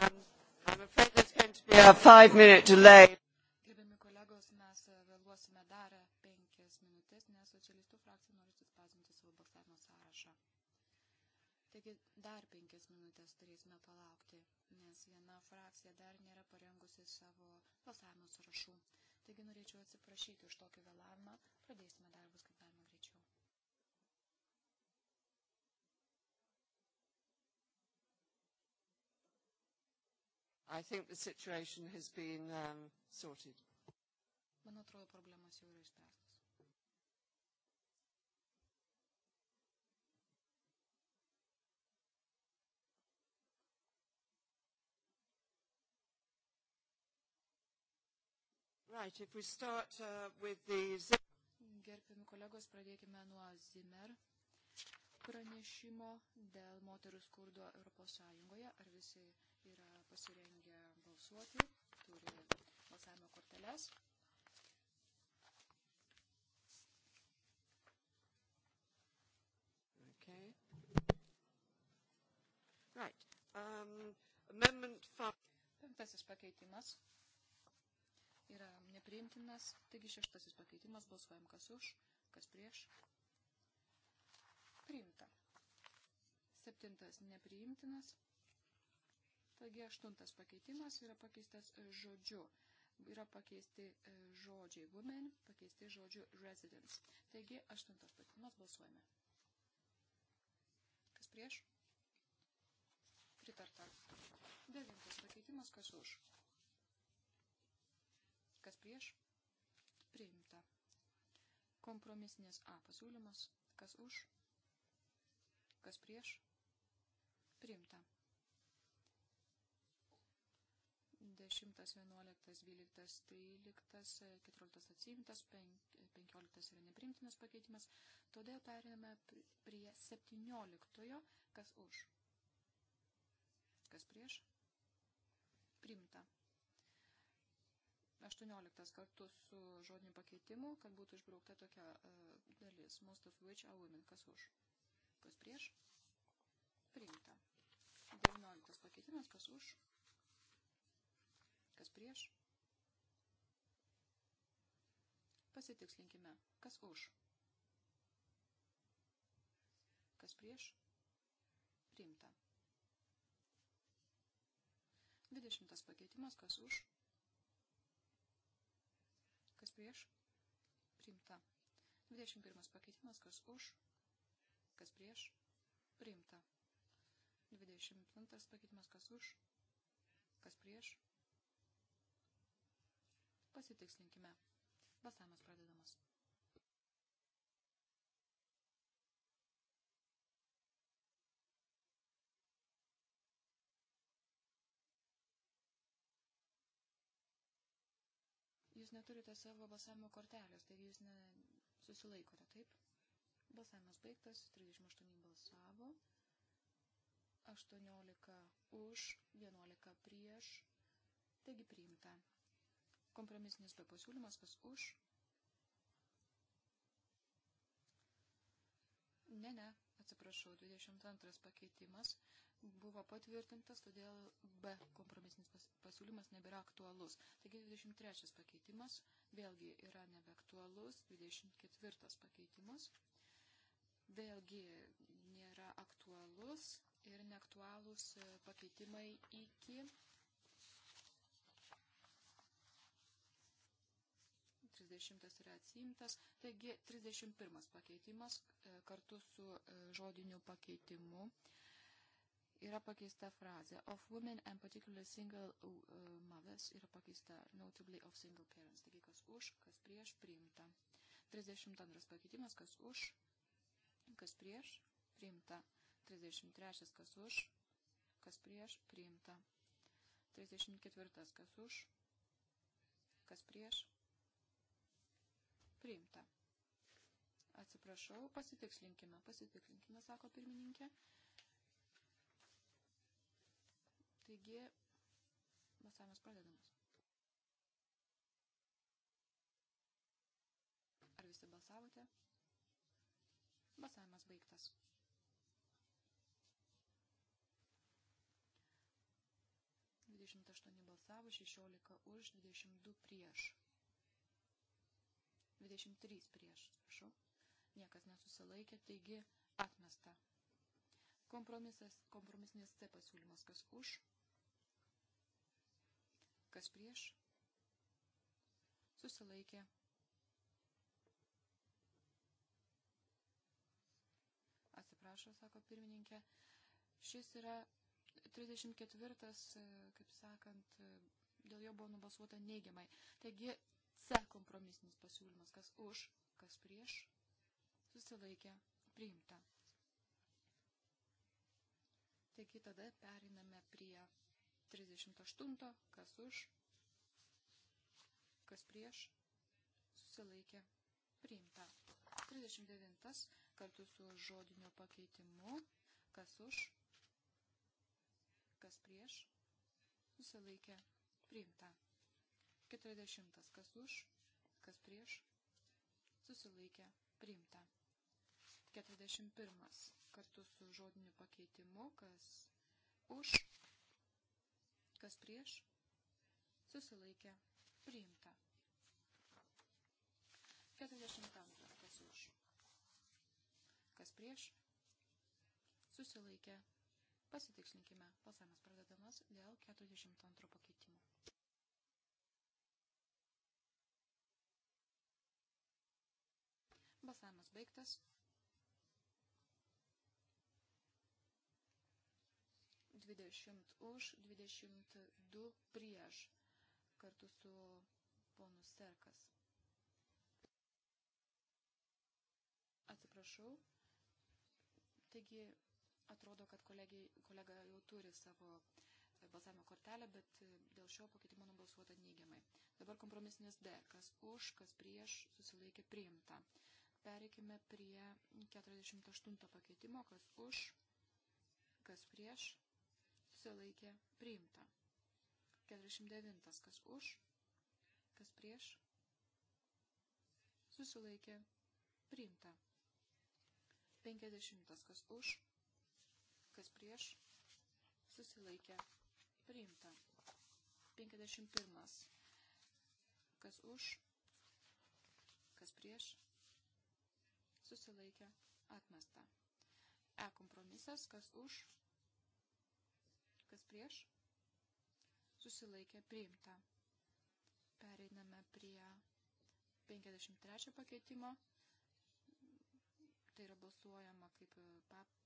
I'm afraid there's going to be a five minute delay. Gerbiami kolegos, mes e, vėluosime dar penkias minutės, nes socialistų frakcija nori suspazinti savo balsavimo sąrašą. Taigi dar penkias minutės turėsime palaukti, nes viena frakcija dar nėra parengusi savo balsavimo sąrašų. Taigi norėčiau atsiprašyti už tokį vėlavimą, pradėsime darbus kaip galima. I think the situation has been um, sorted. Man atrodo, problemas jau yra išspręstos. Right, if we start uh, with the Gerbiami kolegos, pradėkime nuo Zimmer pranešimo dėl moterų skurdo ES. Ar visi yra pasirengę balsuoti, turi balsavimo korteles? Okay. Right. Um, amendment 5. Penktasis pakeitimas yra nepriimtinas, taigi šeštasis pakeitimas balsuojam kas už, kas prieš, priimta. Septintas nepriimtinas. Taigi aštuntas pakeitimas yra pakeistas e, žodžiu. Yra pakeisti e, žodžiai women, pakeisti žodžiu residence. Taigi aštuntas pakeitimas balsuojame. Kas prieš? Pritarta. Devintas pakeitimas kas už? Kas prieš? Priimta. Kompromisinės A pasiūlymas. Kas už? Kas prieš? Priimta. 10, 11, 12, 13, 14 atsiimtas, 15 yra neprimtinas pakeitimas. Todėl periname prie 17, kas už. Kas prieš? Primta. 18 kartu su žodiniu pakeitimu, kad būtų išbraukta tokia uh, dalis, most of which are women, kas už, kas prieš, priimta. 19 pakeitimas, kas už, kas prieš. Pasitikslinkime, kas už, kas prieš, priimta. 20 pakeitimas, kas už, kas prieš, priimta. 21 pakeitimas, kas už, kas prieš, priimta. 22 pakeitimas, kas už, kas prieš. Pasitikslinkime. Balsavimas pradedamas. Jūs neturite savo balsavimo kortelės, taigi jūs ne, susilaikote, taip? Balsavimas baigtas, 38 balsavo, 18 už, 11 prieš, taigi priimta. Kompromisinis B pasiūlymas, kas už? Ne, ne, atsiprašau, 22 pakeitimas buvo patvirtintas, todėl B kompromisinis pasiūlymas nebėra aktualus. Taigi 23 pakeitimas vėlgi yra nebeaktualus, 24 pakeitimas vėlgi nėra aktualus ir neaktualūs e, pakeitimai iki 30 yra atsiimtas. Taigi 31 pakeitimas e, kartu su e, žodiniu pakeitimu yra pakeista frazė of women and particularly single uh, mothers yra pakeista notably of single parents. Taigi kas už, kas prieš priimta. 32 pakeitimas, kas už, kas prieš, priimta. 33 kas už, kas prieš, priimta. 34 kas už, kas prieš, priimta. Atsiprašau, pasitikslinkime, pasitikslinkime, sako pirmininkė. Taigi, balsavimas pradedamas. Ar visi balsavote? Balsavimas baigtas. Dvidešimt aštuoni balsavo, šešiolika už, dvidešimt du prieš. Dvidešimt trys prieš, prašau. Niekas nesusilaikė, taigi atmesta. Kompromisas, kompromisinės C pasiūlymas, kas už, kas prieš, susilaikė, atsiprašo, sako pirmininkė. Šis yra 34, e, kaip sakant, e, dėl jo buvo nubalsuota neigiamai. Taigi C kompromisinis pasiūlymas, kas už, kas prieš, susilaikė, priimta. Taigi tada periname prie 38, kas už, kas prieš, susilaikė, priimta. 39, kartu su žodiniu pakeitimu, kas už, kas prieš, susilaikė, priimta. 40. Kas už, kas prieš, susilaikė, priimta. 41. Kartu su žodiniu pakeitimu, kas už, kas prieš, susilaikė, priimta. 42 kas prieš, susilaikė, pasitikslinkime, balsavimas pradedamas dėl 42 pakeitimo. Balsavimas baigtas. Dvidešimt už, dvidešimt du prieš, kartu su ponu Serkas. Atsiprašau, Taigi atrodo, kad kolegiai, kolega jau turi savo e, balsavimo kortelę, bet e, dėl šio pakeitimo nubalsuota neigiamai. Dabar kompromisinis D. Kas už, kas prieš, susilaikė priimta. Pereikime prie 48 pakeitimo. Kas už, kas prieš, susilaikė priimta. 49. Kas už, kas prieš, susilaikė priimta. 50. Kas už, kas prieš, susilaikė, priimta. 51. Kas už, kas prieš, susilaikė, atmesta. E kompromisas, kas už, kas prieš, susilaikė, priimta. Pereiname prie 53 pakeitimo Tai yra balsuojama kaip e,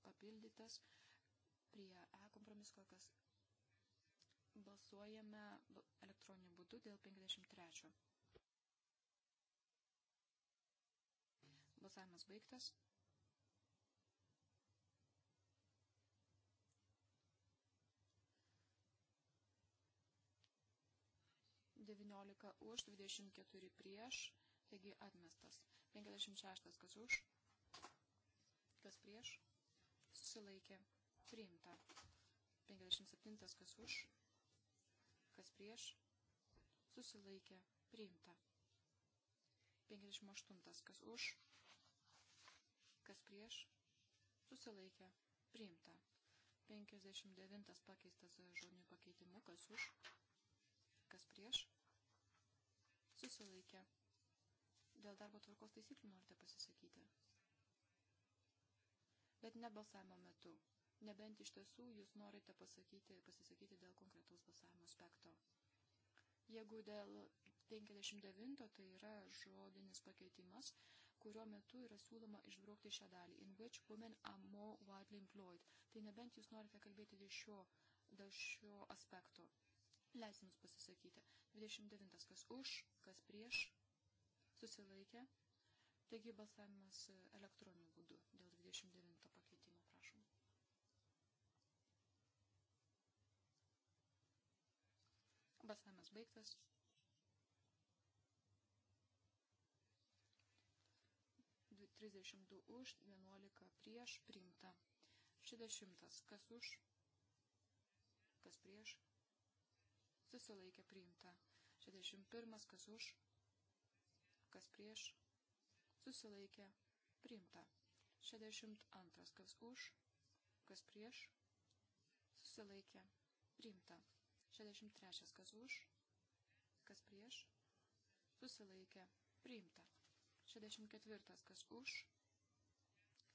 papildytas prie E kompromiso, kas balsuojame elektroniniu būdu dėl 53. Balsavimas baigtas. Devyniolika už, 24 prieš, taigi atmestas. 56 kas už, kas prieš, susilaikė, priimta. 57 kas už, kas prieš, susilaikė, priimta. 58 kas už, kas prieš, susilaikė, priimta. 59 pakeistas žodiniu pakeitimu, kas už, kas prieš, susilaikė. Dėl darbo tvarkos taisyklių norite pasisakyti bet ne balsavimo metu. Nebent iš tiesų jūs norite pasakyti, pasisakyti dėl konkretaus balsavimo aspekto. Jeigu dėl 59 tai yra žodinis pakeitimas, kurio metu yra siūloma išbraukti šią dalį, in which women are more widely employed. Tai nebent jūs norite kalbėti dėl šio, dėl šio aspekto. Leisim jums pasisakyti. 29. Kas už, kas prieš, susilaikė. Taigi balsavimas elektroniniu būdu dėl 29. Balsavimas baigtas. Du, 32 už, 11 prieš, priimta. 60. Kas už, kas prieš, susilaikė priimta. 61. Kas už, kas prieš, susilaikė priimta. 62. Kas už, kas prieš, susilaikė priimta. 63. Kas už, kas prieš, susilaikė, priimta. 64. Kas už,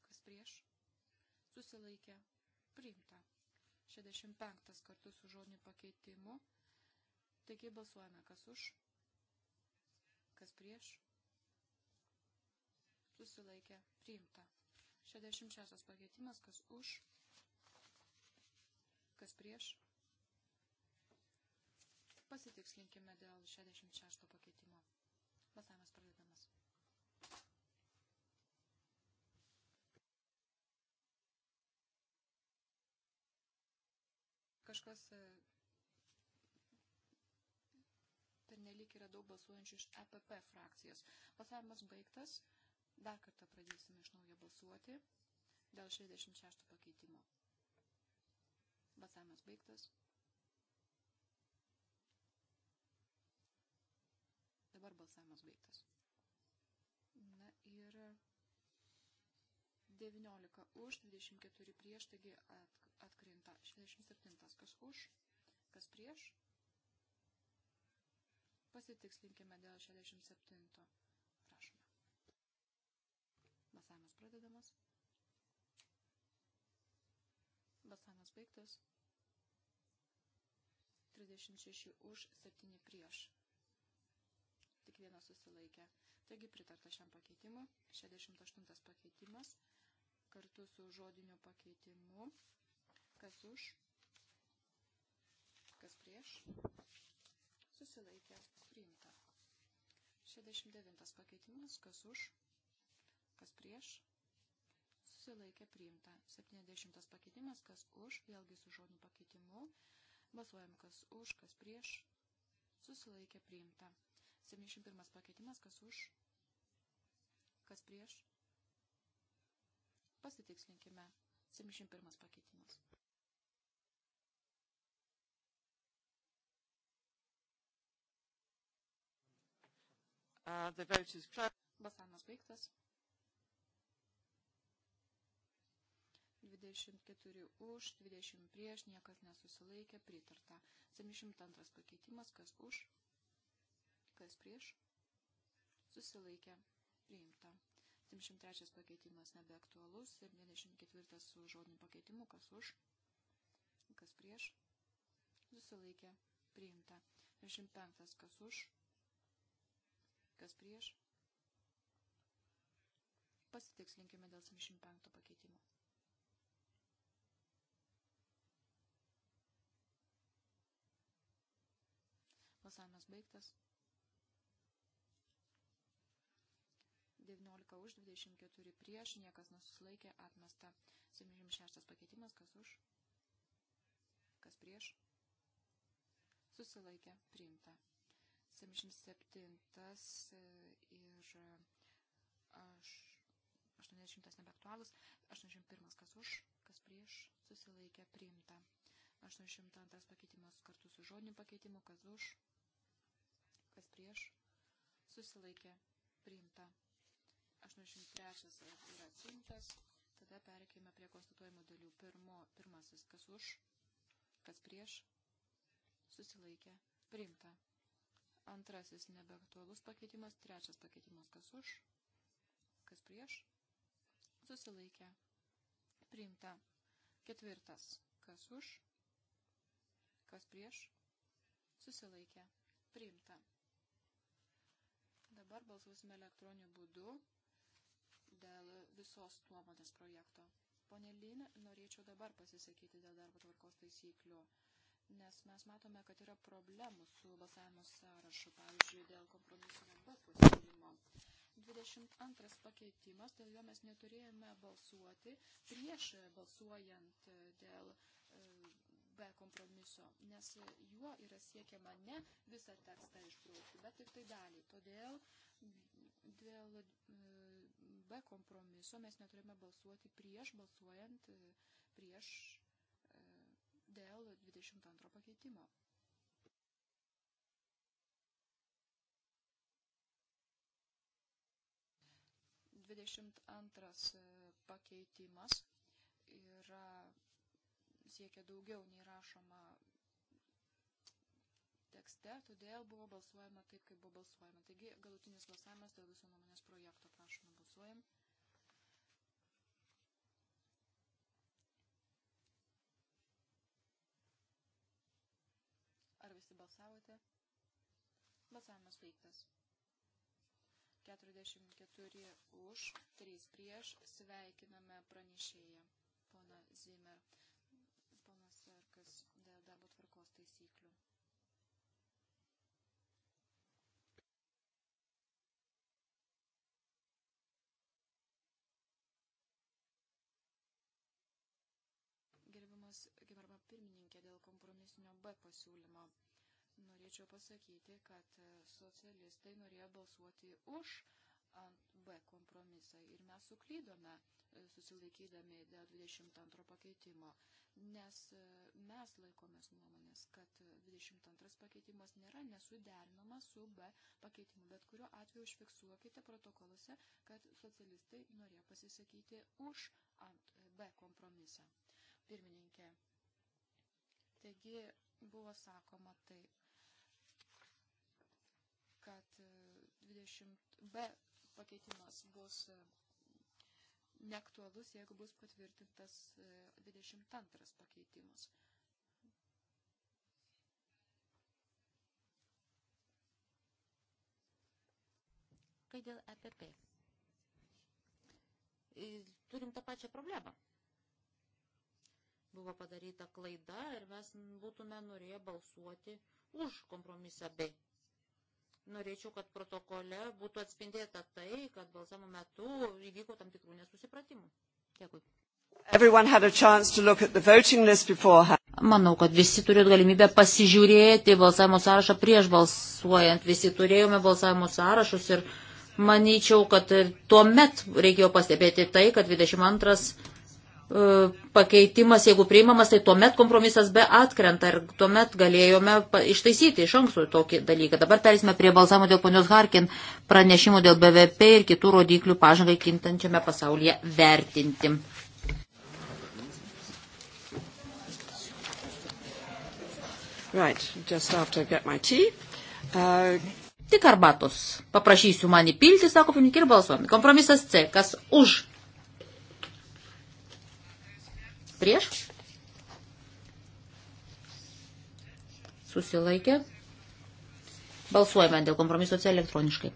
kas prieš, susilaikė, priimta. 65. Kartu su žodiniu pakeitimu. Taigi balsuojame, kas už, kas prieš, susilaikė, priimta. 66. Pakeitimas, kas už, kas prieš, Pasitikslinkime dėl 66 pakeitimo. Balsavimas pradedamas. Kažkas e, pernelyg yra daug balsuojančių iš EPP frakcijos. Balsavimas baigtas. Dar kartą pradėsime iš naujo balsuoti dėl 66 pakeitimo. Balsavimas baigtas. Balsavimas baigtas. Na ir 19 už, 24 prieš, taigi at, atkrinta. 67 kas už, kas prieš. Pasitikslinkime dėl 67. Prašome. Balsavimas pradedamas. Balsavimas baigtas. 36 už, 7 prieš tik vienas susilaikė. Taigi pritarta šiam pakeitimui. 68 pakeitimas kartu su žodiniu pakeitimu. Kas už, kas prieš, susilaikė, priimta. 69 pakeitimas, kas už, kas prieš, susilaikė, priimta. 70 pakeitimas, kas už, vėlgi su žodiniu pakeitimu. Balsuojam, kas už, kas prieš, susilaikė priimta. 71 pakeitimas, kas už, kas prieš. Pasitikslinkime. 71 pakeitimas. Uh, the vote is closed. Balsavimas baigtas. 24 už, 20 prieš, niekas nesusilaikė, pritarta. 72 pakeitimas, kas už, kas prieš, susilaikė, priimta. 73 pakeitimas nebeaktualus ir 94 su žodiniu pakeitimu, kas už, kas prieš, susilaikė, priimta. 25 kas už, kas prieš, pasitikslinkime dėl 75 pakeitimo. Balsavimas baigtas. už, 24 prieš, niekas nesusilaikė, atmesta 76 pakeitimas, kas už, kas prieš, susilaikė, priimta. 77 e, ir e, aš 80 nebeaktualus, 81 kas už, kas prieš, susilaikė, priimta. 82 pakeitimas kartu su žodiniu pakeitimu, kas už, kas prieš, susilaikė, priimta. 83 yra atsiimtas. Tada pereikime prie konstatuojimų dalių. Pirmo, pirmasis, kas už, kas prieš, susilaikė, priimta. Antrasis nebeaktualus pakeitimas, trečias pakeitimas, kas už, kas prieš, susilaikė, priimta. Ketvirtas, kas už, kas prieš, susilaikė, priimta. Dabar balsuosime elektroniniu būdu dėl visos nuomonės projekto. Pone Lin, norėčiau dabar pasisakyti dėl darbo tvarkos taisyklių, nes mes matome, kad yra problemų su balsavimo sąrašu, pavyzdžiui, dėl kompromisinio B pasiūlymo. 22 pakeitimas, dėl jo mes neturėjome balsuoti prieš balsuojant dėl be kompromiso, nes juo yra siekiama ne visą tekstą išbraukti, bet tik tai dalį. Todėl dėl e, B kompromiso mes neturime balsuoti prieš balsuojant e, prieš e, dėl 22 pakeitimo. Dvidešimt antras e, pakeitimas yra siekia daugiau nei rašoma tekste, todėl buvo balsuojama taip, kaip buvo balsuojama. Taigi galutinis balsavimas dėl viso nuomonės projekto. Prašome, balsuojam. Ar visi balsavote? Balsavimas baigtas. 44 už, 3 prieš, sveikiname pranešėją, pona Zimmer. kompromisinio B pasiūlymo. Norėčiau pasakyti, kad e, socialistai norėjo balsuoti už ant B kompromisą ir mes suklydome e, susilaikydami dėl 22 pakeitimo, nes e, mes laikomės nuomonės, kad 22 pakeitimas nėra nesuderinamas su B pakeitimu, bet kuriuo atveju užfiksuokite protokoluose, kad socialistai norėjo pasisakyti už ant B kompromisą. Pirmininkė, Taigi buvo sakoma taip, kad 20b e, pakeitimas bus e, neaktualus, jeigu bus patvirtintas 22 e, pakeitimas. Kai dėl EPP. Turim tą pačią problemą buvo padaryta klaida ir mes būtume norėję balsuoti už kompromisą B. Norėčiau, kad protokole būtų atspindėta tai, kad balsavimo metu įvyko tam tikrų nesusipratimų. Dėkui. Manau, kad visi turėjo galimybę pasižiūrėti balsavimo sąrašą prieš balsuojant. Visi turėjome balsavimo sąrašus ir manyčiau, kad tuo met reikėjo pastebėti tai, kad 22 E, pakeitimas, jeigu priimamas, tai tuomet kompromisas be atkrenta ir tuomet galėjome ištaisyti iš anksto tokį dalyką. Dabar perėsime prie balsavimo dėl ponios Harkin pranešimo dėl BVP ir kitų rodiklių pažangai kintančiame pasaulyje vertinti. Right, just after I get my tea. Uh... Tik arbatos. Paprašysiu man įpilti, sako pirmininkė ir balsuomi. Kompromisas C. Kas už Prieš? Susilaikė. Balsuojame dėl kompromiso C elektroniškai.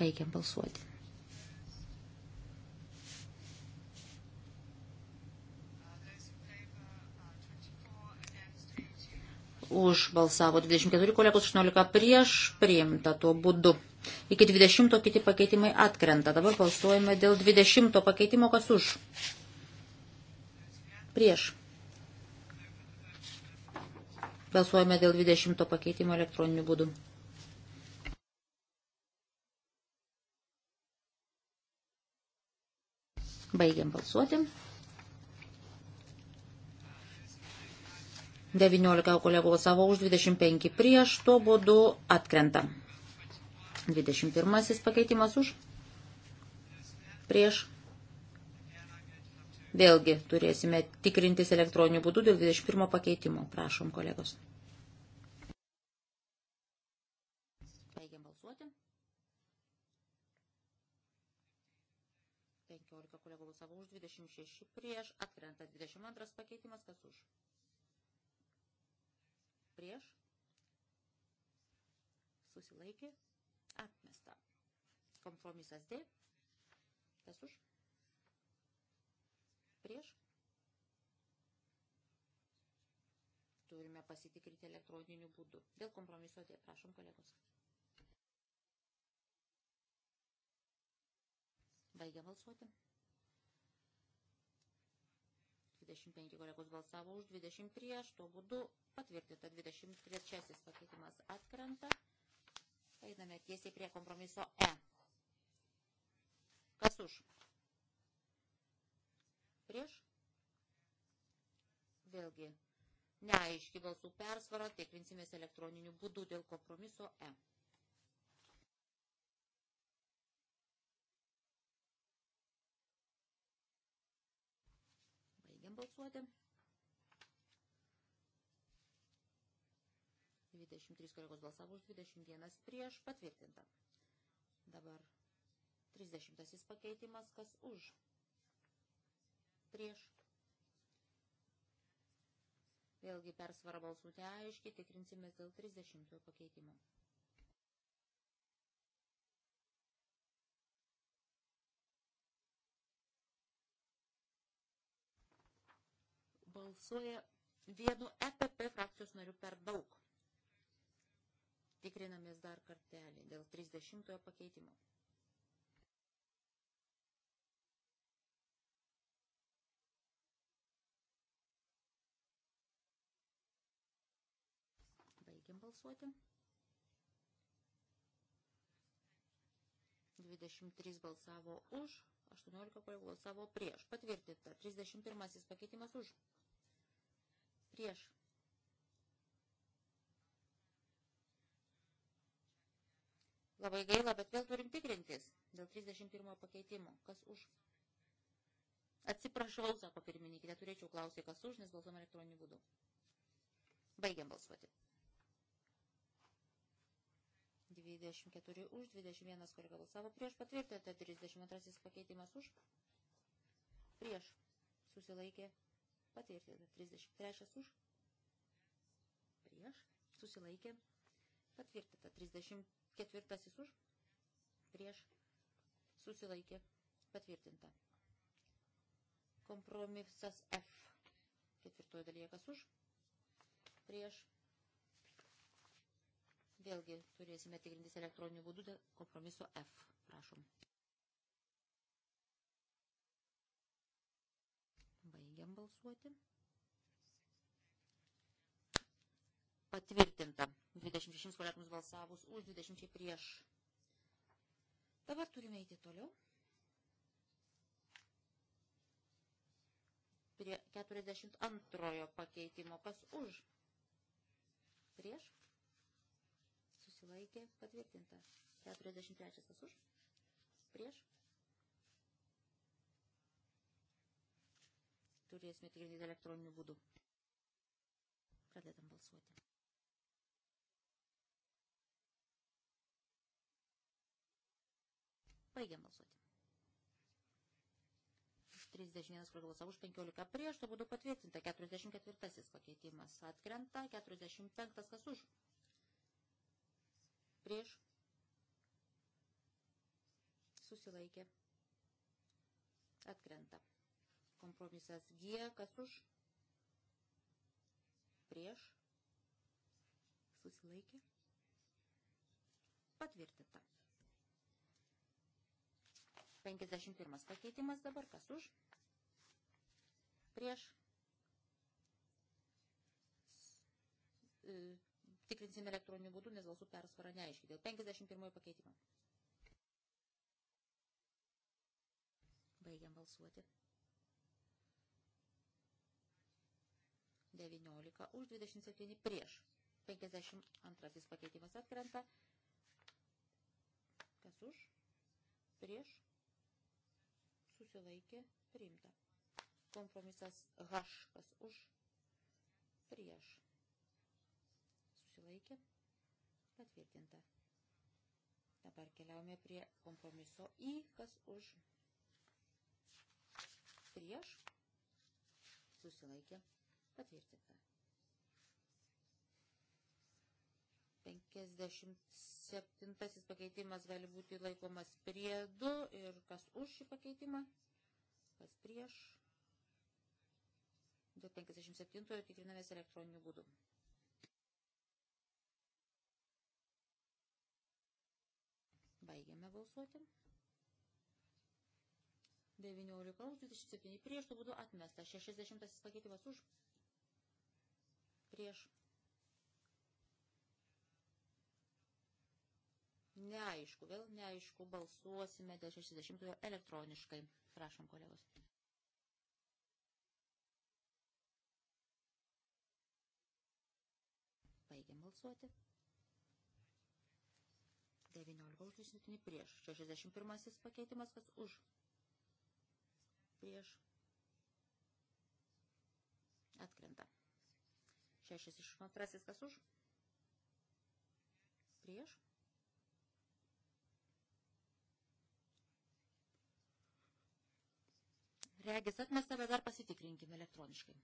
Baigiam balsuoti. už balsavo 24 kolegos, 18 prieš priimta tuo būdu. Iki 20 kiti pakeitimai atkrenta. Dabar balsuojame dėl 20 pakeitimo, kas už. Prieš. Balsuojame dėl 20 pakeitimo elektroniniu būdu. Baigiam balsuoti. 19 kolegų balsavo už, 25 prieš, tuo būdu atkrenta. 21 pakeitimas už, prieš. Vėlgi turėsime tikrintis elektroniniu būdu dėl 21 pakeitimo. Prašom, kolegos. Baigiam balsuoti. 15 kolegų balsavo už, 26 prieš, atkrenta 22 pakeitimas, kas už prieš, susilaikė, atmesta. Kompromisas D, kas už, prieš, turime pasitikrinti elektroniniu būdu. Dėl kompromiso D, prašom kolegos. Baigia balsuoti. 25 kolegos balsavo už, 20 prieš, tuo būdu patvirtinta 23 pakeitimas atkrenta. Einame tiesiai prie kompromiso E. Kas už? Prieš? Vėlgi, neaiški balsų persvara, tikrinsimės elektroniniu būdu dėl kompromiso E. balsuoti. 23 kolegos balsavo už 21 prieš patvirtinta. Dabar 30 pakeitimas, kas už prieš. Vėlgi persvara balsų teaiškiai, tikrinsimės dėl 30 pakeitimo. balsuoja vienu EPP frakcijos nariu per daug. Tikrinamės dar kartelį dėl 30 pakeitimo. Baigiam balsuoti. 23 balsavo už, 18 balsavo prieš. Patvirtinta. 31 pakeitimas už prieš. Labai gaila, bet vėl turim tikrintis dėl 31 pakeitimo. Kas už? Atsiprašau, sako pirmininkė, neturėčiau klausyti, kas už, nes balsuom elektroniniu būdu. Baigiam balsuoti. 24 už, 21 kolega balsavo prieš, patvirtinta 32 pakeitimas už, prieš, susilaikė, patvirtinta. 33 už, prieš, susilaikė, patvirtinta. 34 už, prieš, susilaikė, patvirtinta. Kompromisas F. Ketvirtoje dalyje kas už, prieš. Vėlgi turėsime tikrintis elektroniniu būdu dėl kompromiso F. Prašom. balsuoti. Patvirtinta. 26 kolegams balsavus už, 20 prieš. Dabar turime eiti toliau. Prie 42 pakeitimo kas už. Prieš. Susilaikė patvirtinta. 43 kas už. Prieš turėsime tikrinti elektroniniu būdu. Pradedam balsuoti. Baigiam balsuoti. 31 priklausa už 15 prieš, to būdu patvirtinta 44 pakeitimas. Atkrenta 45 kas už. Prieš. Susilaikė. Atkrenta. Kompromisas G, kas už, prieš, susilaikė, patvirtinta. 51 pakeitimas dabar, kas už, prieš, e, tikrinsim elektroniniu būdu, nes balsų persvara neaiškiai. Dėl 51 pakeitimo. Baigiam balsuoti. 19 už 27 prieš. 52 pakeitimas atkrenta. Kas už? Prieš. Susilaikė. Priimta. Kompromisas H. Kas už? Prieš. Susilaikė. Patvirtinta. Dabar keliaujame prie kompromiso I. Kas už? Prieš. Susilaikė. Patvirtinta. 57 pakeitimas gali būti laikomas priedu ir kas už šį pakeitimą, kas prieš. Dėl 57 tikrinamės elektroniniu būdu. Baigiame balsuoti. 19 už 27 prieš, tų būdų atmesta. 60 pakeitimas už prieš. Neaišku, vėl neaišku, balsuosime dėl 60 elektroniškai. Prašom, kolegos. Baigiam balsuoti. 19 už 27 prieš. 61 pakeitimas, kas už. Prieš. Atkrenta. 62 kas už? Prieš? Regis atmesta, bet dar pasitikrinkime elektroniškai.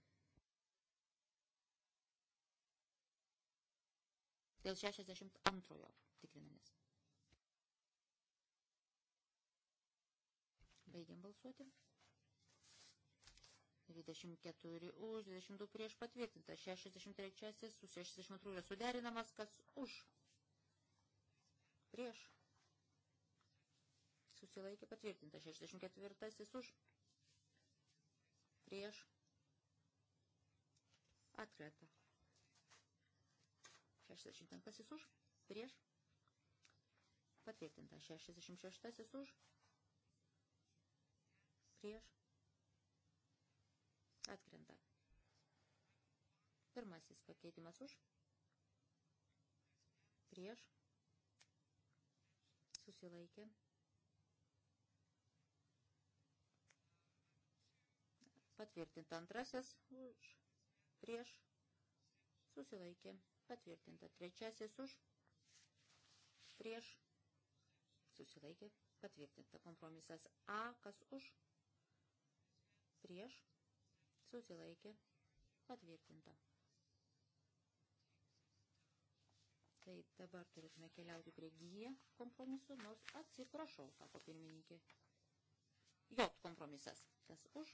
Dėl 62 tikrinamės. Baigiam balsuoti. 24 už, 22 prieš patvirtinta, 63 su 62 yra suderinamas, kas už, prieš, susilaikė patvirtinta, 64 už, prieš, atkreta, 65 už, prieš, patvirtinta, 66 už, prieš, Atkrenta. Pirmasis pakeitimas už. Prieš. Susilaikė. Patvirtinta antrasis už. Prieš. Susilaikė. Patvirtinta trečiasis už. Prieš. Susilaikė. Patvirtinta kompromisas A. Kas už? Prieš susilaikė, patvirtinta. Tai dabar turėtume keliauti prie gyje kompromisu, nors atsiprašau, sako pirmininkė. J kompromisas. Kas už?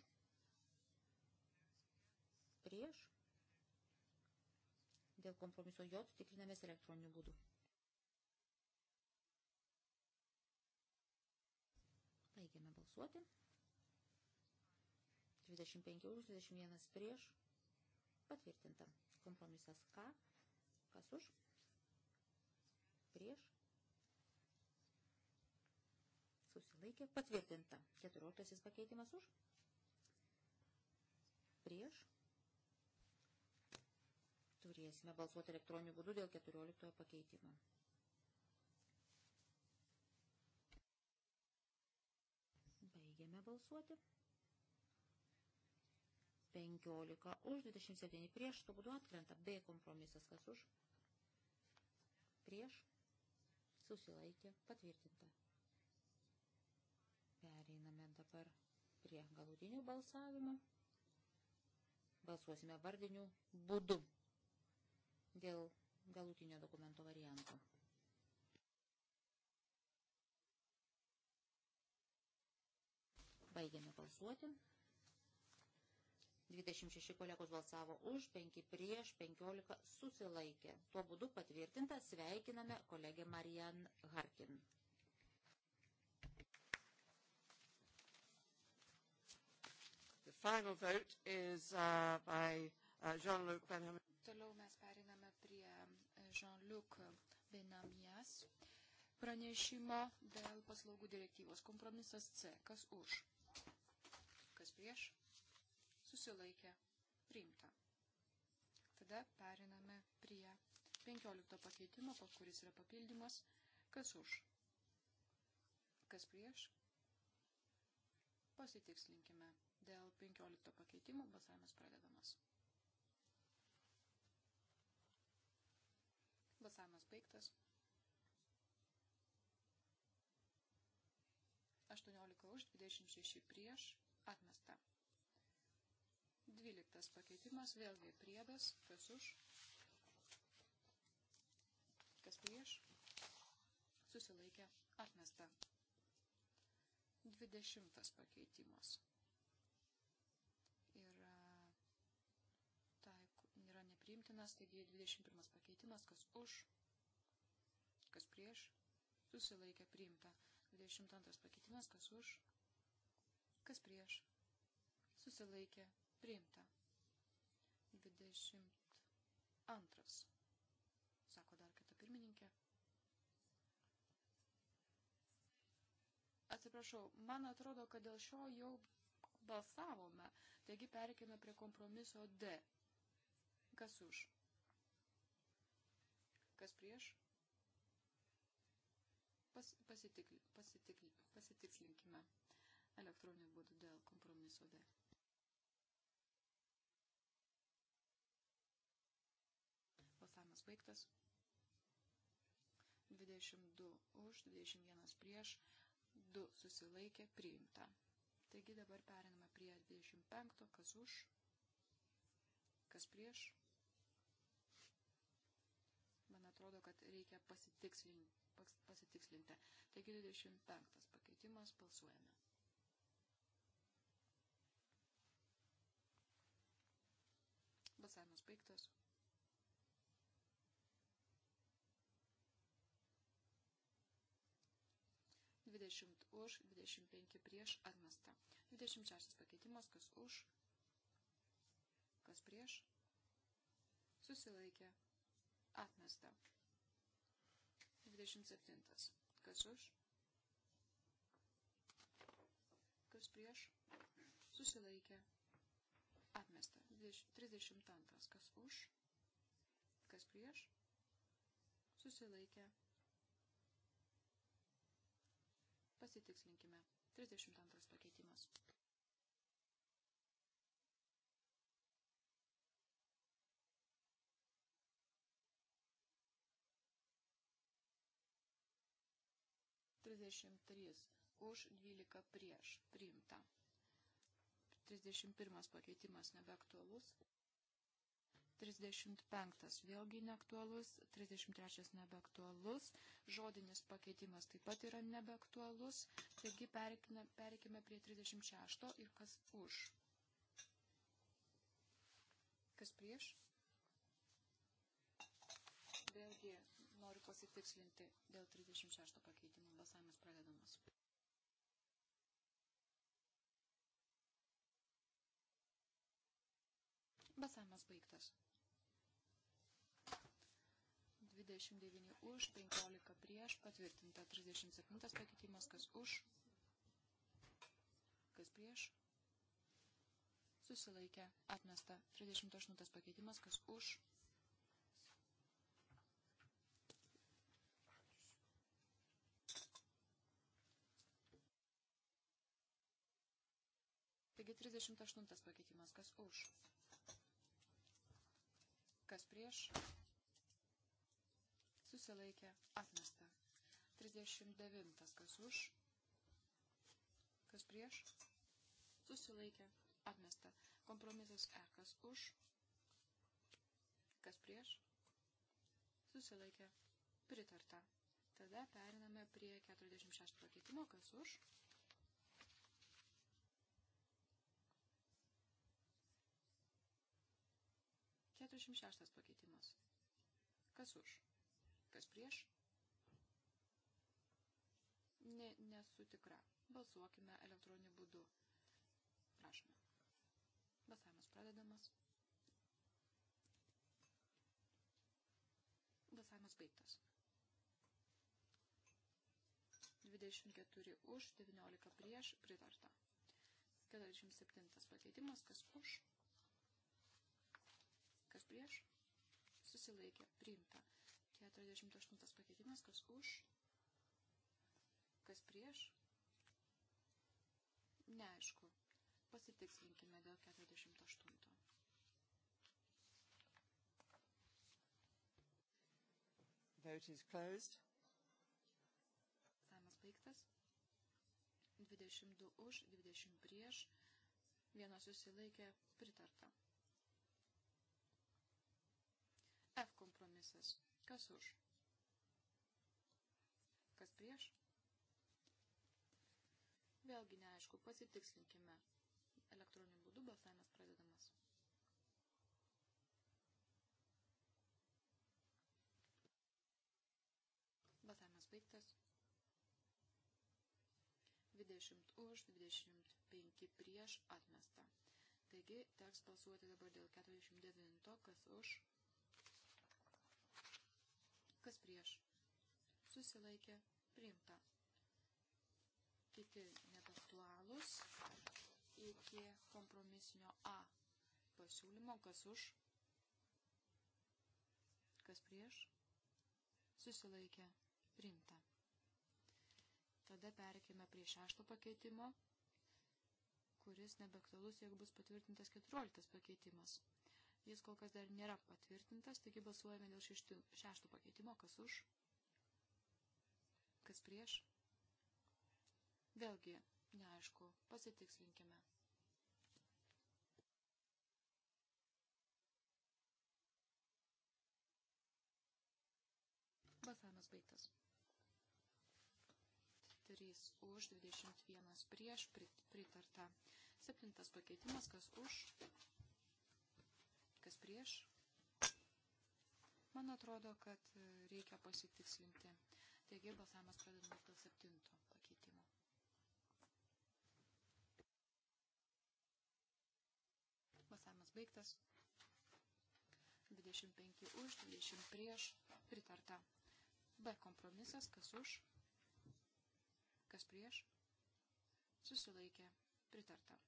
Prieš. Dėl kompromiso J tikrinamės elektroniniu būdu. Baigiame balsuoti. 25 už, 21 prieš, patvirtinta. Kompromisas K, kas už, prieš, susilaikė, patvirtinta. 14 pakeitimas už, prieš, turėsime balsuoti elektroniniu būdu dėl 14 pakeitimo. Baigiame balsuoti. 15 už, 27 prieš, tuo būdu atkrenta B kompromisas, kas už, prieš, susilaikė, patvirtinta. Pereiname dabar prie galutinių balsavimo. Balsuosime vardiniu būdu dėl galutinio dokumento varianto. Baigiame balsuoti. 26 kolegos balsavo už, 5 prieš, 15 susilaikė. Tuo būdu patvirtinta sveikiname kolegę Marian Harkin. The final vote is uh, by uh, Jean-Luc Benhamias. Toliau mes periname prie uh, Jean-Luc Benhamias pranešimo dėl paslaugų direktyvos. Kompromisas C. Kas už? Kas prieš? susilaikė, priimta. Tada periname prie 15 pakeitimo, kuris yra papildymas, kas už, kas prieš. Pasitikslinkime dėl 15 pakeitimo, balsavimas pradedamas. Balsavimas baigtas. 18 už, 26 prieš, atmesta. Dvyliktas pakeitimas, vėlgi priedas, kas už, kas prieš, susilaikė, atmesta. Dvidešimtas pakeitimas. Yra, taik, yra nepriimtinas, taigi 21 pakeitimas, kas už, kas prieš, susilaikė, priimta. 22 pakeitimas, kas už, kas prieš, susilaikė, Priimta. 22. Sako dar kita pirmininkė. Atsiprašau, man atrodo, kad dėl šio jau balsavome, taigi perkime prie kompromiso D. Kas už? Kas prieš? Pas, pasitikli, pasitikli, pasitikslinkime elektroniniu būdu dėl kompromiso D. Balsavimas baigtas. 22 už, 21 prieš, 2 susilaikė, priimta. Taigi dabar periname prie 25, kas už, kas prieš. Man atrodo, kad reikia pasitikslinti. pasitikslinti. Taigi 25 pakeitimas, balsuojame. Balsavimas baigtas. už, 25 prieš, atmesta. 26 pakeitimas, kas už, kas prieš, susilaikė, atmesta. 27. Kas už, kas prieš, susilaikė, atmesta. 32. Kas už, kas prieš, susilaikė, atmesta Pasitikslinkime. 32 pakeitimas. Trisdešimt trys už dvylika prieš priimta. Trisdešimt pirmas pakeitimas nebeaktualus. 35 vėlgi neaktualus, 33 nebeaktualus, žodinis pakeitimas taip pat yra nebeaktualus, taigi pereikime, pereikime prie 36 ir kas už. Kas prieš? Vėlgi noriu pasitikslinti dėl 36 pakeitimo, balsavimas pradedamas. Balsavimas baigtas. 29 už, 15 prieš, patvirtinta 37 pakeitimas, kas už, kas prieš, susilaikė, atmesta 38 pakeitimas, kas už, Taigi 38 pakeitimas, kas už kas prieš, susilaikė, atmesta. 39, kas už, kas prieš, susilaikė, atmesta. Kompromisas E, kas už, kas prieš, susilaikė, pritarta. Tada periname prie 46 pakeitimo, kas už, 46 pakeitimas. Kas už? Kas prieš? Ne, nesu tikra. Balsuokime elektroniniu būdu. Prašome. Balsavimas pradedamas. Balsavimas baigtas. 24 už, 19 prieš, pritarta. 47 pakeitimas, kas už, kas prieš, susilaikė, priimta. 48 pakeitimas, kas už, kas prieš, neaišku. Pasitikslinkime dėl 48. Vote is closed. Samas baigtas. 22 už, 20 prieš, vienas susilaikė, pritarta. kompromisas. Kas už? Kas prieš? Vėlgi neaišku, pasitikslinkime. Elektroniniu būdu balsavimas pradedamas. Balsavimas baigtas. 20 už, 25 prieš atmesta. Taigi teks balsuoti dabar dėl 49, kas už, kas prieš, susilaikė, priimta. Kiti nebaktualūs iki kompromisinio A pasiūlymo, kas už, kas prieš, susilaikė, priimta. Tada perkime prie šešto pakeitimo, kuris nebektalus, jeigu bus patvirtintas keturioliktas pakeitimas. Jis kol kas dar nėra patvirtintas, taigi balsuojame dėl šešti, šešto pakeitimo, kas už, kas prieš. Vėlgi, neaišku, pasitikslinkime. Balsavimas baigtas. 3 už, 21 prieš, pritarta. Septintas pakeitimas, kas už, kas prieš. Man atrodo, kad e, reikia pasitikslinti. Taigi balsavimas pradedamas dėl septinto pakeitimo. Balsavimas baigtas. 25 už, 20 prieš, pritarta. B kompromisas, kas už, kas prieš, susilaikė, pritarta.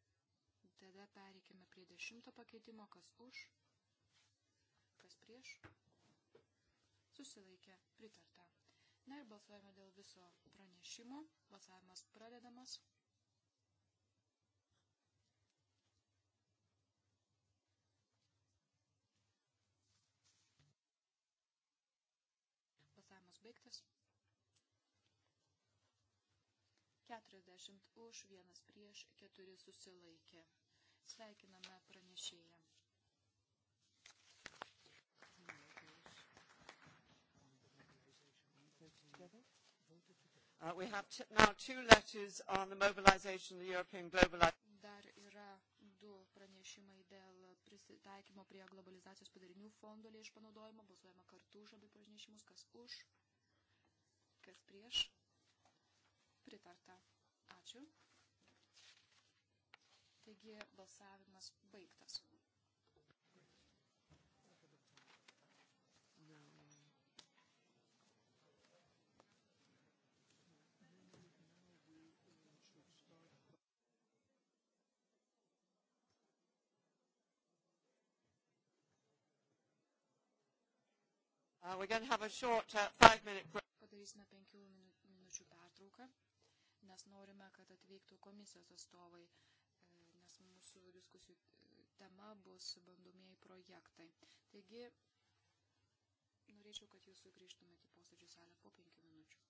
Tada pereikime prie dešimto pakeitimo, kas už, kas prieš, susilaikė, pritarta. Na ir balsuojame dėl viso pranešimo. Balsavimas pradedamas. Balsavimas baigtas. 40 už, 1 prieš, 4 susilaikė. Sveikiname pranešėją. Uh, we have t- now two letters on the mobilization of the European globalization. Dar yra du pranešimai dėl prisitaikymo prie globalizacijos padarinių fondo lėšų panaudojimo. Balsuojama kartu už abu pranešimus, kas už, kas prieš. Pritarta. Ačiū. Taigi balsavimas baigtas. Uh, we're going to have a short uh, five-minute break. Padarysime penkių minučių pertrauką, nes norime, kad atvyktų komisijos atstovai, e, nes mūsų diskusijų e, tema bus bandomieji projektai. Taigi, norėčiau, kad jūs sugrįžtumėte į posėdžių salę po penkių minučių.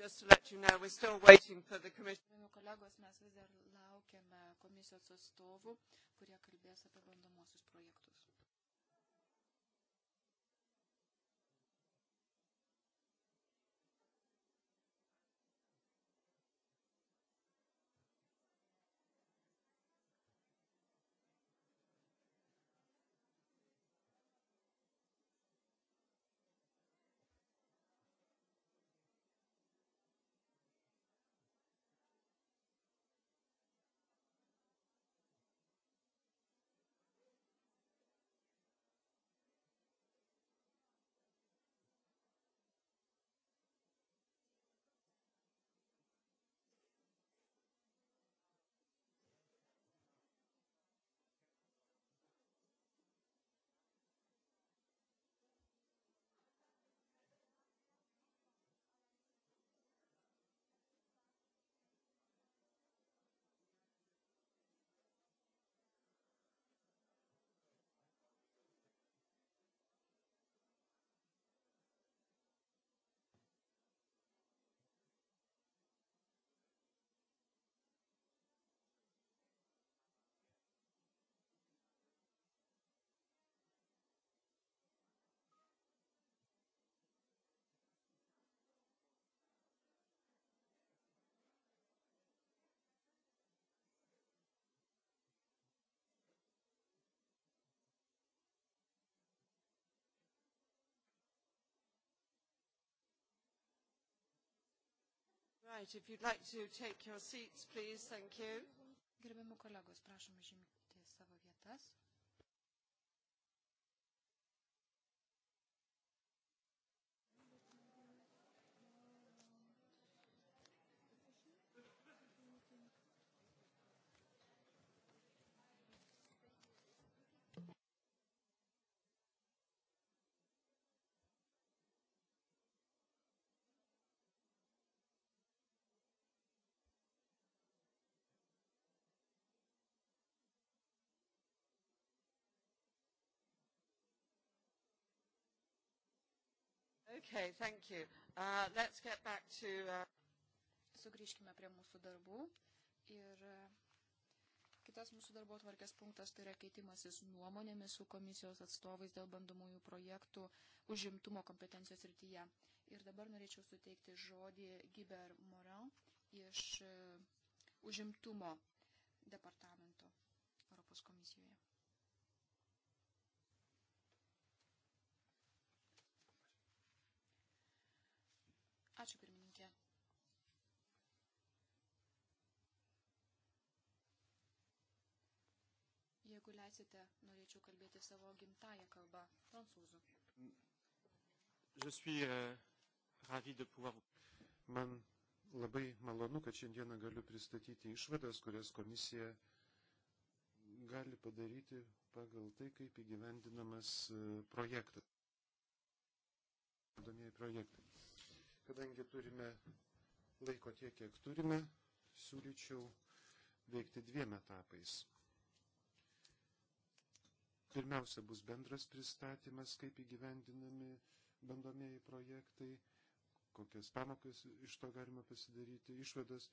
Just to let you know, we're still waiting for the commission. Kolegos, mes vis dar laukiame komisijos atstovų, kurie kalbės apie bandomuosius projektus. Right, if you'd like to take your seats, please, thank you. Gerbiami kolegos, prašom žymėti savo vietas. Okay, thank you. Uh, let's get back to. Uh... Sugrįžkime prie mūsų darbų ir uh, kitas mūsų darbo tvarkės punktas tai yra keitimasis nuomonėmis su komisijos atstovais dėl bandomųjų projektų užimtumo kompetencijos rytyje. Ir dabar norėčiau suteikti žodį Giber Moran iš uh, užimtumo departamento Europos komisijoje. leisite, norėčiau kalbėti savo gimtają kalbą, prancūzų. Je suis euh, ravi de pouvoir. Man labai malonu, kad šiandieną galiu pristatyti išvadas, kurias komisija gali padaryti pagal tai, kaip įgyvendinamas e, projektas. Domėjai projektai. Kadangi turime laiko tiek, kiek turime, siūlyčiau veikti dviem etapais. Pirmiausia bus bendras pristatymas, kaip įgyvendinami bandomieji projektai, kokias pamokas iš to galima pasidaryti, išvadas,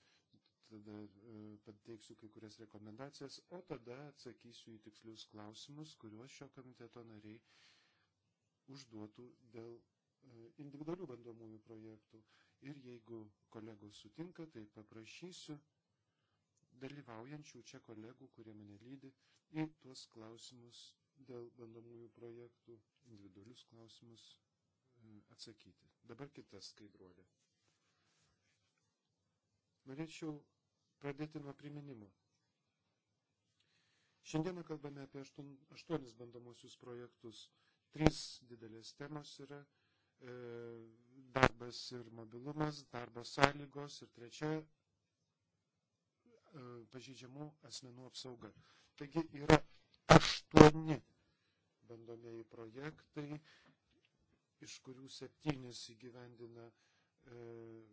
tada e, pateiksiu kai kurias rekomendacijas, o tada atsakysiu į tikslius klausimus, kuriuos šio komiteto nariai užduotų dėl e, individualių bandomųjų projektų. Ir jeigu kolegos sutinka, tai paprašysiu dalyvaujančių čia kolegų, kurie mane lydi, į tuos klausimus dėl bandomųjų projektų individualius klausimus e, atsakyti. Dabar kita skaidruolė. Norėčiau pradėti nuo priminimo. Šiandieną kalbame apie aštuonis bandomosius projektus. Trys didelės temos yra e, darbas ir mobilumas, darbo sąlygos ir trečia e, pažydžiamų asmenų apsauga. Taigi yra aštuoni bandomieji projektai, iš kurių septynis įgyvendina e,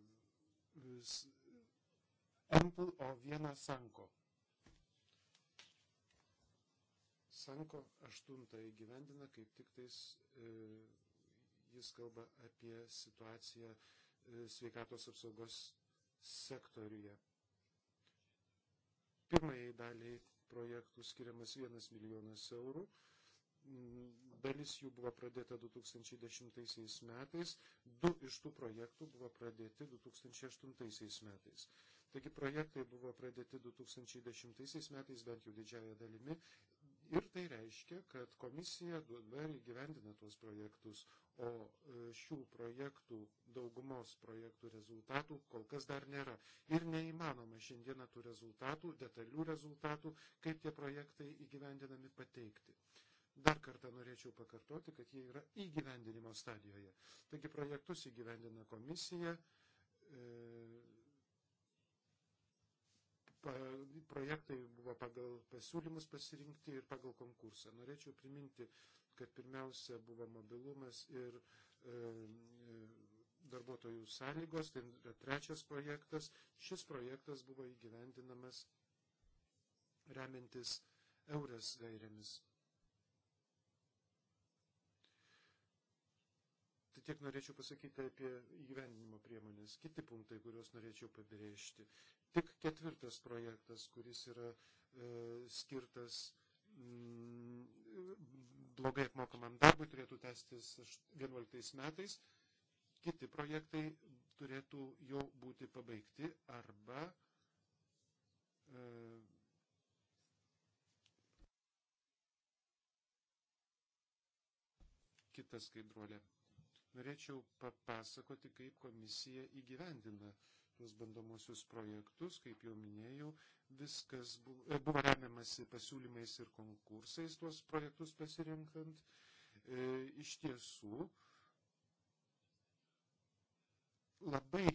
Ample, o vieną Sanko. Sanko aštuntą įgyvendina, kaip tik tais e, jis kalba apie situaciją e, sveikatos apsaugos sektoriuje. Pirmąjį dalį projektų skiriamas 1 milijonas eurų. Dalis jų buvo pradėta 2010 metais, du iš tų projektų buvo pradėti 2008 metais. Taigi projektai buvo pradėti 2010 metais, bent jau didžiaja dalimi. Ir tai reiškia, kad komisija dabar įgyvendina tuos projektus, o e, šių projektų, daugumos projektų rezultatų kol kas dar nėra. Ir neįmanoma šiandieną tų rezultatų, detalių rezultatų, kaip tie projektai įgyvendinami pateikti. Dar kartą norėčiau pakartoti, kad jie yra įgyvendinimo stadijoje. Taigi projektus įgyvendina komisija, e, projektai buvo pagal pasiūlymus pasirinkti ir pagal konkursą. Norėčiau priminti kad pirmiausia buvo mobilumas ir e, e, darbuotojų sąlygos, tai yra trečias projektas. Šis projektas buvo įgyvendinamas remiantis eurės gairėmis. Tai tiek norėčiau pasakyti apie įgyvendinimo priemonės. Kiti punktai, kuriuos norėčiau pabrėžti. Tik ketvirtas projektas, kuris yra e, skirtas m, blogai apmokamam darbui turėtų tęstis 2011 metais. Kiti projektai turėtų jau būti pabaigti arba e, kita skaidruolė. Norėčiau papasakoti, kaip komisija įgyvendina e, tuos bandomosius projektus, kaip jau minėjau, viskas buvo, e, buvo remiamasi pasiūlymais ir konkursais tuos projektus pasirinkant. E, iš tiesų labai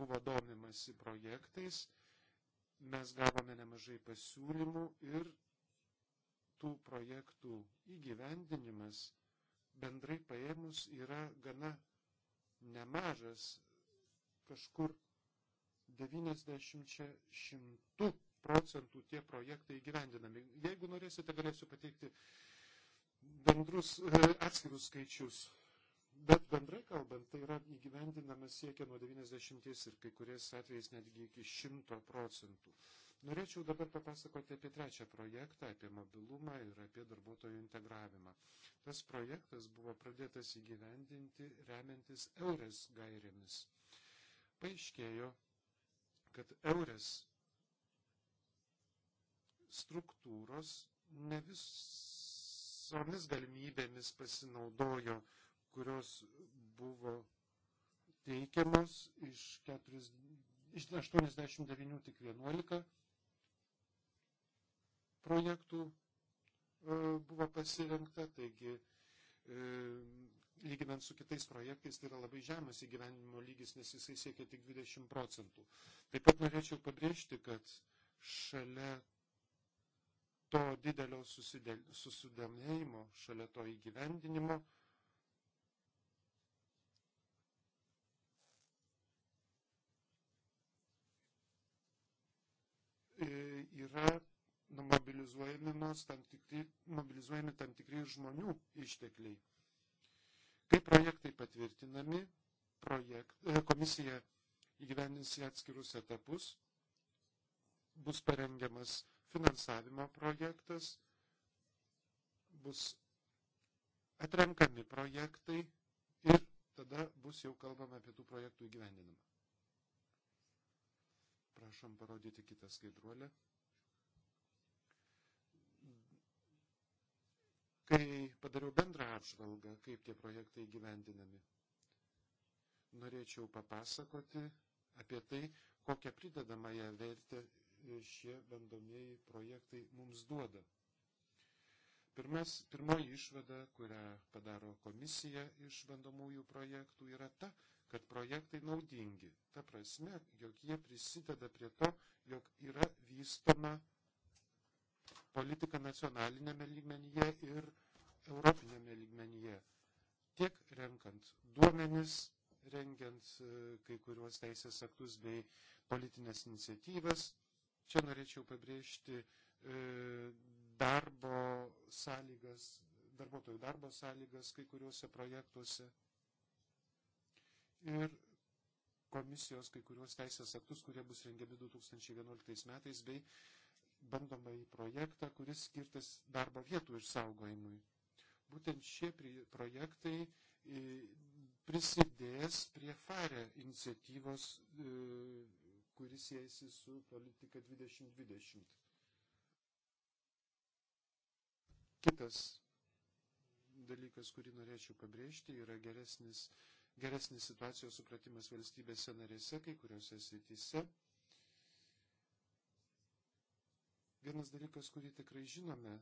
buvo domimasi projektais, mes gavome nemažai pasiūlymų ir tų projektų įgyvendinimas bendrai paėmus yra gana nemažas, kažkur 90 procentų tie projektai įgyvendinami. Jeigu norėsite, galėsiu pateikti bendrus e, atskirus skaičius. Bet bendrai kalbant, tai yra įgyvendinamas siekia nuo 90 ir kai kuriais atvejais netgi iki 100 procentų. Norėčiau dabar papasakoti apie trečią projektą, apie mobilumą ir apie darbuotojų integravimą. Tas projektas buvo pradėtas įgyvendinti remiantis eurės gairėmis. Paaiškėjo, kad eurės struktūros ne visomis galimybėmis pasinaudojo, kurios buvo teikiamos iš, 4, iš 89 tik 11 projektų e, buvo pasirinkta, taigi e, lyginant su kitais projektais, tai yra labai žemas įgyvenimo lygis, nes jisai siekia tik 20 procentų. Taip pat norėčiau pabrėžti, kad šalia to didelio susidomėjimo, šalia to įgyvendinimo, e, yra mobilizuojami, tam tikri, mobilizuojami tam tikri žmonių ištekliai. Kai projektai patvirtinami, projekt, e, komisija įgyvendins į atskirus etapus, bus parengiamas finansavimo projektas, bus atrenkami projektai ir tada bus jau kalbama apie tų projektų įgyvendinimą. Prašom parodyti kitą skaidruolę. kai padariau bendrą apžvalgą, kaip tie projektai gyvendinami. Norėčiau papasakoti apie tai, kokią pridedamąją vertę šie bandomieji projektai mums duoda. Pirmas, pirmoji išvada, kurią padaro komisija iš bandomųjų projektų, yra ta, kad projektai naudingi. Ta prasme, jog jie prisideda prie to, jog yra vystoma politiką nacionalinėme lygmenyje ir europinėme lygmenyje. Tiek renkant duomenis, rengiant e, kai kuriuos teisės aktus bei politinės iniciatyvas. Čia norėčiau pabrėžti e, darbo sąlygas, darbuotojų darbo sąlygas kai kuriuose projektuose. Ir komisijos kai kuriuos teisės aktus, kurie bus rengiami 2011 metais, bei bandomąjį projektą, kuris skirtas darbo vietų išsaugojimui. Būtent šie projektai prisidės prie FARE iniciatyvos, kuris siejasi su politika 2020. Kitas dalykas, kurį norėčiau pabrėžti, yra geresnis, geresnis situacijos supratimas valstybėse narėse, kai kuriuose srityse Vienas dalykas, kurį tikrai žinome,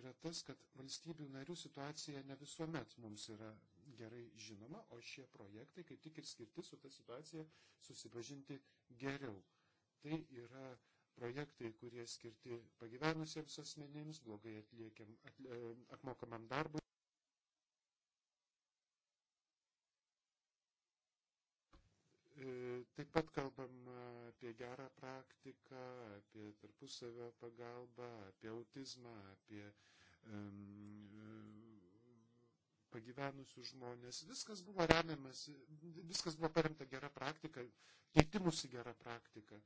yra tas, kad valstybių narių situacija ne visuomet mums yra gerai žinoma, o šie projektai kaip tik ir skirti su ta situacija susipažinti geriau. Tai yra projektai, kurie skirti pagyvenusiems asmenėms, blogai atliekiam, atle, apmokamam darbui. E, taip pat kalbam apie gerą praktiką, apie tarpusavio pagalbą, apie autizmą, apie um, pagyvenusius žmonės. Viskas buvo remiamas, viskas buvo paremta gera praktika, keitimusi gera praktika, e,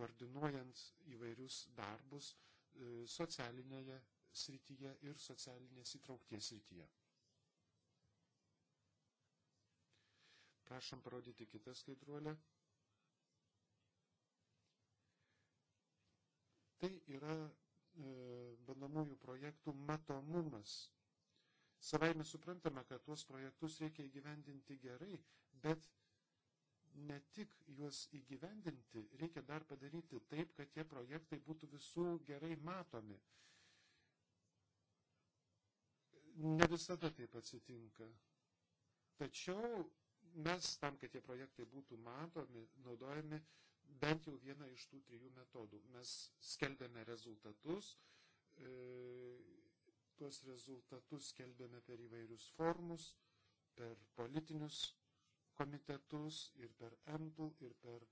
koordinuojant įvairius darbus e, socialinėje srityje ir socialinės įtraukties srityje. Prašom parodyti kitą skaidruolę. Tai yra e, bandomųjų projektų matomumas. Savai mes suprantame, kad tuos projektus reikia įgyvendinti gerai, bet ne tik juos įgyvendinti, reikia dar padaryti taip, kad tie projektai būtų visų gerai matomi. Ne visada taip atsitinka. Tačiau mes tam, kad tie projektai būtų matomi, naudojami bent jau vieną iš tų trijų metodų. Mes skelbėme rezultatus, e, tuos rezultatus skelbėme per įvairius formus, per politinius komitetus ir per EMPL ir per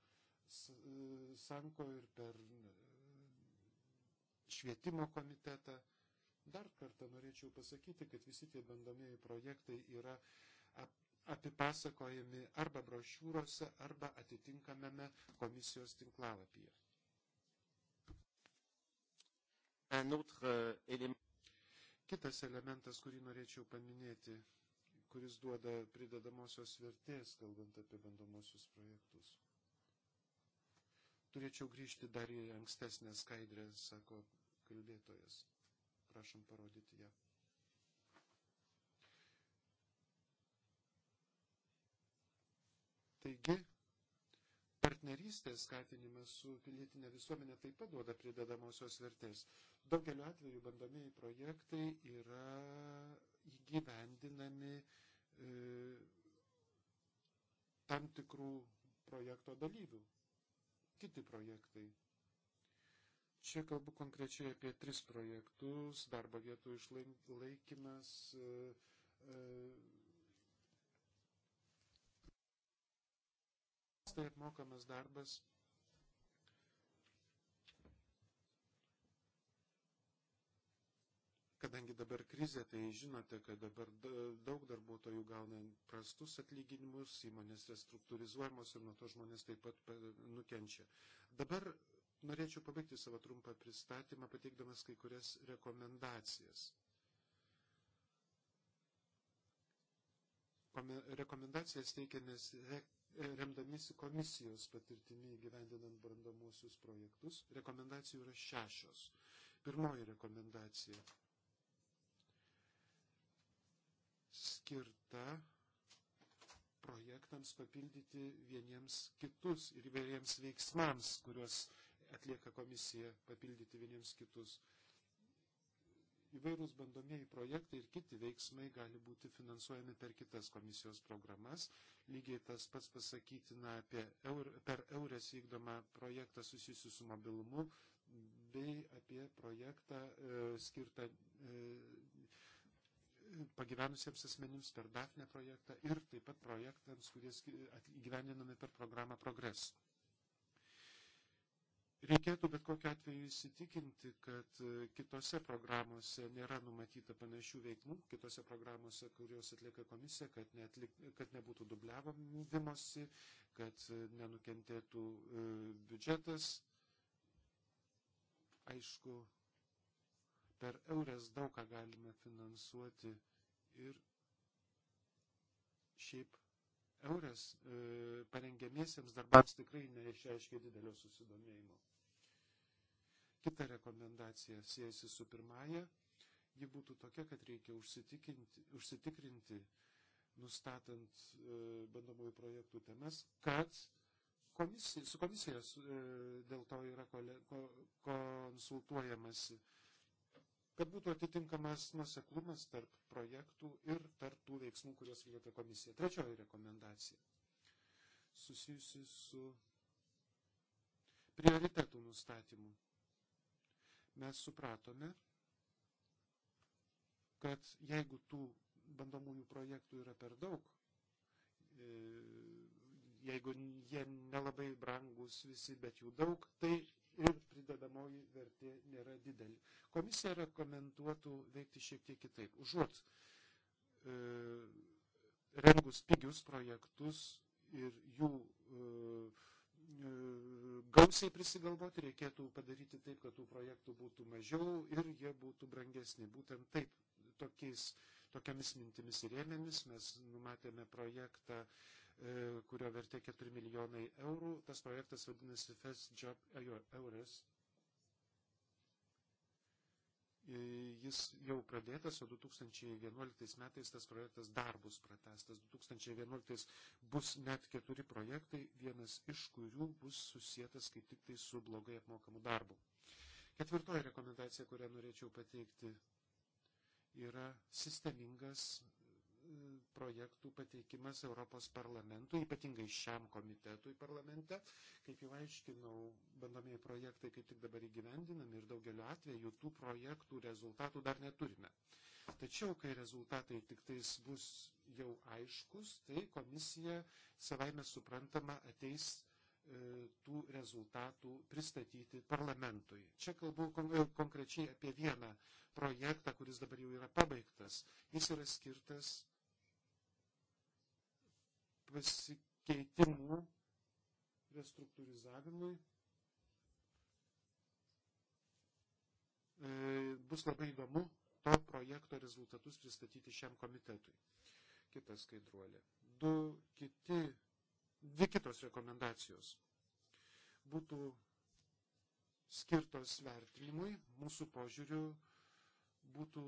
Sanko e, ir per e, švietimo komitetą. Dar kartą norėčiau pasakyti, kad visi tie bandomieji projektai yra apipasakojami arba brošiūrose, arba atitinkamame komisijos tinklalapyje. Euh, Kitas elementas, kurį norėčiau paminėti, kuris duoda pridedamosios vertės, kalbant apie bandomosius projektus. Turėčiau grįžti dar į ankstesnę skaidrę, sako kalbėtojas. Prašom parodyti ją. Ja. Taigi, partnerystės skatinimas su pilietinė visuomenė taip pat duoda pridedamosios vertės. Daugeliu atveju bandomieji projektai yra įgyvendinami e, tam tikrų projekto dalyvių. Kiti projektai. Čia kalbu konkrečiai apie tris projektus - darbo vietų išlaikymas, e, e, prastai apmokamas darbas. Kadangi dabar krizė, tai žinote, kad dabar daug darbuotojų gauna prastus atlyginimus, įmonės restruktūrizuojamos ir nuo to žmonės taip pat nukenčia. Dabar norėčiau pabaigti savo trumpą pristatymą, pateikdamas kai kurias rekomendacijas. rekomendacijas teikiamės remdamisi komisijos patirtimi įgyvendinant brandomosius projektus. Rekomendacijų yra šešios. Pirmoji rekomendacija skirta projektams papildyti vieniems kitus ir įvairiems veiksmams, kuriuos atlieka komisija papildyti vieniems kitus. Įvairūs bandomieji projektai ir kiti veiksmai gali būti finansuojami per kitas komisijos programas. Lygiai tas pats pasakytina apie eur, per eurės vykdomą projektą susijusiu su mobilumu bei apie projektą e, skirtą e, pagyvenusiems asmenims per DAFNE projektą ir taip pat projektams, kurie įgyvendinami per programą Progress. Reikėtų bet kokiu atveju įsitikinti, kad e, kitose programuose nėra numatyta panašių veiklų, kitose programuose, kurios atlieka komisija, kad, neatlik, kad nebūtų dubliavimosi, kad e, nenukentėtų e, biudžetas. Aišku, per eurės daug ką galime finansuoti ir šiaip eurės e, parengiamiesiems darbams tikrai neišreiškia didelio susidomėjimo. Kita rekomendacija siejasi su pirmąja. Ji būtų tokia, kad reikia užsitikrinti, užsitikrinti nustatant e, bandomųjų projektų temas, kad komisija, su komisija e, dėl to yra kole, ko, konsultuojamasi, kad būtų atitinkamas nuseklumas tarp projektų ir tarp tų veiksmų, kuriuos lieka komisija. Trečioji rekomendacija susijusi su prioritetų nustatymu mes supratome, kad jeigu tų bandomųjų projektų yra per daug, e, jeigu jie nelabai brangus visi, bet jų daug, tai ir pridedamoji vertė nėra didelė. Komisija rekomenduotų veikti šiek tiek kitaip. Užuot e, rengus pigius projektus ir jų e, E, gausiai prisigalvoti, reikėtų padaryti taip, kad tų projektų būtų mažiau ir jie būtų brangesni. Būtent taip, tokiais, tokiamis mintimis ir ėmėmis mes numatėme projektą, e, kurio vertė 4 milijonai eurų. Tas projektas vadinasi Fest Job Eures E, jis jau pradėtas, o 2011 metais tas projektas dar bus pratestas. 2011 bus net keturi projektai, vienas iš kurių bus susijęs kaip tik tai su blogai apmokamu darbu. Ketvirtoji rekomendacija, kurią norėčiau pateikti, yra sistemingas projektų pateikimas Europos parlamentui, ypatingai šiam komitetui parlamente. Kaip jau aiškinau, bandomieji projektai kaip tik dabar įgyvendinami ir daugeliu atveju tų projektų rezultatų dar neturime. Tačiau, kai rezultatai tik tais bus jau aiškus, tai komisija savaime suprantama ateis e, tų rezultatų pristatyti parlamentui. Čia kalbu e, konkrečiai apie vieną projektą, kuris dabar jau yra pabaigtas. Jis yra skirtas pasikeitimų restruktūrizavimui. E, bus labai įdomu to projekto rezultatus pristatyti šiam komitetui. Kita skaidruolė. Du kiti, dvi kitos rekomendacijos būtų skirtos vertinimui, mūsų požiūriu būtų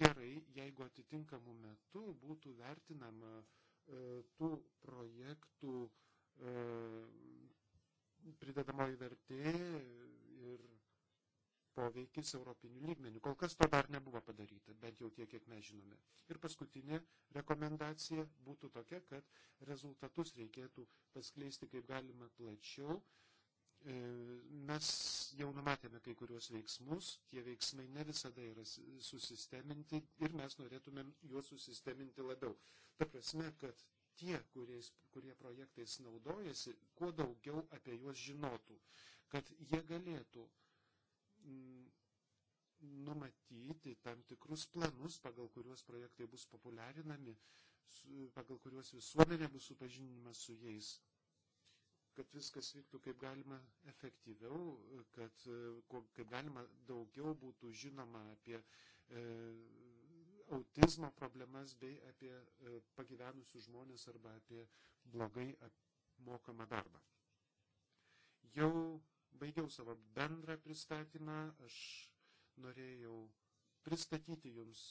gerai, jeigu atitinkamų metų būtų vertinama uh, E, tų projektų e, pridedamoji vertė ir poveikis europinių lygmenių. Kol kas to dar nebuvo padaryta, bent jau tiek, kiek mes žinome. Ir paskutinė rekomendacija būtų tokia, kad rezultatus reikėtų paskleisti kaip galima plačiau E, mes jau numatėme kai kurios veiksmus, tie veiksmai ne visada yra susisteminti ir mes norėtumėm juos susisteminti labiau. Ta prasme, kad tie, kuriais, kurie projektais naudojasi, kuo daugiau apie juos žinotų, kad jie galėtų mm, numatyti tam tikrus planus, pagal kuriuos projektai bus populiarinami, pagal kuriuos visuomenė bus supažindinama su jais kad viskas vyktų kaip galima efektyviau, kad e, kaip galima daugiau būtų žinoma apie e, autizmo problemas bei apie e, pagyvenusius žmonės arba apie blogai apmokamą darbą. Jau baigiau savo bendrą pristatymą, aš norėjau pristatyti jums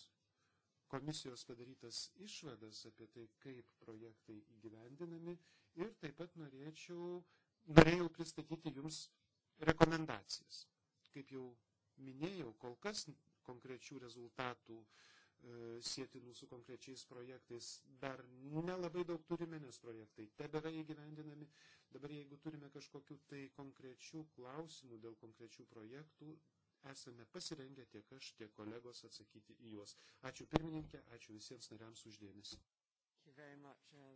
komisijos padarytas išvadas apie tai, kaip projektai įgyvendinami ir taip pat norėčiau, norėjau pristatyti Jums rekomendacijas. Kaip jau minėjau, kol kas konkrečių rezultatų e, sėtinų su konkrečiais projektais dar nelabai daug turime, nes projektai tebėra įgyvendinami. Dabar jeigu turime kažkokių tai konkrečių klausimų dėl konkrečių projektų, esame pasirengę tiek aš, tiek kolegos atsakyti į juos. Ačiū pirmininkė, ačiū visiems nariams uždėmesi. Much, uh...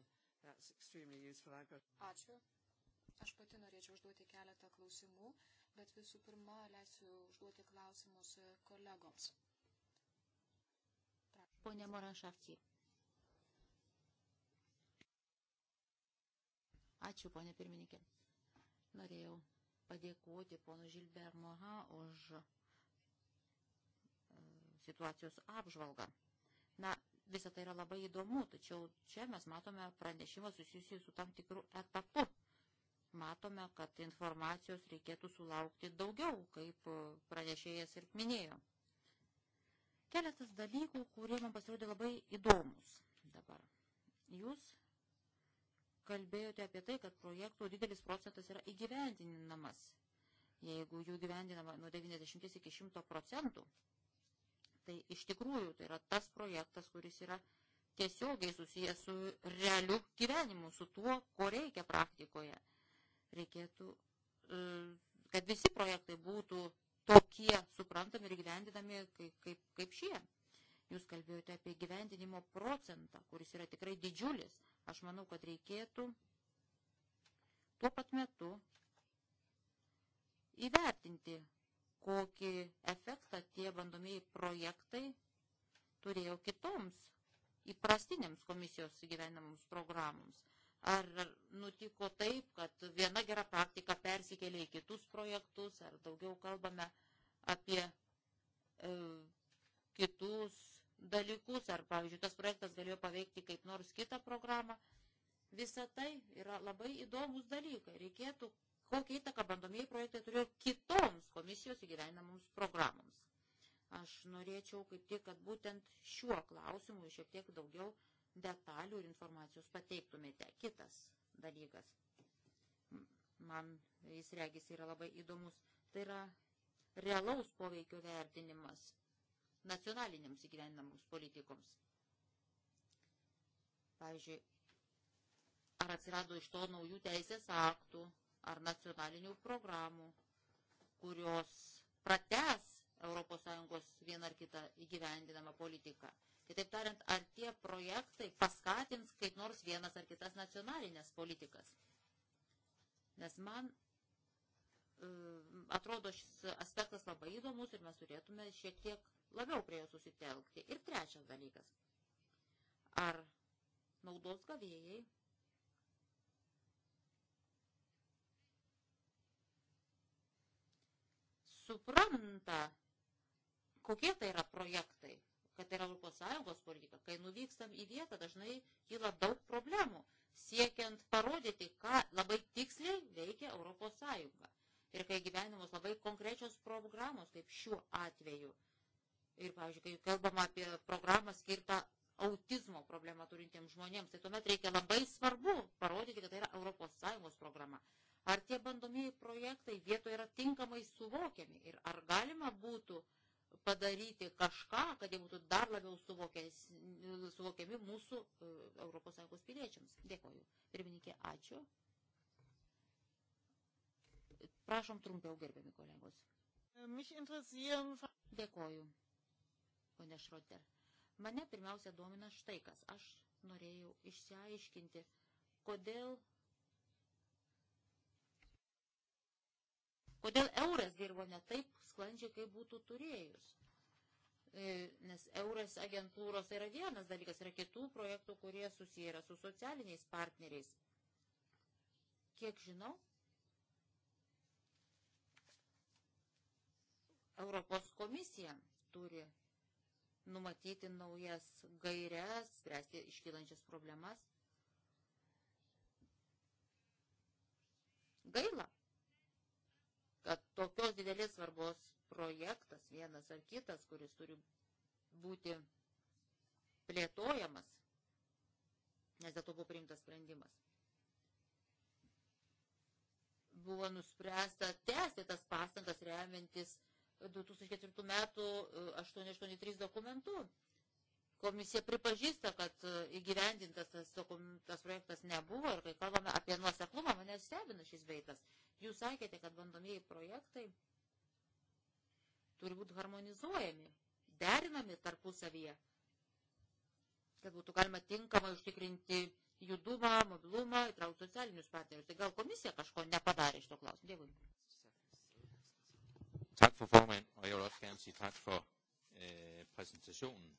Ačiū. Aš pati norėčiau užduoti keletą klausimų, bet visų pirma leisiu užduoti klausimus kolegoms. Pone Moranšafti. Ačiū, ponė pirmininkė. Norėjau padėkoti pono Žilber Moha už e, situacijos apžvalgą. Na, visą tai yra labai įdomu, tačiau čia mes matome pranešimą susijusį su tam tikru etapu. Matome, kad informacijos reikėtų sulaukti daugiau, kaip pranešėjas ir minėjo. Keletas dalykų, kurie man pasirodė labai įdomus dabar. Jūs kalbėjote apie tai, kad projektų didelis procentas yra įgyvendinamas. Jeigu jų gyvendinama nuo 90 iki 100 procentų, tai iš tikrųjų tai yra tas projektas, kuris yra tiesiogiai susijęs su realiu gyvenimu, su tuo, ko reikia praktikoje. Reikėtų, e, kad visi projektai būtų tokie suprantami ir gyvendinami kaip, kaip, kaip šie. Jūs kalbėjote apie gyvendinimo procentą, kuris yra tikrai didžiulis. Aš manau, kad reikėtų tuo pat metu įvertinti, kokį efektą tie bandomieji projektai turėjo kitoms įprastinėms komisijos gyvenamams programoms. Ar nutiko taip, kad viena gera praktika persikėlė į kitus projektus, ar daugiau kalbame apie e, kitus dalykus, ar, pavyzdžiui, tas projektas galėjo paveikti kaip nors kitą programą. Visa tai yra labai įdomus dalykai. Reikėtų kokią įtaką bandomieji projektai turėjo kitoms komisijos įgyvenamoms programoms. Aš norėčiau kaip tik, kad būtent šiuo klausimu šiek tiek daugiau detalių ir informacijos pateiktumėte. Kitas dalykas, man jis regis yra labai įdomus, tai yra realaus poveikio vertinimas nacionalinėms įgyvenamoms politikoms. Pavyzdžiui, ar atsirado iš to naujų teisės aktų, ar nacionalinių programų, kurios prates ES vieną ar kitą įgyvendinamą politiką. Kitaip tariant, ar tie projektai paskatins kaip nors vienas ar kitas nacionalinės politikas. Nes man e, atrodo šis aspektas labai įdomus ir mes turėtume šiek tiek labiau prie jo susitelkti. Ir trečias dalykas. Ar naudos gavėjai supranta, kokie tai yra projektai, kad tai yra ES politika. Kai nuvykstam į vietą, dažnai kyla daug problemų, siekiant parodyti, ką labai tiksliai veikia ES. Ir kai gyvenimus labai konkrečios programos, kaip šiuo atveju. Ir, pavyzdžiui, kai kalbama apie programą skirtą autizmo problemą turintiems žmonėms, tai tuomet reikia labai svarbu parodyti, kad tai yra ES programa. Ar tie bandomieji projektai vietoje yra tinkamai suvokiami ir ar galima būtų padaryti kažką, kad jie būtų dar labiau suvokės, suvokiami mūsų ES piliečiams. Dėkoju. Pirmininkė, ačiū. Prašom trumpiau, gerbiami kolegos. Dėkoju, ponė Šroter. Mane pirmiausia domina štai kas. Aš norėjau išsiaiškinti, kodėl Kodėl euras dirbo ne taip sklandžiai, kaip būtų turėjus? E, nes euras agentūros tai yra vienas dalykas, yra kitų projektų, kurie susiję yra su socialiniais partneriais. Kiek žinau, Europos komisija turi numatyti naujas gairias, spręsti iškylančias problemas. Gaila, kad tokios didelės svarbos projektas, vienas ar kitas, kuris turi būti plėtojamas, nes dėl to buvo priimtas sprendimas. Buvo nuspręsta tęsti tas pastangas remiantis 2004 metų 883 e, dokumentu. Komisija pripažįsta, kad e, įgyvendintas tas, tas projektas nebuvo ir kai kalbame apie nuoseklumą, mane stebina šis veitas. Jūs sakėte, kad bandomieji projektai turi būti harmonizuojami, derinami tarpusavyje, kad būtų galima tinkamai užtikrinti judumą, mobilumą, įtraukti socialinius partnerius. Tai gal komisija kažko nepadarė iš to klausimą. Dėkui. Tak for formand, og jeg vil også gerne sige tak for øh, præsentationen.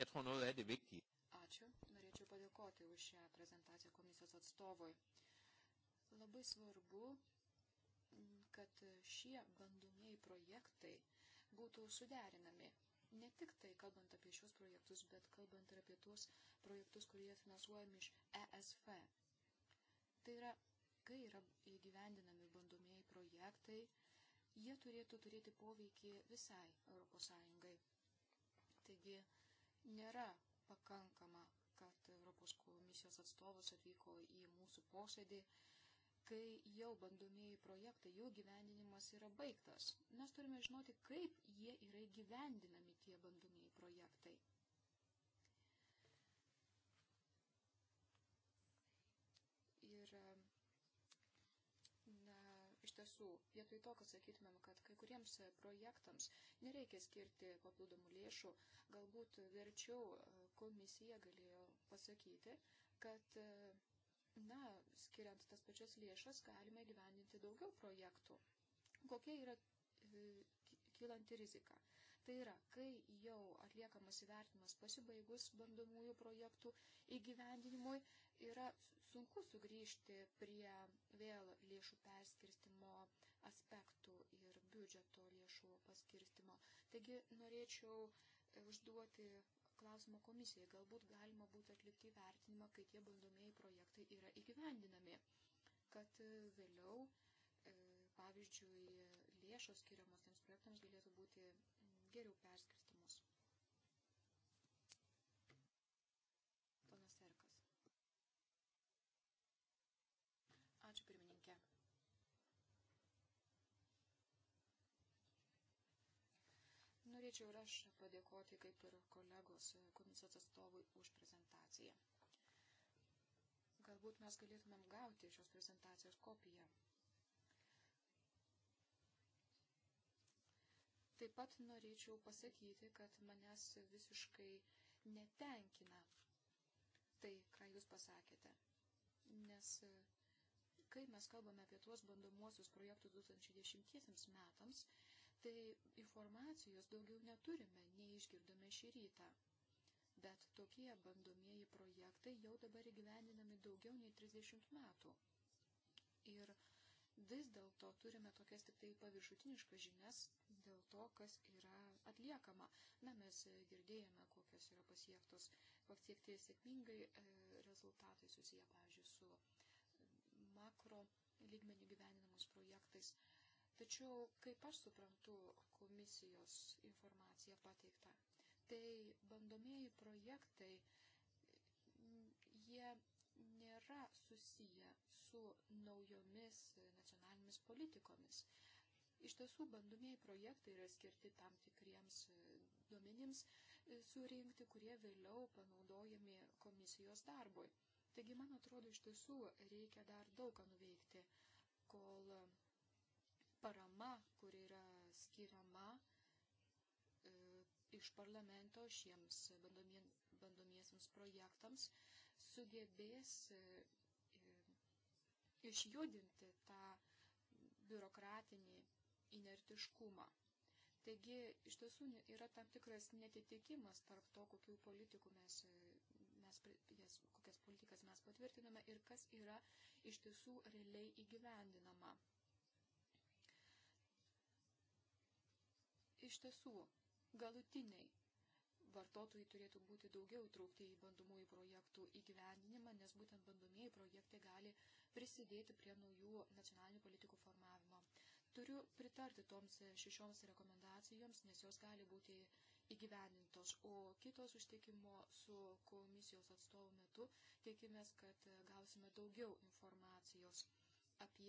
Jeg tror noget af det vigtige. Ačiū. Norėčiau padėkoti už šią prezentaciją komisijos atstovui. Labai svarbu, mm, kad šie bandomieji projektai būtų suderinami. Ne tik tai kalbant apie šios projektus, bet kalbant ir apie tuos projektus, kurie finansuojami iš ESF. Tai yra, kai yra įgyvendinami bandomieji projektai, jie turėtų turėti poveikį visai ES. Taigi nėra pakankama, kad Europos komisijos atstovas atvyko į mūsų posėdį kai jau bandomieji projektai, jų gyvendinimas yra baigtas. Mes turime žinoti, kaip jie yra gyvendinami tie bandomieji projektai. Ir, na, iš tiesų, vietoj to, kad sakytumėm, kad kai kuriems projektams nereikia skirti papildomų lėšų, galbūt verčiau e, komisija galėjo pasakyti, kad e, na, skiriant tas pačias lėšas, galime gyvendinti daugiau projektų. Kokia yra e, kylanti rizika? Tai yra, kai jau atliekamas įvertimas pasibaigus bandomųjų projektų įgyvendinimui, yra sunku sugrįžti prie vėl lėšų perskirstimo aspektų ir biudžeto lėšų paskirstimo. Taigi norėčiau e, užduoti klausimo komisijai. Galbūt galima būtų atlikti įvertinimą, kai tie bandomieji projektai yra įgyvendinami, kad e, vėliau, e, pavyzdžiui, lėšos skiriamos tiems projektams galėtų būti geriau perskirstimos. norėčiau ir aš padėkoti, kaip ir kolegos e, komisijos atstovui, už prezentaciją. Galbūt mes galėtumėm gauti šios prezentacijos kopiją. Taip pat norėčiau pasakyti, kad manęs visiškai netenkina tai, ką jūs pasakėte. Nes e, kai mes kalbame apie tuos bandomuosius projektus 2010 metams, tai informacijos daugiau neturime, nei išgirdome šį rytą. Bet tokie bandomieji projektai jau dabar įgyvendinami daugiau nei 30 metų. Ir vis dėlto turime tokias tik tai paviršutiniškas žinias dėl to, kas yra atliekama. Na, mes girdėjome, kokios yra pasiektos, pasiekti sėkmingai e, rezultatai susiję, pavyzdžiui, su makro lygmenių gyveninamos projektais. Tačiau, kaip aš suprantu komisijos informaciją pateiktą, tai bandomieji projektai, jie nėra susiję su naujomis nacionalinėmis politikomis. Iš tiesų, bandomieji projektai yra skirti tam tikriems duomenims surinkti, kurie vėliau panaudojami komisijos darbui. Taigi, man atrodo, iš tiesų reikia dar daug ką nuveikti, kol parama, kuri yra skiriama e, iš parlamento šiems bandomie, bandomiesiams projektams, sugebės e, e, išjudinti tą biurokratinį inertiškumą. Taigi, iš tiesų yra tam tikras netitikimas tarp to, kokių politikų mes, e, mes jas, kokias politikas mes patvirtiname ir kas yra iš tiesų realiai įgyvendinama. iš tiesų galutiniai vartotojai turėtų būti daugiau įtraukti į bandomųjų projektų įgyvendinimą, nes būtent bandomieji projektai gali prisidėti prie naujų nacionalinių politikų formavimo. Turiu pritarti toms šešioms rekomendacijoms, nes jos gali būti įgyvendintos, o kitos užtikimo su komisijos atstovų metu tikimės, kad gausime daugiau informacijos apie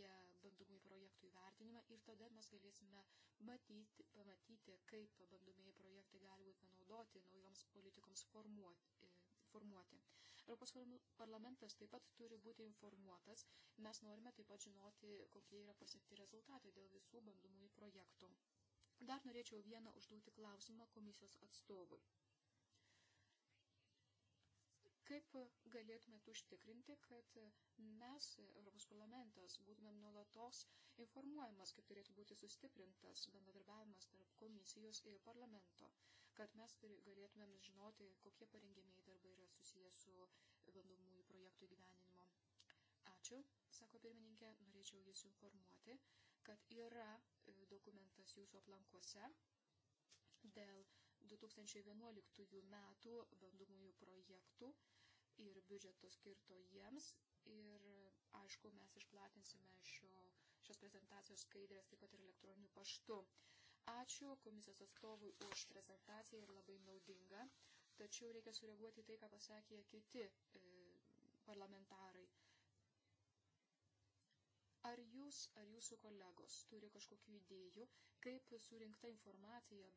bandomųjų projektų įvertinimą ir tada mes galėsime matyti, pamatyti, kaip bandomieji projektai gali būti panaudoti naujoms politikoms formuoti. E, formuoti. Europos parlamentas taip pat turi būti informuotas, mes norime taip pat žinoti, kokie yra pasiekti rezultatai dėl visų bandomųjų projektų. Dar norėčiau vieną užduoti klausimą komisijos atstovui. Kaip galėtumėt užtikrinti, kad mes, Europos parlamentas, būtumėm nuolatos informuojamas, kaip turėtų būti sustiprintas bendradarbiavimas tarp komisijos ir parlamento, kad mes galėtumėm žinoti, kokie parengimiai darbai yra susijęs su bandomųjų projektų įgyvenimo. Ačiū, sako pirmininkė, norėčiau jūs informuoti, kad yra e, dokumentas jūsų aplankuose dėl 2011 metų bandomųjų projektų ir biudžeto skirto jiems. Ir aišku, mes išplatinsime šio, šios prezentacijos skaidrės taip pat ir elektroniniu paštu. Ačiū komisijos atstovui už prezentaciją ir labai naudinga, tačiau reikia sureaguoti tai, ką pasakė kiti e, parlamentarai. Ar jūs ar jūsų kolegos turi kažkokių idėjų, kaip surinkta informacija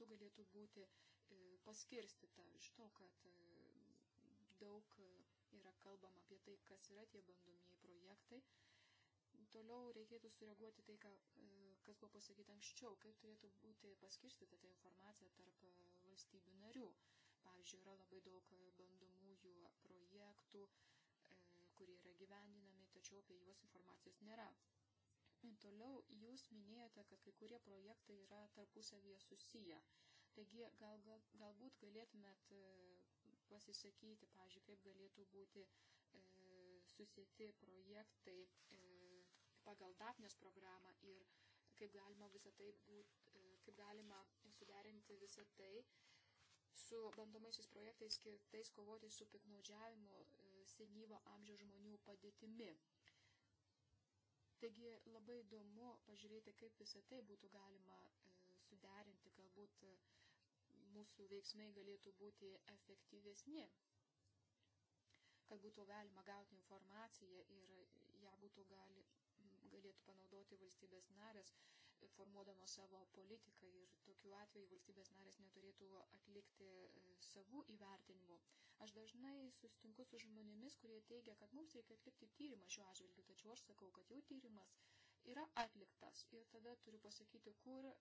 metu galėtų būti e, paskirstyta. Žinau, kad e, daug e, yra kalbama apie tai, kas yra tie bandomieji projektai. Toliau reikėtų sureaguoti tai, ką, kas buvo pasakyta anksčiau, kaip turėtų būti paskirstyta ta informacija tarp valstybių narių. Pavyzdžiui, yra labai daug bandomųjų projektų, kurie yra gyvendinami, tačiau apie juos informacijos nėra. Toliau jūs minėjote, kad kai kurie projektai yra tarpusavyje susiję. Taigi gal, gal, galbūt galėtumėt e, pasisakyti, pažiūrėjau, kaip galėtų būti e, susijęti projektai e, pagal Dapnės programą ir kaip galima visą tai būt, e, kaip galima suderinti visą tai su bandomaisiais projektais skirtais kovoti su piknaudžiavimu e, senyvo amžiaus žmonių padėtimi. Taigi labai įdomu pažiūrėti, kaip visą tai būtų galima e, suderinti, galbūt e, mūsų veiksmai galėtų būti efektyvesni, kad būtų galima gauti informaciją ir ją būtų gali, galėtų panaudoti valstybės narės, formuodamos savo politiką ir tokiu atveju valstybės narės neturėtų atlikti e, savų įvertinimų. Aš dažnai sustinku su žmonėmis, kurie teigia, kad mums reikia atlikti tyrimą šiuo atžvilgiu, tačiau aš sakau, kad jau tyrimas yra atliktas ir tada turiu pasakyti, kur e,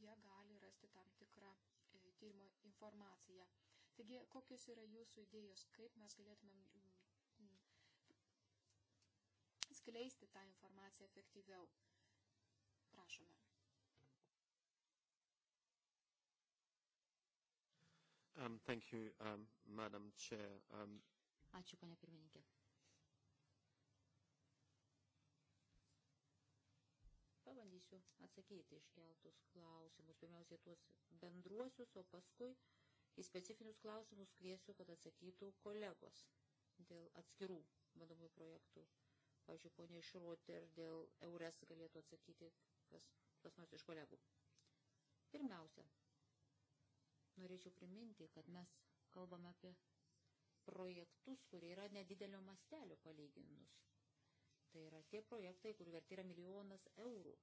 jie gali rasti tam tikrą e, tyrimo informaciją. Taigi, kokios yra jūsų idėjos, kaip mes galėtumėm mm, mm, skleisti tą informaciją efektyviau. Prašome. Um, thank you, um, Madam Chair. Um, Ačiū, ponia pirmininkė. Pabandysiu atsakyti iškeltus klausimus. Pirmiausiai tuos bendruosius, o paskui į specifinius klausimus kviesiu, kad atsakytų kolegos dėl atskirų bandomųjų projektų. Pavyzdžiui, ponia Išroter dėl EURES galėtų atsakyti kas, kas nors iš kolegų. Pirmiausia, norėčiau priminti, kad mes kalbame apie projektus, kurie yra nedidelio mastelio palyginus. Tai yra tie projektai, kur vertė yra milijonas eurų.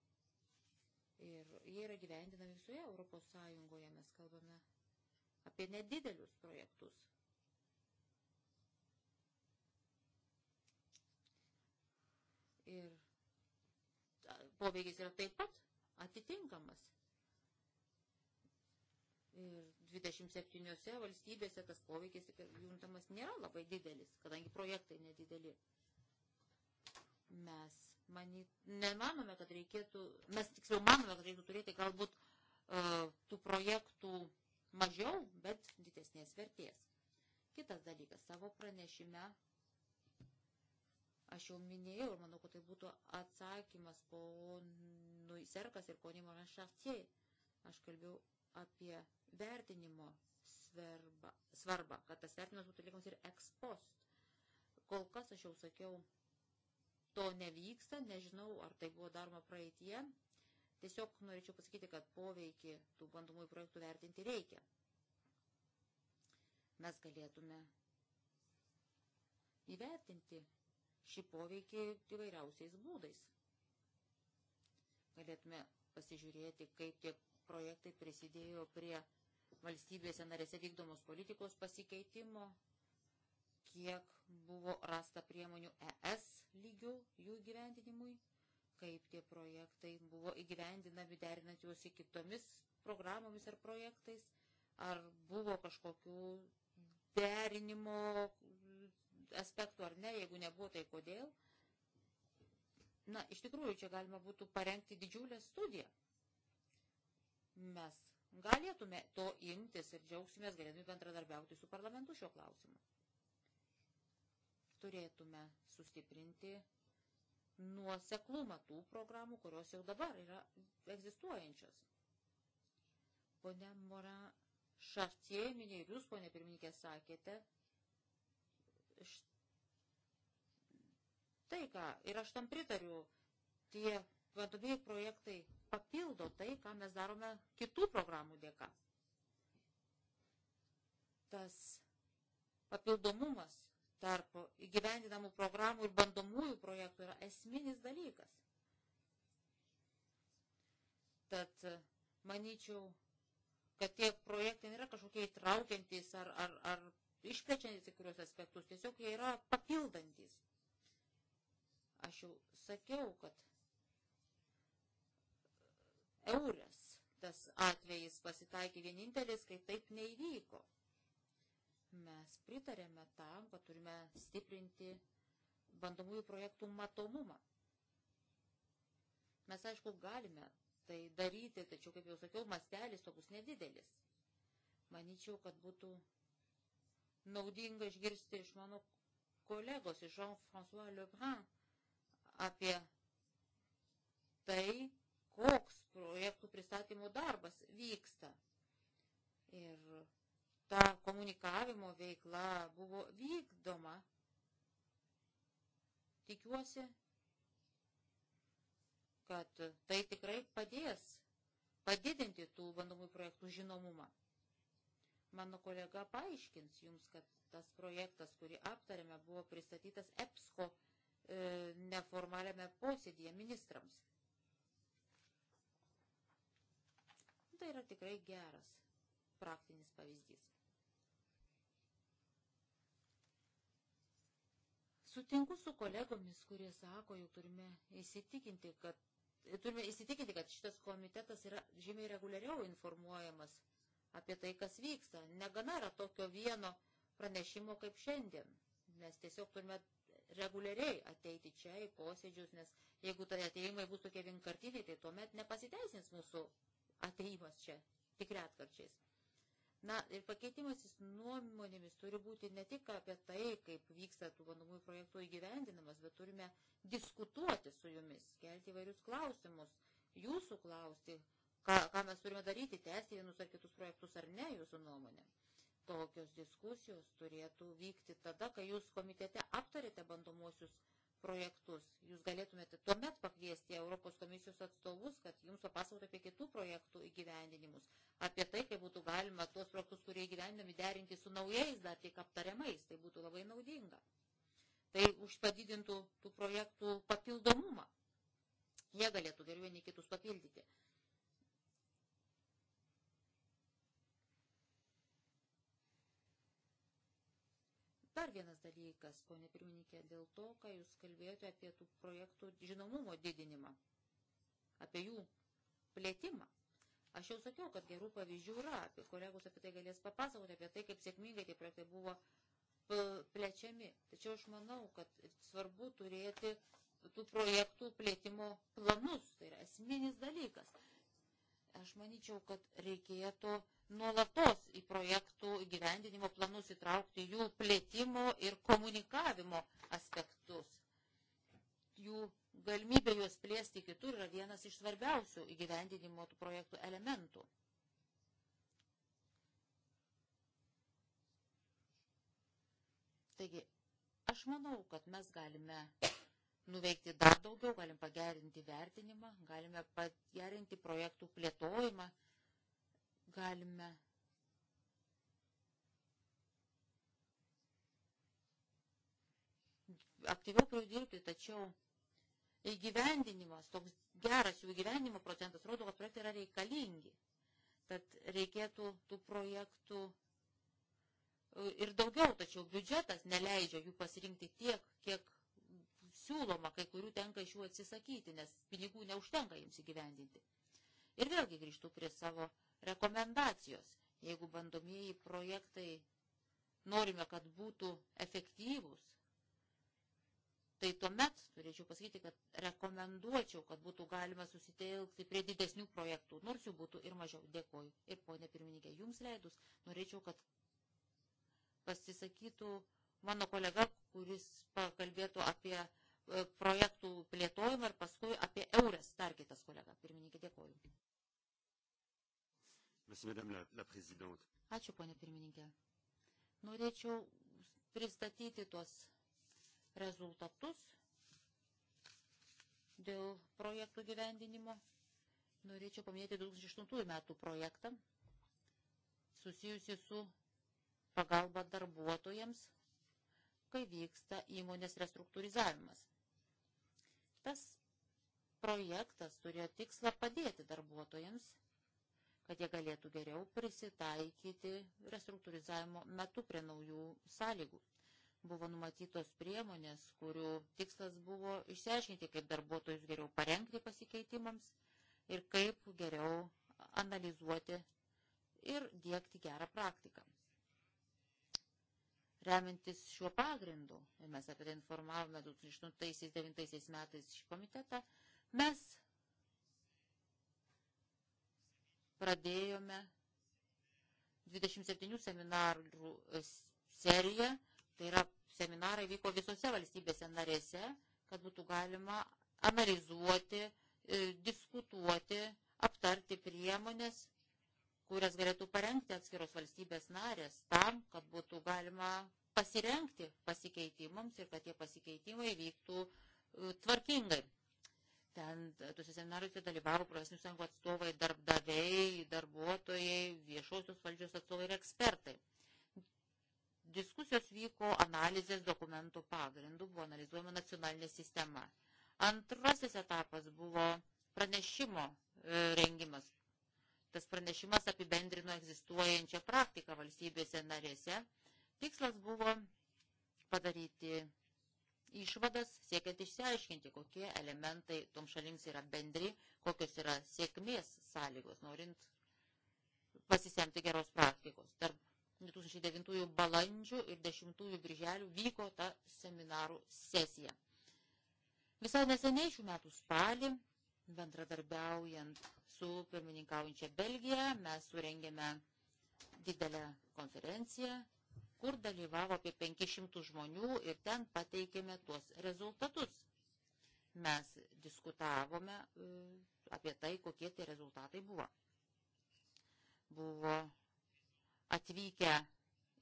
Ir jie yra gyvendinami visoje Europos Sąjungoje. Mes kalbame apie nedidelius projektus. Ir poveikis yra taip pat atitinkamas. Ir 27 valstybėse tas poveikis juntamas nėra labai didelis, kadangi projektai nedideli. Mes many, nemanome, kad reikėtų, mes tiksliau manome, kad reikėtų turėti galbūt uh, tų projektų mažiau, bet didesnės vertės. Kitas dalykas, savo pranešime Aš jau minėjau ir manau, kad tai būtų atsakymas ponui Serkas ir poniai Moran Šaftie. Aš kalbėjau apie vertinimo svarbą, svarbą, kad tas vertinimas būtų liekamas ir ekspost. Kol kas aš jau sakiau, to nevyksta, nežinau, ar tai buvo daroma praeitie. Tiesiog norėčiau pasakyti, kad poveikį tų bandomųjų projektų vertinti reikia. Mes galėtume įvertinti šį poveikį įvairiausiais būdais. Galėtume pasižiūrėti, kaip tie projektai prisidėjo prie valstybėse narėse vykdomos politikos pasikeitimo, kiek buvo rasta priemonių ES lygių jų gyvendinimui, kaip tie projektai buvo įgyvendinami derinant juos į kitomis programomis ar projektais, ar buvo kažkokių derinimo aspektų ar ne, jeigu nebuvo, tai kodėl. Na, iš tikrųjų, čia galima būtų parengti didžiulę studiją. Mes galėtume to imtis ir džiaugsimės, galėtume bendradarbiauti su parlamentu šio klausimu. Turėtume sustiprinti nuoseklumą tų programų, kurios jau dabar yra egzistuojančios. Pone Mora Šartie, minėjai, jūs, ponė pirmininkė, sakėte, tai, ką, ir aš tam pritariu, tie vadovėjai projektai papildo tai, ką mes darome kitų programų dėka. Tas papildomumas tarp įgyvendinamų programų ir bandomųjų projektų yra esminis dalykas. Tad manyčiau, kad tie projektai nėra kažkokie įtraukiantys ar, ar, ar išplečiantis į kurios aspektus, tiesiog jie yra papildantis. Aš jau sakiau, kad eurės tas atvejis pasitaikė vienintelis, kai taip neįvyko. Mes pritarėme tam, kad turime stiprinti bandomųjų projektų matomumą. Mes, aišku, galime tai daryti, tačiau, kaip jau sakiau, mastelis to bus nedidelis. Manyčiau, kad būtų naudinga išgirsti iš mano kolegos, iš Jean-François Lebrun, apie tai, koks projektų pristatymo darbas vyksta. Ir ta komunikavimo veikla buvo vykdoma. Tikiuosi, kad tai tikrai padės padidinti tų bandomųjų projektų žinomumą. Mano kolega paaiškins jums, kad tas projektas, kurį aptarėme, buvo pristatytas EPSCO e, neformaliame posėdėje ministrams. Tai yra tikrai geras praktinis pavyzdys. Sutinku su kolegomis, kurie sako, jog turime įsitikinti, kad, turime įsitikinti, kad šitas komitetas yra žymiai reguliariau informuojamas apie tai, kas vyksta. Negana yra tokio vieno pranešimo kaip šiandien. Mes tiesiog turime reguliariai ateiti čia į posėdžius, nes jeigu tai ateimai bus tokie vienkartiniai, tai tuomet nepasiteisins mūsų ateimas čia, tik retkarčiais. Na ir pakeitimasis nuomonėmis turi būti ne tik apie tai, kaip vyksta tų bandomųjų projektų įgyvendinamas, bet turime diskutuoti su jumis, kelti įvairius klausimus, jūsų klausti, ką, ką mes turime daryti, tęsti vienus ar kitus projektus ar ne, jūsų nuomonė. Tokios diskusijos turėtų vykti tada, kai jūs komitete aptarėte bandomuosius projektus. Jūs galėtumėte tuomet pakviesti Europos komisijos atstovus, kad jums papasakotų apie kitų projektų įgyvendinimus, apie tai, kaip būtų galima tuos projektus, kurie įgyvendinami, derinti su naujais, dar tik aptariamais. Tai būtų labai naudinga. Tai užpadidintų tų projektų papildomumą. Jie galėtų geriau vieni kitus papildyti. Dar vienas dalykas, ponė pirmininkė, dėl to, ką jūs kalbėjote apie tų projektų žinomumo didinimą, apie jų plėtimą. Aš jau sakiau, kad gerų pavyzdžių yra, apie kolegos apie tai galės papasakoti, apie tai, kaip sėkmingai tie projektai buvo e, plečiami. Tačiau aš manau, kad svarbu turėti tų projektų plėtimo planus. Tai yra esminis dalykas. Aš manyčiau, kad reikėtų nuolatos į projektų gyvendinimo planus įtraukti jų plėtimo ir komunikavimo aspektus. Jų galimybė juos plėsti kitur yra vienas iš svarbiausių įgyvendinimo tų projektų elementų. Taigi, aš manau, kad mes galime nuveikti dar daugiau, galim pagerinti vertinimą, galime pagerinti projektų plėtojimą galime aktyviau pradirbti, tačiau įgyvendinimas, toks geras jų įgyvendinimo procentas rodo, kad projektai yra reikalingi. Tad reikėtų tų projektų e, ir daugiau, tačiau biudžetas neleidžia jų pasirinkti tiek, kiek siūloma, kai kurių tenka iš jų atsisakyti, nes pinigų neužtenka jiems įgyvendinti. Ir vėlgi grįžtų prie savo rekomendacijos. Jeigu bandomieji projektai norime, kad būtų efektyvūs, tai tuomet turėčiau pasakyti, kad rekomenduočiau, kad būtų galima susitelkti prie didesnių projektų, nors jų būtų ir mažiau. Dėkoju. Ir ponė pirmininkė, jums leidus, norėčiau, kad pasisakytų mano kolega, kuris pakalbėtų apie e, projektų plėtojimą ir paskui apie eurės dar kitas kolega. Pirmininkė, dėkoju. Ačiū, ponė pirmininkė. Norėčiau pristatyti tuos rezultatus dėl projektų gyvendinimo. Norėčiau paminėti 2008 metų projektą susijusi su pagalba darbuotojams, kai vyksta įmonės restruktūrizavimas. Tas projektas turėjo tikslą padėti darbuotojams – kad jie galėtų geriau prisitaikyti restruktūrizavimo metu prie naujų sąlygų. Buvo numatytos priemonės, kurių tikslas buvo išsiaiškinti, kaip darbuotojus geriau parengti pasikeitimams ir kaip geriau analizuoti ir dėkti gerą praktiką. Remintis šiuo pagrindu, ir mes apie tai informavome 2009 metais šį komitetą, mes pradėjome 27 seminarų seriją, tai yra seminarai vyko visose valstybėse narėse, kad būtų galima analizuoti, e, diskutuoti, aptarti priemonės, kurias galėtų parengti atskiros valstybės narės tam, kad būtų galima pasirengti pasikeitimams ir kad tie pasikeitimai vyktų e, tvarkingai. Ten Tuose seminaruose dalyvavo profesinių sąjungų atstovai, darbdaviai, darbuotojai, viešosios valdžios atstovai ir ekspertai. Diskusijos vyko analizės dokumentų pagrindų, buvo analizuojama nacionalinė sistema. Antrasis etapas buvo pranešimo e, rengimas. Tas pranešimas apibendrino egzistuojančią praktiką valstybėse narėse. Tikslas buvo padaryti išvadas, siekiant išsiaiškinti, kokie elementai tom šalims yra bendri, kokios yra sėkmės sąlygos, norint pasisemti geros praktikos. Tarp 2009 balandžių ir 10 birželių vyko ta seminarų sesija. Visai neseniai šių metų spalį, bendradarbiaujant su pirmininkaujančia Belgija, mes surengėme didelę konferenciją kur dalyvavo apie 500 žmonių ir ten pateikėme tuos rezultatus. Mes diskutavome e, apie tai, kokie tie rezultatai buvo. Buvo atvykę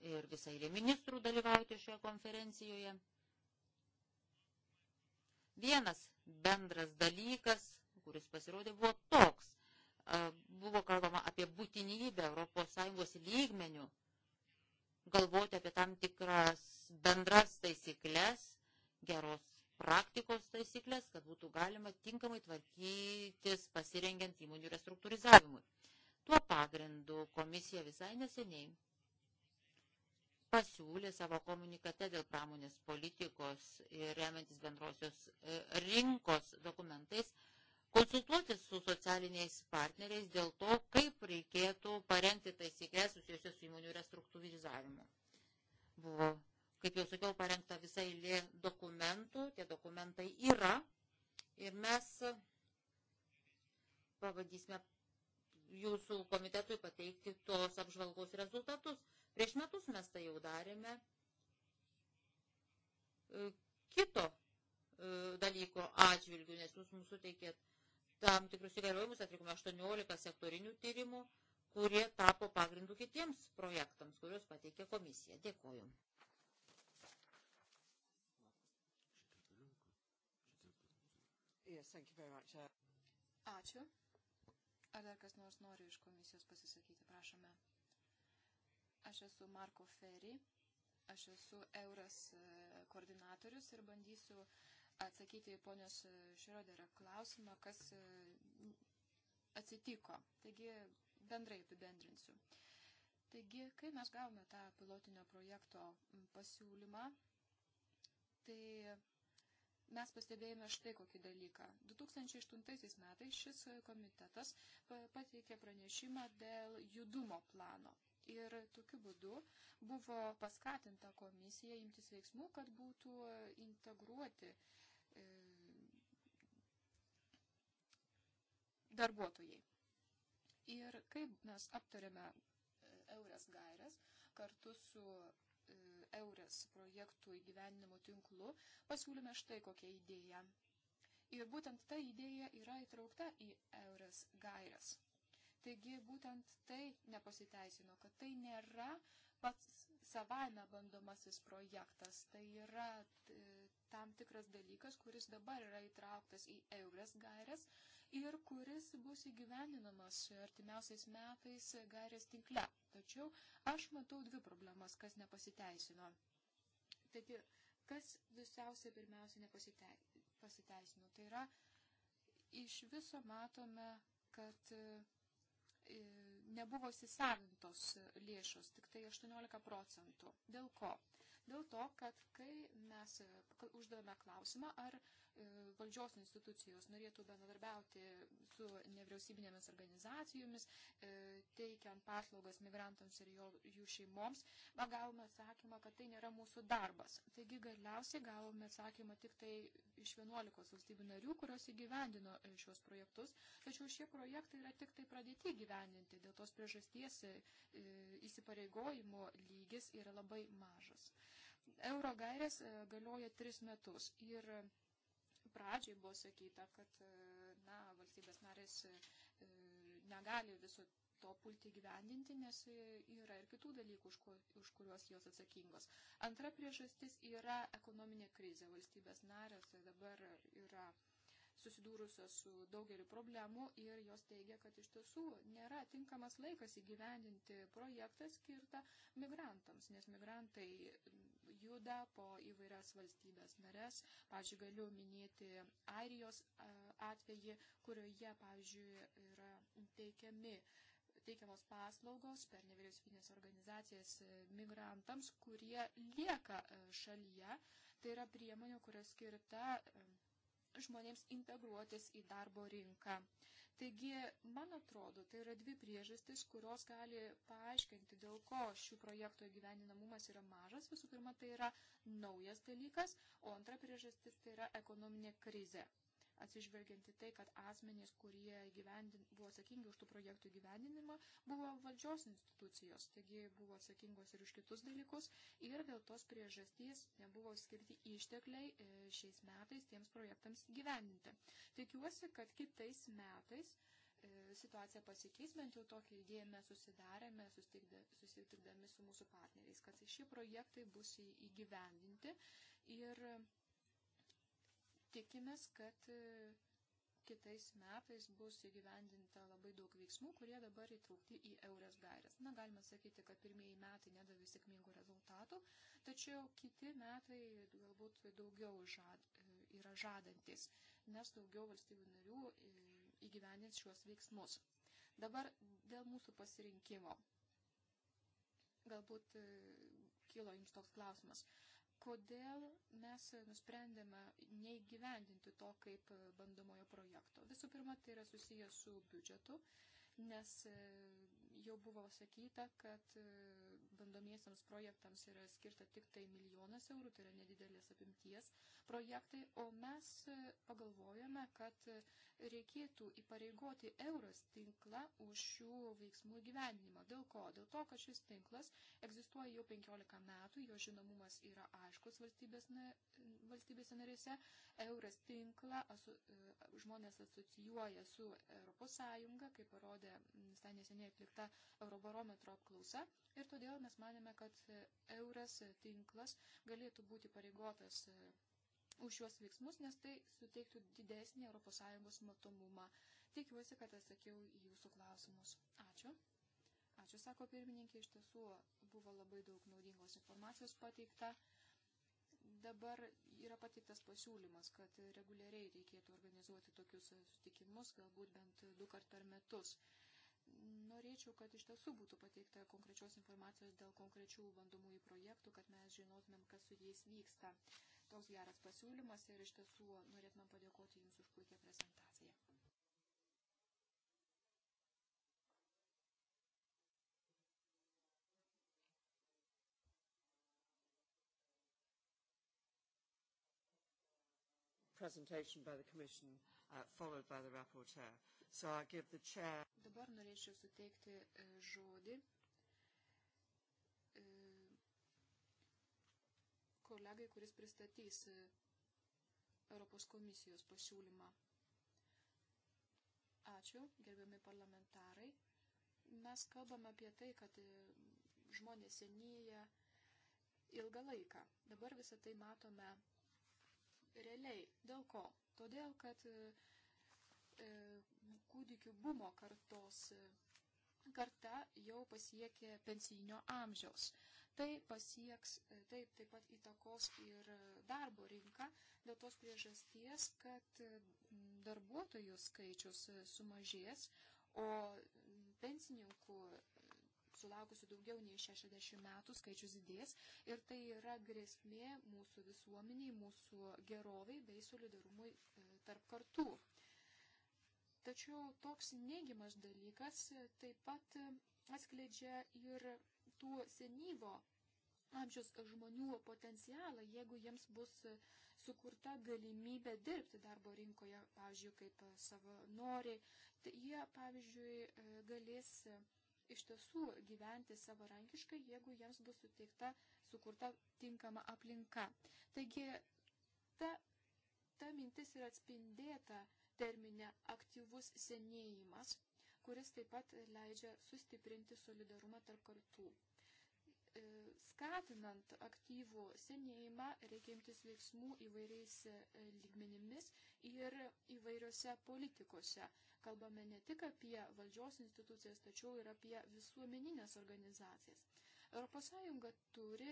ir visai lė ministrų dalyvauti šioje konferencijoje. Vienas bendras dalykas, kuris pasirodė, buvo toks. E, buvo kalbama apie būtinybę ES lygmenių galvoti apie tam tikras bendras taisyklės, geros praktikos taisyklės, kad būtų galima tinkamai tvarkytis pasirengiant įmonių restruktūrizavimui. Tuo pagrindu komisija visai neseniai pasiūlė savo komunikate dėl pramonės politikos ir remiantis bendrosios e, rinkos dokumentais konsultuotis su socialiniais partneriais dėl to, kaip reikėtų parengti taisyklės susijusios su įmonių restruktūrizavimu. Buvo, kaip jau sakiau, parengta visai lė dokumentų, tie dokumentai yra ir mes pavadysime jūsų komitetui pateikti tos apžvalgos rezultatus. Prieš metus mes tai jau darėme e, kito e, dalyko atžvilgių, nes jūs mums suteikėt tam tikrus įgaliojimus atlikome 18 sektorinių tyrimų, kurie tapo pagrindu kitiems projektams, kuriuos pateikė komisija. Dėkoju. Yes, Ačiū. Ar dar kas nors nori iš komisijos pasisakyti, prašome. Aš esu Marko Ferry, aš esu Euras e, koordinatorius ir bandysiu uh, atsakyti į ponios Šrioderio klausimą, kas e, atsitiko. Taigi bendrai apibendrinsiu. Taigi, kai mes gavome tą pilotinio projekto pasiūlymą, tai mes pastebėjome štai kokį dalyką. 2008 metais šis komitetas pateikė pranešimą dėl judumo plano. Ir tokiu būdu buvo paskatinta komisija imtis veiksmų, kad būtų e, integruoti uh, darbuotojai. Ir kaip mes aptarėme e, Eures gairias kartu su e, Eures projektų įgyvenimo tinklu, pasiūlėme štai kokią idėją. Ir būtent ta idėja yra įtraukta į Eures gairias. Taigi būtent tai nepasiteisino, kad tai nėra pats savaime bandomasis projektas, tai yra e, tam tikras dalykas, kuris dabar yra įtrauktas į Eures gairias, ir kuris bus įgyveninamas artimiausiais metais gairės tinkle. Tačiau aš matau dvi problemas, kas nepasiteisino. Taigi, kas visiausiai pirmiausia nepasiteisino. Tai yra, iš viso matome, kad e, nebuvo įsisavintos lėšos, tik tai 18 procentų. Dėl ko? Dėl to, kad kai mes uždavėme klausimą, ar E, valdžios institucijos norėtų bendradarbiauti su nevyriausybinėmis organizacijomis, e, teikiant paslaugas migrantams ir jų šeimoms, bet gavome atsakymą, kad tai nėra mūsų darbas. Taigi galiausiai gavome atsakymą tik tai iš 11 valstybių narių, kurios įgyvendino e, šios projektus, tačiau šie projektai yra tik tai pradėti gyvendinti, dėl tos priežasties įsipareigojimo lygis yra labai mažas. Euro gairės galioja tris metus ir pradžiai buvo sakyta, kad e, na, valstybės narės e, e, negali viso to pulti gyvendinti, nes yra ir kitų dalykų, už, kur, už kuriuos jos atsakingos. Antra priežastis yra ekonominė krizė. Valstybės narės dabar yra susidūrusios su daugeliu problemų ir jos teigia, kad iš tiesų nėra tinkamas laikas įgyvendinti projektą skirtą migrantams, nes migrantai juda po įvairias valstybės narės. Pavyzdžiui, galiu minėti Airijos atvejį, kurioje, pavyzdžiui, yra teikiami teikiamos paslaugos per nevyriausybinės organizacijas e, migrantams, kurie lieka e, šalyje. Tai yra priemonė, kuria skirta e, žmonėms integruotis į darbo rinką. Taigi, man atrodo, tai yra dvi priežastis, kurios gali paaiškinti, dėl ko šių projektų įgyveninamumas yra mažas. Visų pirma, tai yra naujas dalykas, o antra priežastis tai yra ekonominė krizė atsižvelgianti tai, kad asmenys, kurie gyvendin, buvo atsakingi už tų projektų gyvendinimą, buvo valdžios institucijos, taigi buvo atsakingos ir už kitus dalykus ir dėl tos priežasties nebuvo skirti ištekliai e, šiais metais tiems projektams gyvendinti. Tikiuosi, kad kitais metais e, situacija pasikeis, bent jau tokią idėją mes susidarėme, susitikdami su mūsų partneriais, kad šie projektai bus įgyvendinti ir Tikimės, kad e, kitais metais bus įgyvendinta labai daug veiksmų, kurie dabar įtraukti į eurės gairės. Na, galima sakyti, kad pirmieji metai nedavė sėkmingų rezultatų, tačiau kiti metai galbūt daugiau žad, e, yra žadantis, nes daugiau valstybių narių e, įgyvendins šiuos veiksmus. Dabar dėl mūsų pasirinkimo. Galbūt kilo jums toks klausimas kodėl mes nusprendėme neįgyvendinti to kaip bandomojo projekto. Visų pirma, tai yra susijęs su biudžetu, nes e, jau buvo sakyta, kad e, bandomiesiams projektams yra skirta tik tai milijonas eurų, tai yra nedidelės apimties projektai, o mes e, pagalvojame, kad reikėtų įpareigoti euros tinklą už šių veiksmų gyvenimą. Dėl ko? Dėl to, kad šis tinklas egzistuoja jau 15 metų, jo žinomumas yra aiškus valstybės, valstybėse narėse. Euras tinklą aso, e, žmonės asocijuoja su ES, kaip parodė visai neseniai atlikta Eurobarometro apklausa. Ir todėl mes manėme, kad e, euras e, tinklas galėtų būti pareigotas už šiuos veiksmus, nes tai suteiktų didesnį ES matomumą. Tikiuosi, kad atsakiau į jūsų klausimus. Ačiū. Ačiū, sako pirmininkė, iš tiesų buvo labai daug naudingos informacijos pateikta. Dabar yra pateiktas pasiūlymas, kad reguliariai reikėtų organizuoti tokius sutikimus, galbūt bent du kart per metus. Norėčiau, kad iš tiesų būtų pateikta konkrečios informacijos dėl konkrečių bandomųjų projektų, kad mes žinotumėm, kas su jais vyksta toks geras pasiūlymas ir iš tiesų norėtume padėkoti Jums už puikią prezentaciją. presentation by the Commission uh, followed by the rapporteur. So I give the chair. Dabar norėčiau suteikti uh, žodį kolegai, kuris pristatys e, Europos komisijos pasiūlymą. Ačiū, gerbiami parlamentarai. Mes kalbame apie tai, kad e, žmonės senyja ilgą laiką. Dabar visą tai matome realiai. Dėl ko? Todėl, kad e, kūdikių bumo kartos karta jau pasiekė pensijinio amžiaus. Tai pasieks, e, taip, taip pat įtakos ir e, darbo rinką dėl tos priežasties, kad e, darbuotojų skaičius sumažės, o pensininkų sulaukusių daugiau nei 60 metų skaičius didės ir tai yra grėsmė mūsų visuomeniai, mūsų geroviai bei solidarumui tarp kartų. Tačiau toks neigiamas dalykas taip pat atskleidžia ir tų senyvo amžiaus žmonių potencialą, jeigu jiems bus sukurta galimybė dirbti darbo rinkoje, pavyzdžiui, kaip savanoriai, tai jie, pavyzdžiui, galės iš tiesų gyventi savarankiškai, jeigu jiems bus suteikta, sukurta tinkama aplinka. Taigi, ta, ta mintis yra atspindėta terminė aktyvus senėjimas kuris taip pat leidžia sustiprinti solidarumą tarp kartų. E, skatinant aktyvų senėjimą reikia imtis veiksmų įvairiais e, lygmenimis ir įvairiose politikose. Kalbame ne tik apie valdžios institucijas, tačiau ir apie visuomeninės organizacijas. ES turi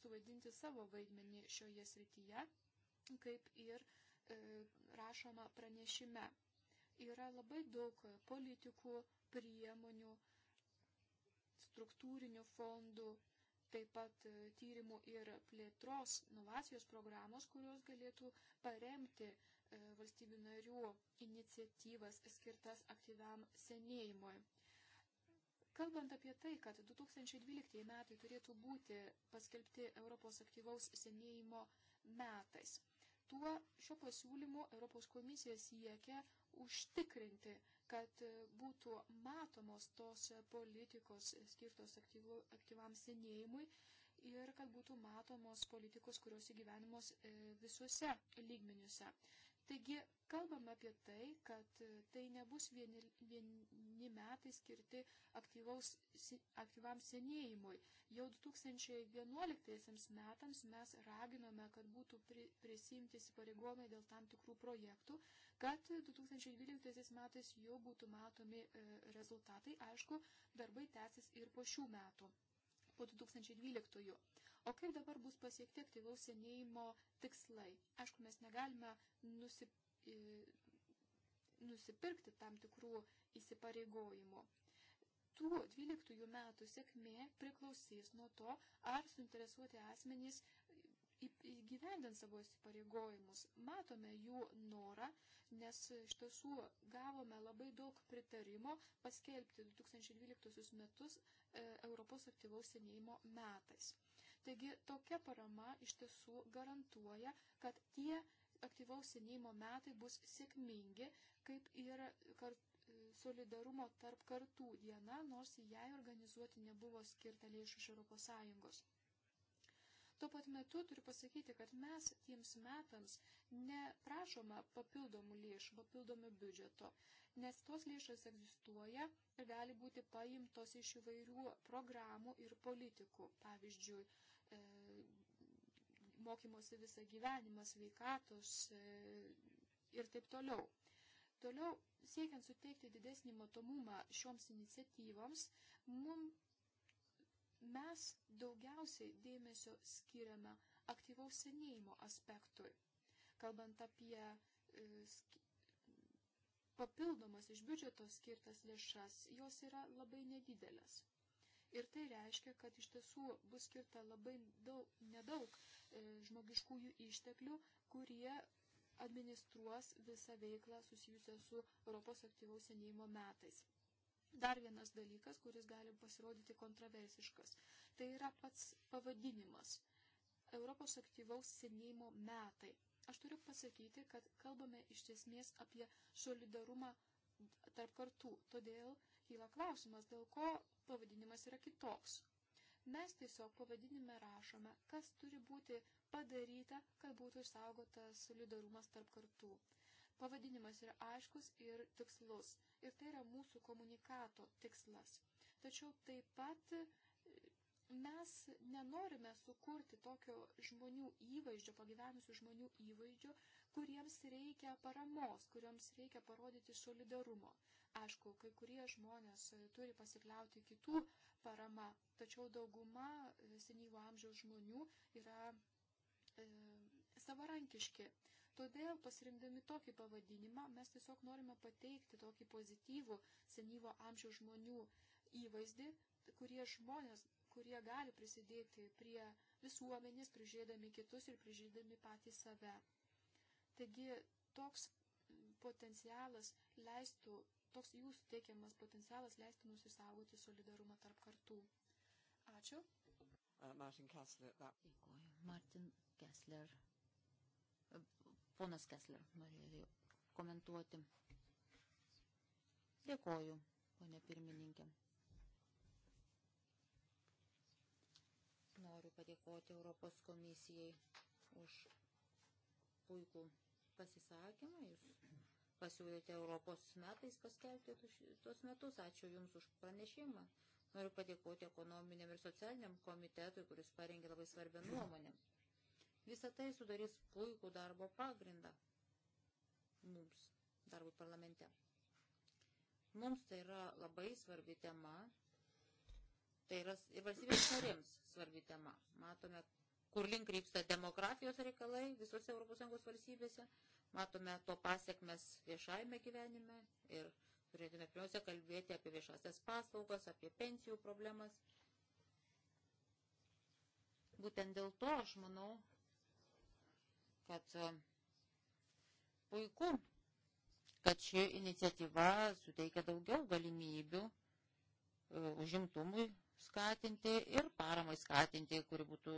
suvaidinti savo vaidmenį šioje srityje, kaip ir e, rašoma pranešime yra labai daug politikų, priemonių, struktūrinių fondų, taip pat e, tyrimų ir plėtros inovacijos programos, kurios galėtų paremti e, valstybių narių iniciatyvas skirtas aktyviam senėjimui. Kalbant apie tai, kad 2012 metai turėtų būti paskelbti Europos aktyvaus senėjimo metais, Tuo šio pasiūlymu Europos komisija siekia užtikrinti, kad būtų matomos tos politikos skirtos aktyvu, aktyvam senėjimui ir kad būtų matomos politikos, kurios įgyvenimos e, visuose lygmeniuose. Taigi, kalbame apie tai, kad tai nebus vien, vien, septyni metai skirti aktyvam senėjimui. Jau 2011 metams mes raginome, kad būtų pri, prisimti įsipareigojimai dėl tam tikrų projektų, kad 2012 metais jau būtų matomi e, rezultatai. Aišku, darbai tęsis ir po šių metų, po 2012. O kaip dabar bus pasiekti aktyvaus senėjimo tikslai? Aišku, mes negalime nusipirkti e, nusipirkti tam tikrų įsipareigojimų. Tų 12 metų sėkmė priklausys nuo to, ar suinteresuoti asmenys įgyvendint savo įsipareigojimus. Matome jų norą, nes iš tiesų gavome labai daug pritarimo paskelbti 2012 metus e, Europos aktyvaus senėjimo metais. Taigi tokia parama iš tiesų garantuoja, kad tie aktyvaus senėjimo metai bus sėkmingi, kaip ir kart, solidarumo tarp kartų diena, nors jai organizuoti nebuvo skirta lėšų iš ES. Tuo pat metu turiu pasakyti, kad mes tiems metams neprašome papildomų lėšų, papildomų biudžeto, nes tos lėšas egzistuoja ir gali būti paimtos iš įvairių programų ir politikų. Pavyzdžiui, e, mokymosi visą gyvenimą, sveikatos e, ir taip toliau. Toliau, siekiant suteikti didesnį matomumą šioms iniciatyvoms, mum, mes daugiausiai dėmesio skiriame aktyvaus senėjimo aspektui. Kalbant apie e, papildomas iš biudžeto skirtas lėšas, jos yra labai nedidelės. Ir tai reiškia, kad iš tiesų bus skirta labai daug, nedaug e, žmogiškųjų išteklių, kurie administruos visą veiklą susijusią su Europos aktyvaus senėjimo metais. Dar vienas dalykas, kuris gali pasirodyti kontroversiškas, tai yra pats pavadinimas – Europos aktyvaus senėjimo metai. Aš turiu pasakyti, kad kalbame iš esmės apie solidarumą tarp kartų, todėl kyla klausimas, dėl ko pavadinimas yra kitoks. Mes tiesiog pavadinime rašome, kas turi būti padaryta, kad būtų išsaugotas solidarumas tarp kartų. Pavadinimas yra aiškus ir tikslus, ir tai yra mūsų komunikato tikslas. Tačiau taip pat e, mes nenorime sukurti tokio žmonių įvaizdžio, pagyvenusių žmonių įvaizdžio, kuriems reikia paramos, kuriems reikia parodyti solidarumo. Aišku, kai kurie žmonės e, turi pasikliauti kitų parama. Tačiau dauguma senyvo amžiaus žmonių yra e, savarankiški. Todėl, pasirinkdami tokį pavadinimą, mes tiesiog norime pateikti tokį pozityvų senyvo amžiaus žmonių įvaizdį, kurie žmonės, kurie gali prisidėti prie visuomenės, prižiūrėdami kitus ir prižiūrėdami patį save. Taigi, toks potencialas leistų toks jų suteikiamas potencialas leistų mums išsaugoti solidarumą tarp kartų. Ačiū. Uh, Martin Kessler. That... Dėkuoju. Martin Kessler. Uh, ponas Kessler norėjo komentuoti. Dėkuoju, ponė pirmininkė. Noriu padėkoti Europos komisijai už puikų pasisakymą. Jūs pasiūlėte Europos metais paskelbti tuos metus. Ačiū Jums už pranešimą. Noriu padėkoti ekonominiam ir socialiniam komitetui, kuris parengė labai svarbią nuomonę. Visą tai sudarys puikų darbo pagrindą mums, darbui parlamente. Mums tai yra labai svarbi tema, tai yra ir valstybės narėms svarbi tema. Matome, kur link krypsta demografijos reikalai visose ES valstybėse, matome to pasiekmes viešajame gyvenime ir turėtume pirmiausia kalbėti apie viešasias paslaugas, apie pensijų problemas. Būtent dėl to aš manau, kad e, puiku, kad ši iniciatyva suteikia daugiau galimybių e, užimtumui skatinti ir paramai skatinti, kuri būtų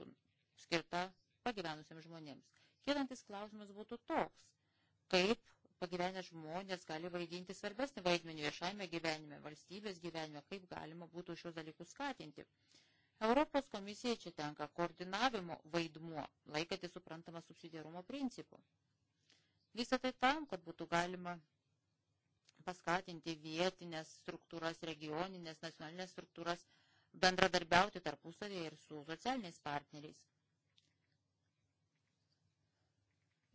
skirta pagyvenusiems žmonėms. Kilantis klausimas būtų toks kaip pagyvenę žmonės gali vaidinti svarbesnį vaidmenį viešajame gyvenime, valstybės gyvenime, kaip galima būtų šios dalykus skatinti. Europos komisijai čia tenka koordinavimo vaidmuo, laikantį suprantamą subsidiarumo principų. Visą tai tam, kad būtų galima paskatinti vietinės struktūras, regioninės, nacionalinės struktūras, bendradarbiauti tarpusavėje ir su socialiniais partneriais.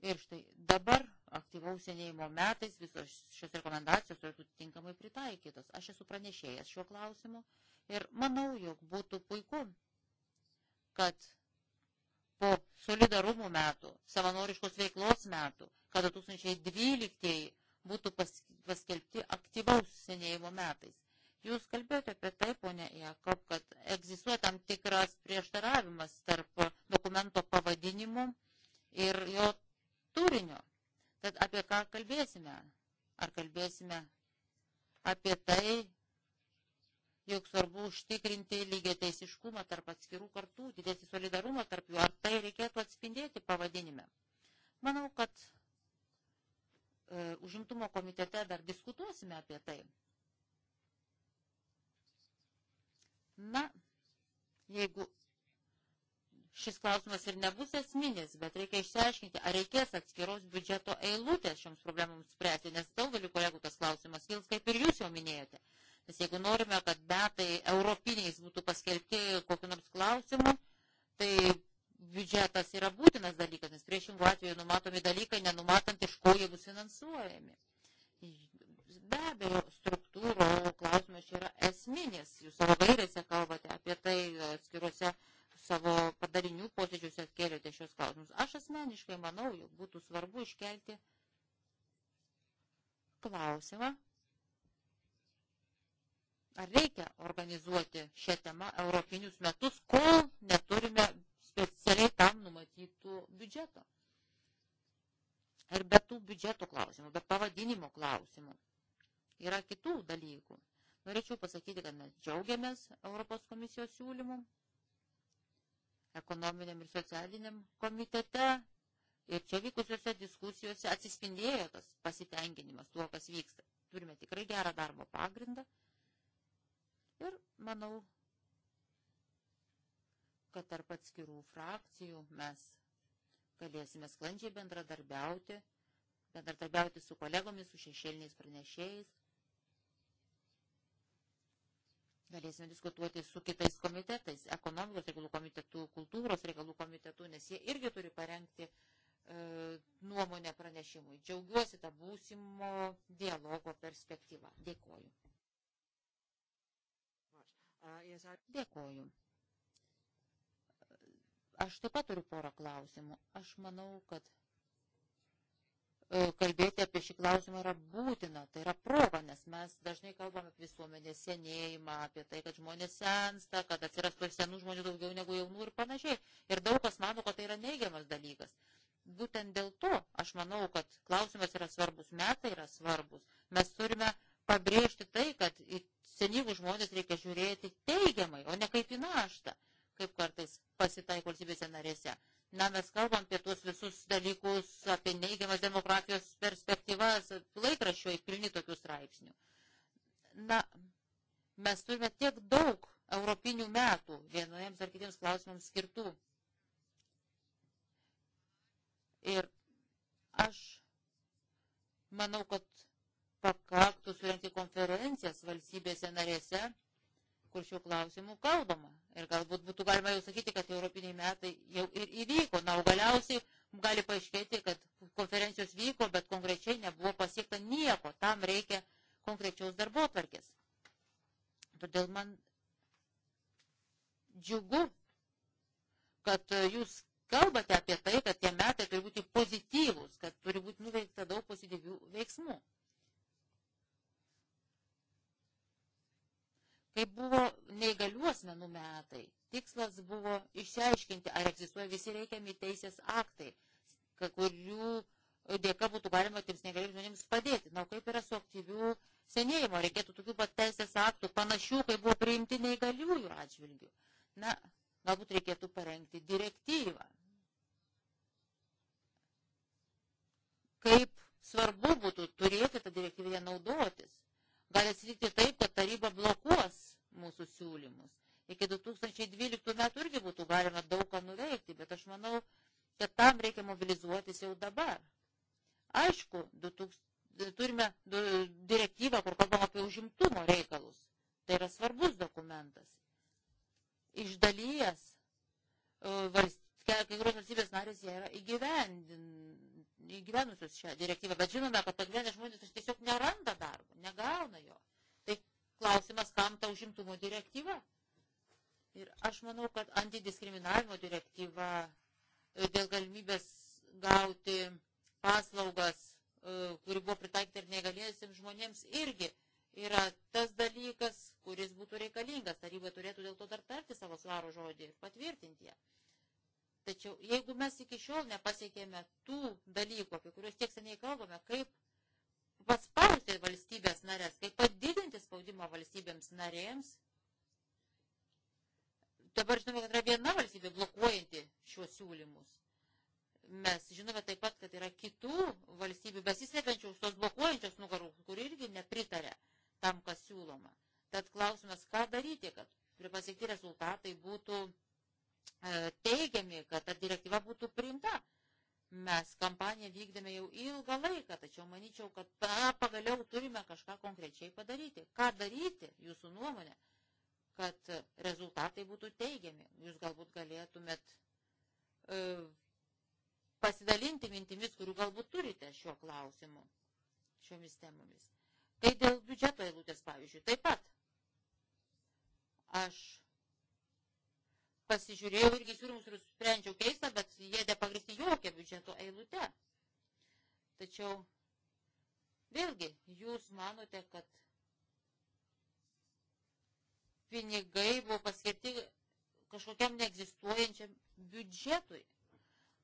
Ir štai dabar aktyvaus senėjimo metais visos šios rekomendacijos turėtų tinkamai pritaikytos. Aš esu pranešėjęs šiuo klausimu ir manau, jog būtų puiku, kad po solidarumų metų, savanoriškos veiklos metų, kad 2012 būtų paskelbti aktyvaus senėjimo metais. Jūs kalbėjote apie tai, ponė Jakob, kad egzistuoja tam tikras prieštaravimas tarp dokumento pavadinimų ir jo turinio. Tad apie ką kalbėsime? Ar kalbėsime apie tai, jog svarbu užtikrinti lygiai teisiškumą tarp atskirų kartų, didesnį solidarumą tarp jų, ar tai reikėtų atspindėti pavadinime. Manau, kad e, užimtumo komitete dar diskutuosime apie tai. Na, jeigu šis klausimas ir nebus esminis, bet reikia išsiaiškinti, ar reikės atskiros biudžeto eilutės šioms problemams spręsti, nes daugeliu kolegų tas klausimas kils, kaip ir jūs jau minėjote. Nes jeigu norime, kad metai europiniais būtų paskelbti kokiu nors klausimu, tai biudžetas yra būtinas dalykas, nes priešingų atveju numatomi dalykai, nenumatant, iš ko jie bus finansuojami. Be abejo, struktūrų klausimas čia yra esminis. Jūs savo gairėse kalbate apie tai atskiruose uh, savo padarinių posėdžiuose kėlėte šios klausimus. Aš asmeniškai manau, jog būtų svarbu iškelti klausimą, ar reikia organizuoti šią temą europinius metus, kol neturime specialiai tam numatytų biudžeto. Ir be tų biudžeto klausimų, be pavadinimo klausimų yra kitų dalykų. Norėčiau pasakyti, kad mes džiaugiamės Europos komisijos siūlymų ekonominiam ir socialiniam komitete. Ir čia vykusiuose diskusijose atsispindėjo tas pasitenkinimas tuo, kas vyksta. Turime tikrai gerą darbo pagrindą. Ir manau, kad tarp atskirų frakcijų mes galėsime sklandžiai bendradarbiauti, bendradarbiauti su kolegomis, su šešėliniais pranešėjais, Galėsime diskutuoti su kitais komitetais, ekonomikos reikalų komitetų, kultūros reikalų komitetų, nes jie irgi turi parengti e, nuomonę pranešimui. Džiaugiuosi tą būsimo dialogo perspektyvą. Dėkoju. Dėkoju. Aš taip pat turiu porą klausimų. Aš manau, kad E, kalbėti apie šį klausimą yra būtina, tai yra proga, nes mes dažnai kalbame apie visuomenės senėjimą, apie tai, kad žmonės sensta, kad atsiras tų senų žmonių daugiau negu jaunų ir panašiai. Ir daug kas mano, kad tai yra neigiamas dalykas. Būtent dėl to aš manau, kad klausimas yra svarbus, metai yra svarbus. Mes turime pabrėžti tai, kad į senyvų žmonės reikia žiūrėti teigiamai, o ne kaip į naštą, kaip kartais pasitaiko valstybėse narėse. Na, mes kalbam apie tuos visus dalykus, apie neigiamas demokratijos perspektyvas, laikraščioj pilni tokių straipsnių. Na, mes turime tiek daug europinių metų vienojams ar kitiems klausimams skirtų. Ir aš manau, kad pakaktų surinkti konferencijas valstybėse narėse kur šiuo klausimu kalbama. Ir galbūt būtų galima jau sakyti, kad europiniai metai jau ir įvyko. Na, o galiausiai gali paaiškėti, kad konferencijos vyko, bet konkrečiai nebuvo pasiekta nieko. Tam reikia konkrečios darbo atvarkės. Todėl man džiugu, kad jūs kalbate apie tai, kad tie metai turi būti pozityvūs, kad turi būti nuveikta daug pozityvių veiksmų. Kai buvo neįgalių asmenų metai, tikslas buvo išsiaiškinti, ar egzistuoja visi reikiami teisės aktai, kurių dėka būtų galima tiems negalėjų žmonėms padėti. Na, kaip yra su aktyviu senėjimu, reikėtų tokių pat teisės aktų, panašių, kaip buvo priimti neįgaliųjų atžvilgių. Na, galbūt reikėtų parengti direktyvą. Kaip svarbu būtų turėti tą direktyvę naudotis. Gali atsitikti taip, kad taryba blokuos mūsų siūlymus. Iki 2012 metų irgi būtų galima daug ką nuveikti, bet aš manau, kad tam reikia mobilizuotis jau dabar. Aišku, 2000, turime direktyvą, kur kalbam apie užimtumo reikalus. Tai yra svarbus dokumentas. Iš dalies e, kai kurios valstybės narės ją yra įgyvendin, įgyvenusius šią direktyvą, bet žinome, kad pagyvenę žmonės tai tiesiog neranda darbo, negauna jo. Tai klausimas, kam ta užimtumo direktyva? Ir aš manau, kad antidiskriminavimo direktyva e, dėl galimybės gauti paslaugas, e, kuri buvo pritaikyta ir negalėjusiems žmonėms, irgi yra tas dalykas, kuris būtų reikalingas. Taryba turėtų dėl to dar tarti savo svarų žodį ir patvirtinti ją. Tačiau jeigu mes iki šiol nepasiekėme tų dalykų, apie kuriuos tiek seniai kalbame, kaip paspausti valstybės narės, kaip padidinti spaudimą valstybėms narėms, dabar žinome, kad yra viena valstybė blokuojanti šiuos siūlymus. Mes žinome taip pat, kad yra kitų valstybių besislepiančių už tos blokuojančios nugarų, kur irgi nepritarė tam, kas siūloma. Tad klausimas, ką daryti, kad pasiekti rezultatai būtų teigiami, kad ta direktyva būtų priimta. Mes kampaniją vykdėme jau ilgą laiką, tačiau manyčiau, kad ta, pagaliau turime kažką konkrečiai padaryti. Ką daryti, jūsų nuomonė, kad rezultatai būtų teigiami. Jūs galbūt galėtumėt e, pasidalinti mintimis, kurių galbūt turite šiuo klausimu, šiomis temomis. Tai dėl biudžeto eilutės, pavyzdžiui, taip pat. Aš pasižiūrėjau irgi siūlymus ir sprendžiau keista, bet jie nepagristi jokia biudžeto eilute. Tačiau vėlgi jūs manote, kad pinigai buvo paskirti kažkokiam neegzistuojančiam biudžetui.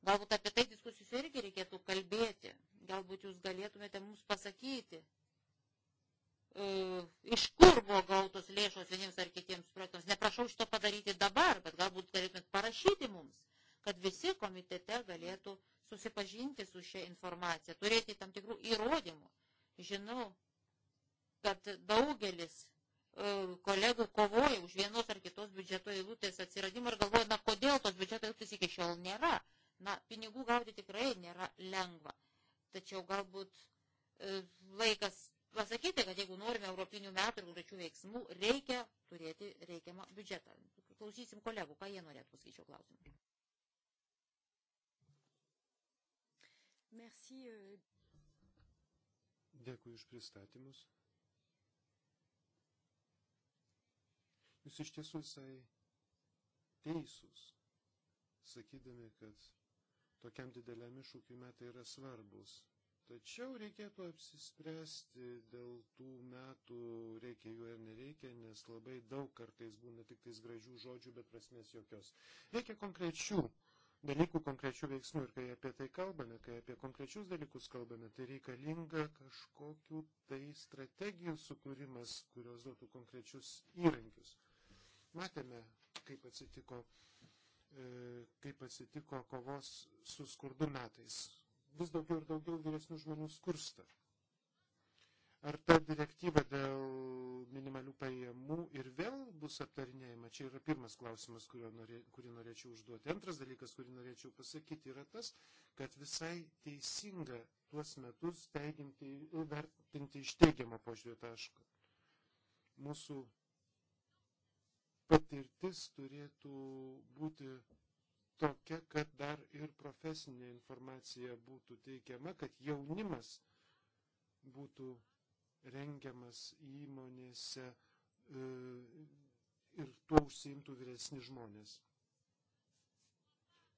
Galbūt apie tai diskusijose irgi reikėtų kalbėti. Galbūt jūs galėtumėte mums pasakyti, iš kur buvo gautos lėšos vieniems ar kitiems projektams. Neprašau šito padaryti dabar, bet galbūt galėtumėt parašyti mums, kad visi komitete galėtų susipažinti su šia informacija, turėti tam tikrų įrodymų. Žinau, kad daugelis kolegų kovoja už vienos ar kitos biudžeto eilutės atsiradimą ir galvoja, na kodėl tos biudžeto eilutės iki šiol nėra. Na, pinigų gauti tikrai nėra lengva. Tačiau galbūt laikas pasakyti, kad jeigu norime europinių metų ir grečių veiksmų, reikia turėti reikiamą biudžetą. Klausysim kolegų, ką jie norėtų pasakyti šio klausimu. Merci. Euh. Dėkui už pristatymus. Jūs iš tiesų visai teisūs, sakydami, kad tokiam dideliam iššūkiu metai yra svarbus. Tačiau reikėtų apsispręsti dėl tų metų, reikia jų ar nereikia, nes labai daug kartais būna tik tais gražių žodžių, bet prasmės jokios. Reikia konkrečių dalykų, konkrečių veiksmų ir kai apie tai kalbame, kai apie konkrečius dalykus kalbame, tai reikalinga kažkokių tai strategijų sukūrimas, kurios duotų konkrečius įrankius. Matėme, kaip atsitiko, e, kaip atsitiko kovos su skurdu metais vis daugiau ir daugiau vyresnių žmonių skursta. Ar ta direktyva dėl minimalių pajamų ir vėl bus aptarinėjama? Čia yra pirmas klausimas, norė, kurį norėčiau užduoti. Antras dalykas, kurį norėčiau pasakyti, yra tas, kad visai teisinga tuos metus teiginti, vertinti iš teigiamo požiūrio taško. Mūsų patirtis turėtų būti tokia, kad dar ir profesinė informacija būtų teikiama, kad jaunimas būtų rengiamas įmonėse e, ir tuo užsiimtų vyresni žmonės.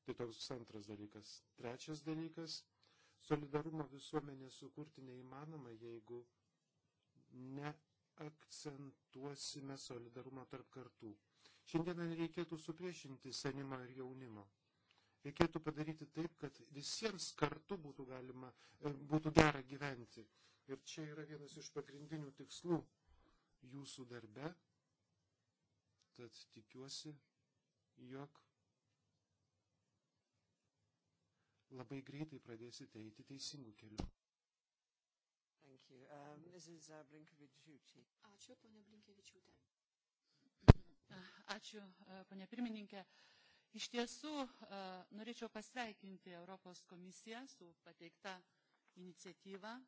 Tai toks antras dalykas. Trečias dalykas - solidarumo visuomenė sukurti neįmanoma, jeigu neakcentuosime solidarumą tarp kartų. Šiandieną nereikėtų supriešinti senimą ir jaunimą. Reikėtų padaryti taip, kad visiems kartu būtų galima, e, būtų gera gyventi. Ir čia yra vienas iš pagrindinių tikslų jūsų darbe. Tad tikiuosi, jog labai greitai pradėsite eiti teisingų kelių. Uh, Ačiū, ponia Blinkevičiūtė. Ačiū, e, ponė pirmininkė. Iš tiesų, e, norėčiau pasveikinti Europos komisiją su pateikta iniciatyva e,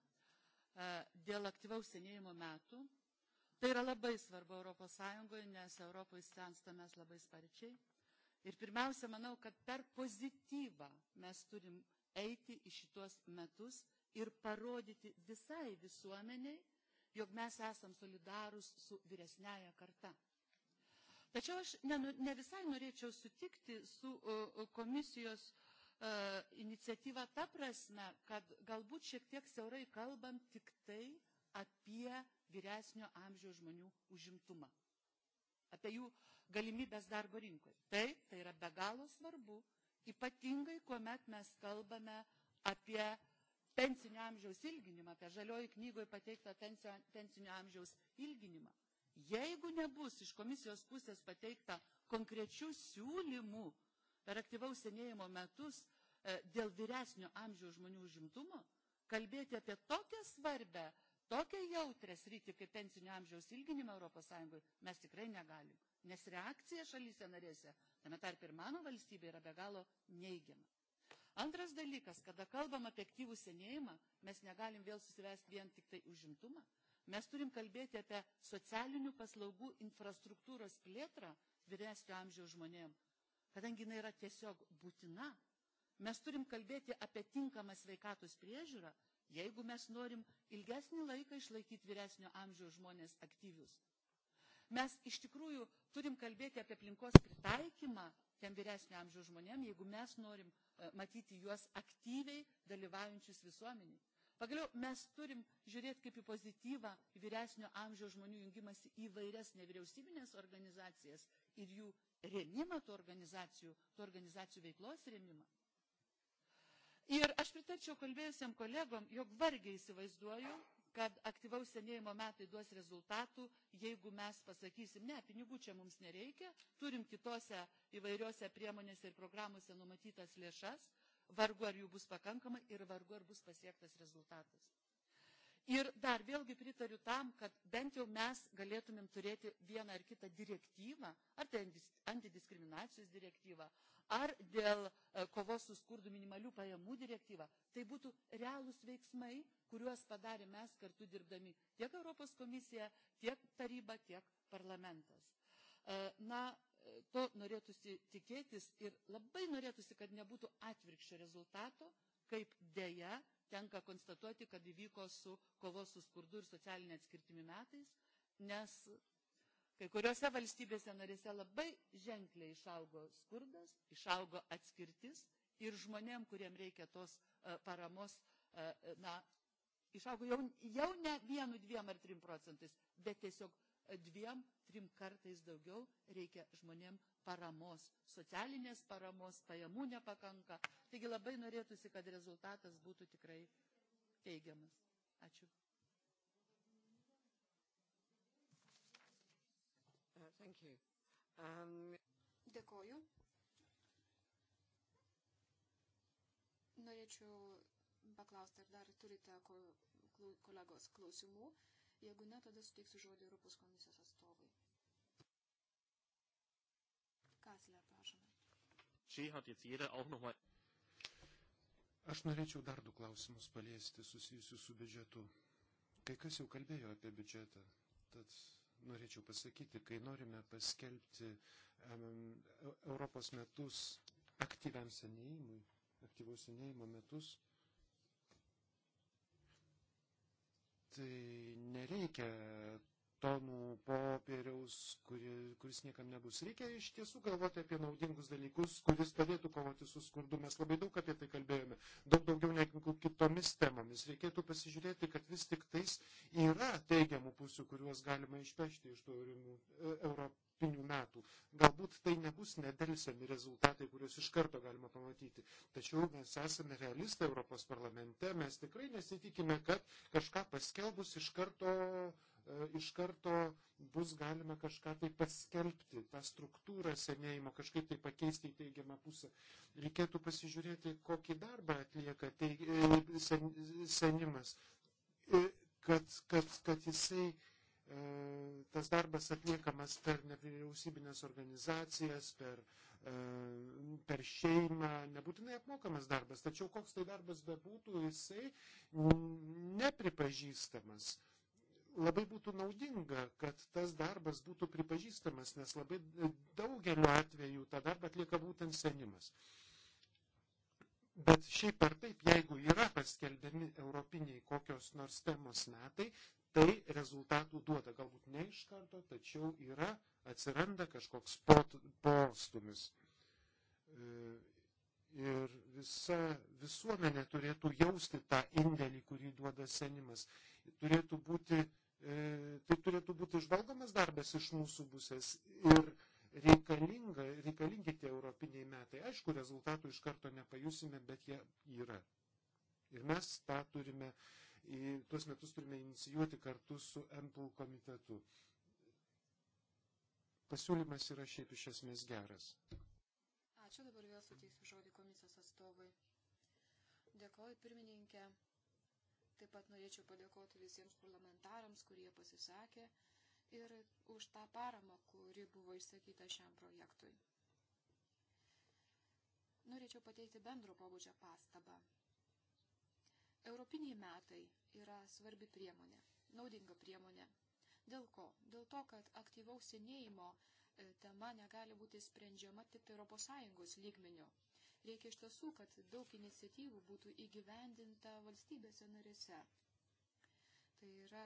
dėl aktyvaus senėjimo metų. Tai yra labai svarbu Europos Sąjungoje, nes Europoje sensta mes labai sparčiai. Ir pirmiausia, manau, kad per pozityvą mes turim eiti į šitos metus ir parodyti visai visuomeniai, jog mes esam solidarūs su vyresnėja karta. Tačiau aš ne, nu, ne visai norėčiau sutikti su komisijos e, iniciatyva ta prasme, kad galbūt šiek tiek siaurai kalbam tik tai apie vyresnio amžiaus žmonių užimtumą, apie jų galimybės darbo rinkoje. Taip, tai yra be galo svarbu, ypatingai kuomet mes kalbame apie pensinio amžiaus ilginimą, apie žalioji knygoje pateiktą pensinio amžiaus ilginimą. Jeigu nebus iš komisijos pusės pateikta konkrečių siūlymų per aktyvaus senėjimo metus e, dėl vyresnio amžiaus žmonių užimtumo, kalbėti apie tokią svarbę, tokią jautrę sritį kaip pensinio amžiaus ilginimą ES mes tikrai negalim, nes reakcija šalyse narėse, tame tarp ir mano valstybė, yra be galo neigiama. Antras dalykas, kada kalbam apie aktyvų senėjimą, mes negalim vėl susivesti vien tik tai užimtumą, Mes turim kalbėti apie socialinių paslaugų infrastruktūros plėtrą vyresnio amžiaus žmonėm, kadangi jinai yra tiesiog būtina. Mes turim kalbėti apie tinkamą sveikatos priežiūrą, jeigu mes norim ilgesnį laiką išlaikyti vyresnio amžiaus žmonės aktyvius. Mes iš tikrųjų turim kalbėti apie aplinkos pritaikymą tiem vyresnio amžiaus žmonėm, jeigu mes norim e, matyti juos aktyviai dalyvaujančius visuomeniai. Pagaliau mes turim žiūrėti kaip į pozityvą vyresnio amžiaus žmonių jungimasi į vairias nevyriausybinės organizacijas ir jų rėmimą tų organizacijų, tų organizacijų veiklos rėmimą. Ir aš pritarčiau kalbėjusiam kolegom, jog vargiai įsivaizduoju, kad aktyvaus senėjimo metai duos rezultatų, jeigu mes pasakysim, ne, pinigų čia mums nereikia, turim kitose įvairiose priemonėse ir programuose numatytas lėšas, vargu ar jų bus pakankamai ir vargu ar bus pasiektas rezultatas. Ir dar vėlgi pritariu tam, kad bent jau mes galėtumėm turėti vieną ar kitą direktyvą, ar tai antidiskriminacijos direktyvą, ar dėl e, kovos su skurdu minimalių pajamų direktyvą. Tai būtų realūs veiksmai, kuriuos padarė mes kartu dirbdami tiek Europos komisija, tiek taryba, tiek parlamentas. E, na, to norėtųsi tikėtis ir labai norėtųsi, kad nebūtų atvirkščio rezultato, kaip dėja tenka konstatuoti, kad įvyko su kovos su skurdu ir socialinė atskirtimi metais, nes kai kuriuose valstybėse narėse labai ženkliai išaugo skurdas, išaugo atskirtis ir žmonėm, kuriem reikia tos e, paramos, e, e, na, išaugo jau, jau ne vienu, dviem ar trim procentais, bet tiesiog dviem, trim kartais daugiau reikia žmonėm paramos, socialinės paramos, pajamų nepakanka. Taigi labai norėtųsi, kad rezultatas būtų tikrai teigiamas. Ačiū. Uh, thank you. Um... Dėkoju. Norėčiau paklausti, ar dar turite kolegos klausimų. Jeigu ne, tada suteiksiu žodį Europos komisijos atstovui. Kasler, prašome. Aš norėčiau dar du klausimus paliesti susijusius su biudžetu. Kai kas jau kalbėjo apie biudžetą, tad norėčiau pasakyti, kai norime paskelbti um, Europos metus aktyviam senėjimui, aktyvaus senėjimo metus, nereikia tomų popieriaus, kuris, kuris niekam nebus. Reikia iš tiesų galvoti apie naudingus dalykus, kuris padėtų kovoti su skurdu. Mes labai daug apie tai kalbėjome, daug daugiau negu kitomis temomis. Reikėtų pasižiūrėti, kad vis tik tais yra teigiamų pusių, kuriuos galima išpešti iš tų e, europinių metų. Galbūt tai nebus nedelsiami rezultatai, kuriuos iš karto galima pamatyti. Tačiau mes esame realistai Europos parlamente, mes tikrai nesitikime, kad kažką paskelbus iš karto E, iš karto bus galima kažką tai paskelbti, tą struktūrą senėjimo kažkaip tai pakeisti į teigiamą pusę. Reikėtų pasižiūrėti, kokį darbą atlieka teig... E, sen... senimas, e, kad, kad, kad jisai tas darbas atliekamas per nevyriausybinės organizacijas, per, per šeimą, nebūtinai apmokamas darbas, tačiau koks tai darbas bebūtų, jisai nepripažįstamas labai būtų naudinga, kad tas darbas būtų pripažįstamas, nes labai daugeliu atveju tą darbą atlieka būtent senimas. Bet šiaip ar taip, jeigu yra paskelbiami europiniai kokios nors temos metai, tai rezultatų duoda. Galbūt ne iš karto, tačiau yra, atsiranda kažkoks pot, postumis. E, ir visa visuomenė turėtų jausti tą indėlį, kurį duoda senimas. Turėtų būti E, tai turėtų būti išvalgomas darbas iš mūsų pusės ir reikalingi tie europiniai metai. Aišku, rezultatų iš karto nepajusime, bet jie yra. Ir mes tą turime, tuos metus turime inicijuoti kartu su MPL komitetu. Pasiūlymas yra šiaip iš esmės geras. Ačiū, dabar vėl suteiksiu žodį komisijos atstovui. Dėkoju pirmininkė, Taip pat norėčiau padėkoti visiems parlamentarams, kurie pasisakė ir už tą paramą, kuri buvo išsakyta šiam projektui. Norėčiau pateikti bendro pobūdžio pastabą. Europiniai metai yra svarbi priemonė, naudinga priemonė. Dėl ko? Dėl to, kad aktyvaus senėjimo e, tema negali būti sprendžiama tik tai ES lygmeniu. Reikia iš tiesų, kad daug iniciatyvų būtų įgyvendinta valstybėse narėse. Tai yra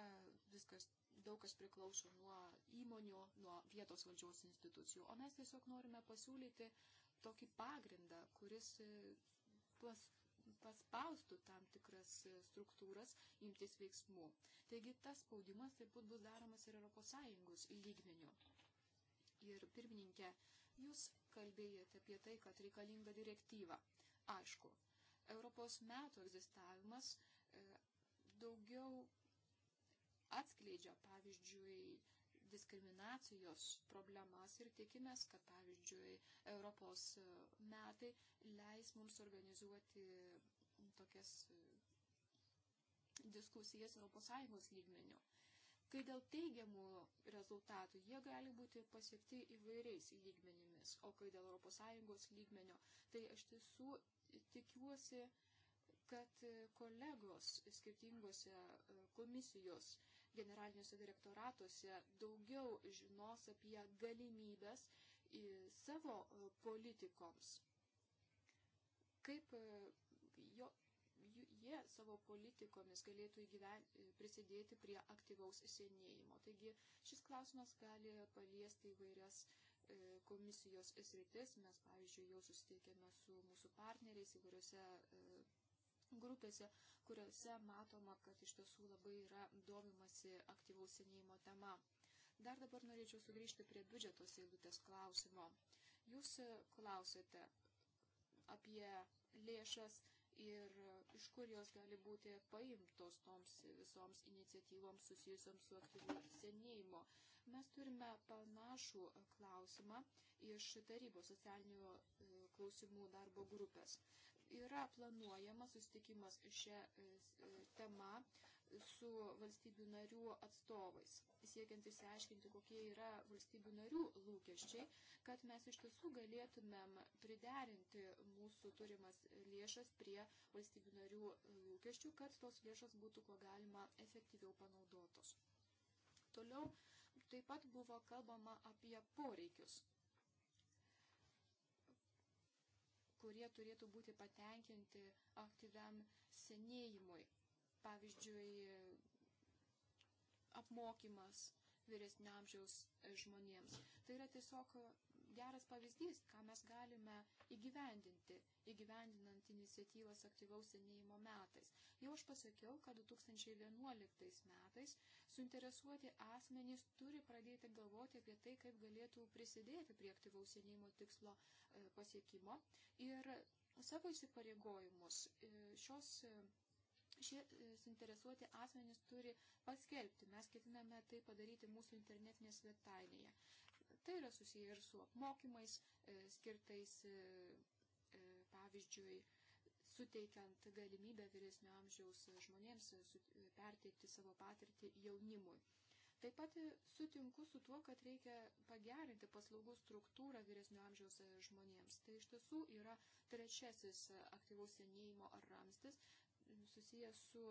viskas, daug kas priklauso nuo įmonių, nuo vietos valdžios institucijų. O mes tiesiog norime pasiūlyti tokį pagrindą, kuris e, plas, paspaustų tam tikras e, struktūras imtis veiksmų. Taigi tas spaudimas taip pat bus daromas ir ES lygmeniu. Ir pirmininkė, Jūs kalbėjote apie tai, kad reikalinga direktyva. Aišku, Europos metų egzistavimas e, daugiau atskleidžia, pavyzdžiui, diskriminacijos problemas ir tikimės, kad, pavyzdžiui, Europos e, metai leis mums organizuoti tokias e, diskusijas ES lygmenių. Kai dėl teigiamų rezultatų jie gali būti pasiekti įvairiais lygmenimis, o kai dėl ES lygmenio, tai aš tiesų tikiuosi, kad kolegos skirtingose e, komisijos generaliniuose direktoratuose daugiau žinos apie galimybės e, savo e, politikoms. Kaip jie savo politikomis galėtų įgyven, e, prisidėti prie aktyvaus senėjimo. Taigi šis klausimas gali paliesti įvairias e, komisijos sritis. Mes, pavyzdžiui, jau susitikėme su mūsų partneriais įvairiose e, grupėse, kuriuose matoma, kad iš tiesų labai yra domimasi aktyvaus senėjimo tema. Dar dabar norėčiau sugrįžti prie biudžetos eilutės klausimo. Jūs klausėte apie lėšas ir iš kur jos gali būti paimtos toms visoms iniciatyvoms susijusioms su aktyviu senėjimu. Mes turime panašų klausimą iš tarybos socialinių e, klausimų darbo grupės. Yra planuojamas susitikimas šią e, e, temą su valstybių narių atstovais, siekiant išsiaiškinti, kokie yra valstybių narių lūkesčiai, kad mes iš tiesų galėtumėm priderinti mūsų turimas lėšas prie valstybių narių lūkesčių, kad tos lėšas būtų kuo galima efektyviau panaudotos. Toliau taip pat buvo kalbama apie poreikius kurie turėtų būti patenkinti aktyviam senėjimui pavyzdžiui, apmokymas vyresnio amžiaus žmonėms. Tai yra tiesiog geras pavyzdys, ką mes galime įgyvendinti, įgyvendinant iniciatyvas aktyvaus senėjimo metais. Jau aš pasakiau, kad 2011 metais suinteresuoti asmenys turi pradėti galvoti apie tai, kaip galėtų prisidėti prie aktyvaus senėjimo tikslo e, pasiekimo ir savo įsipareigojimus e, šios e, šie e, suinteresuoti asmenys turi paskelbti. Mes ketiname tai padaryti mūsų internetinėje svetainėje. Tai yra susiję ir su apmokymais e, skirtais, e, pavyzdžiui, suteikiant galimybę vyresnio amžiaus žmonėms perteikti savo patirtį jaunimui. Taip pat sutinku su tuo, kad reikia pagerinti paslaugų struktūrą vyresnio amžiaus žmonėms. Tai iš tiesų yra trečiasis aktyvaus senėjimo ramstis, susijęs su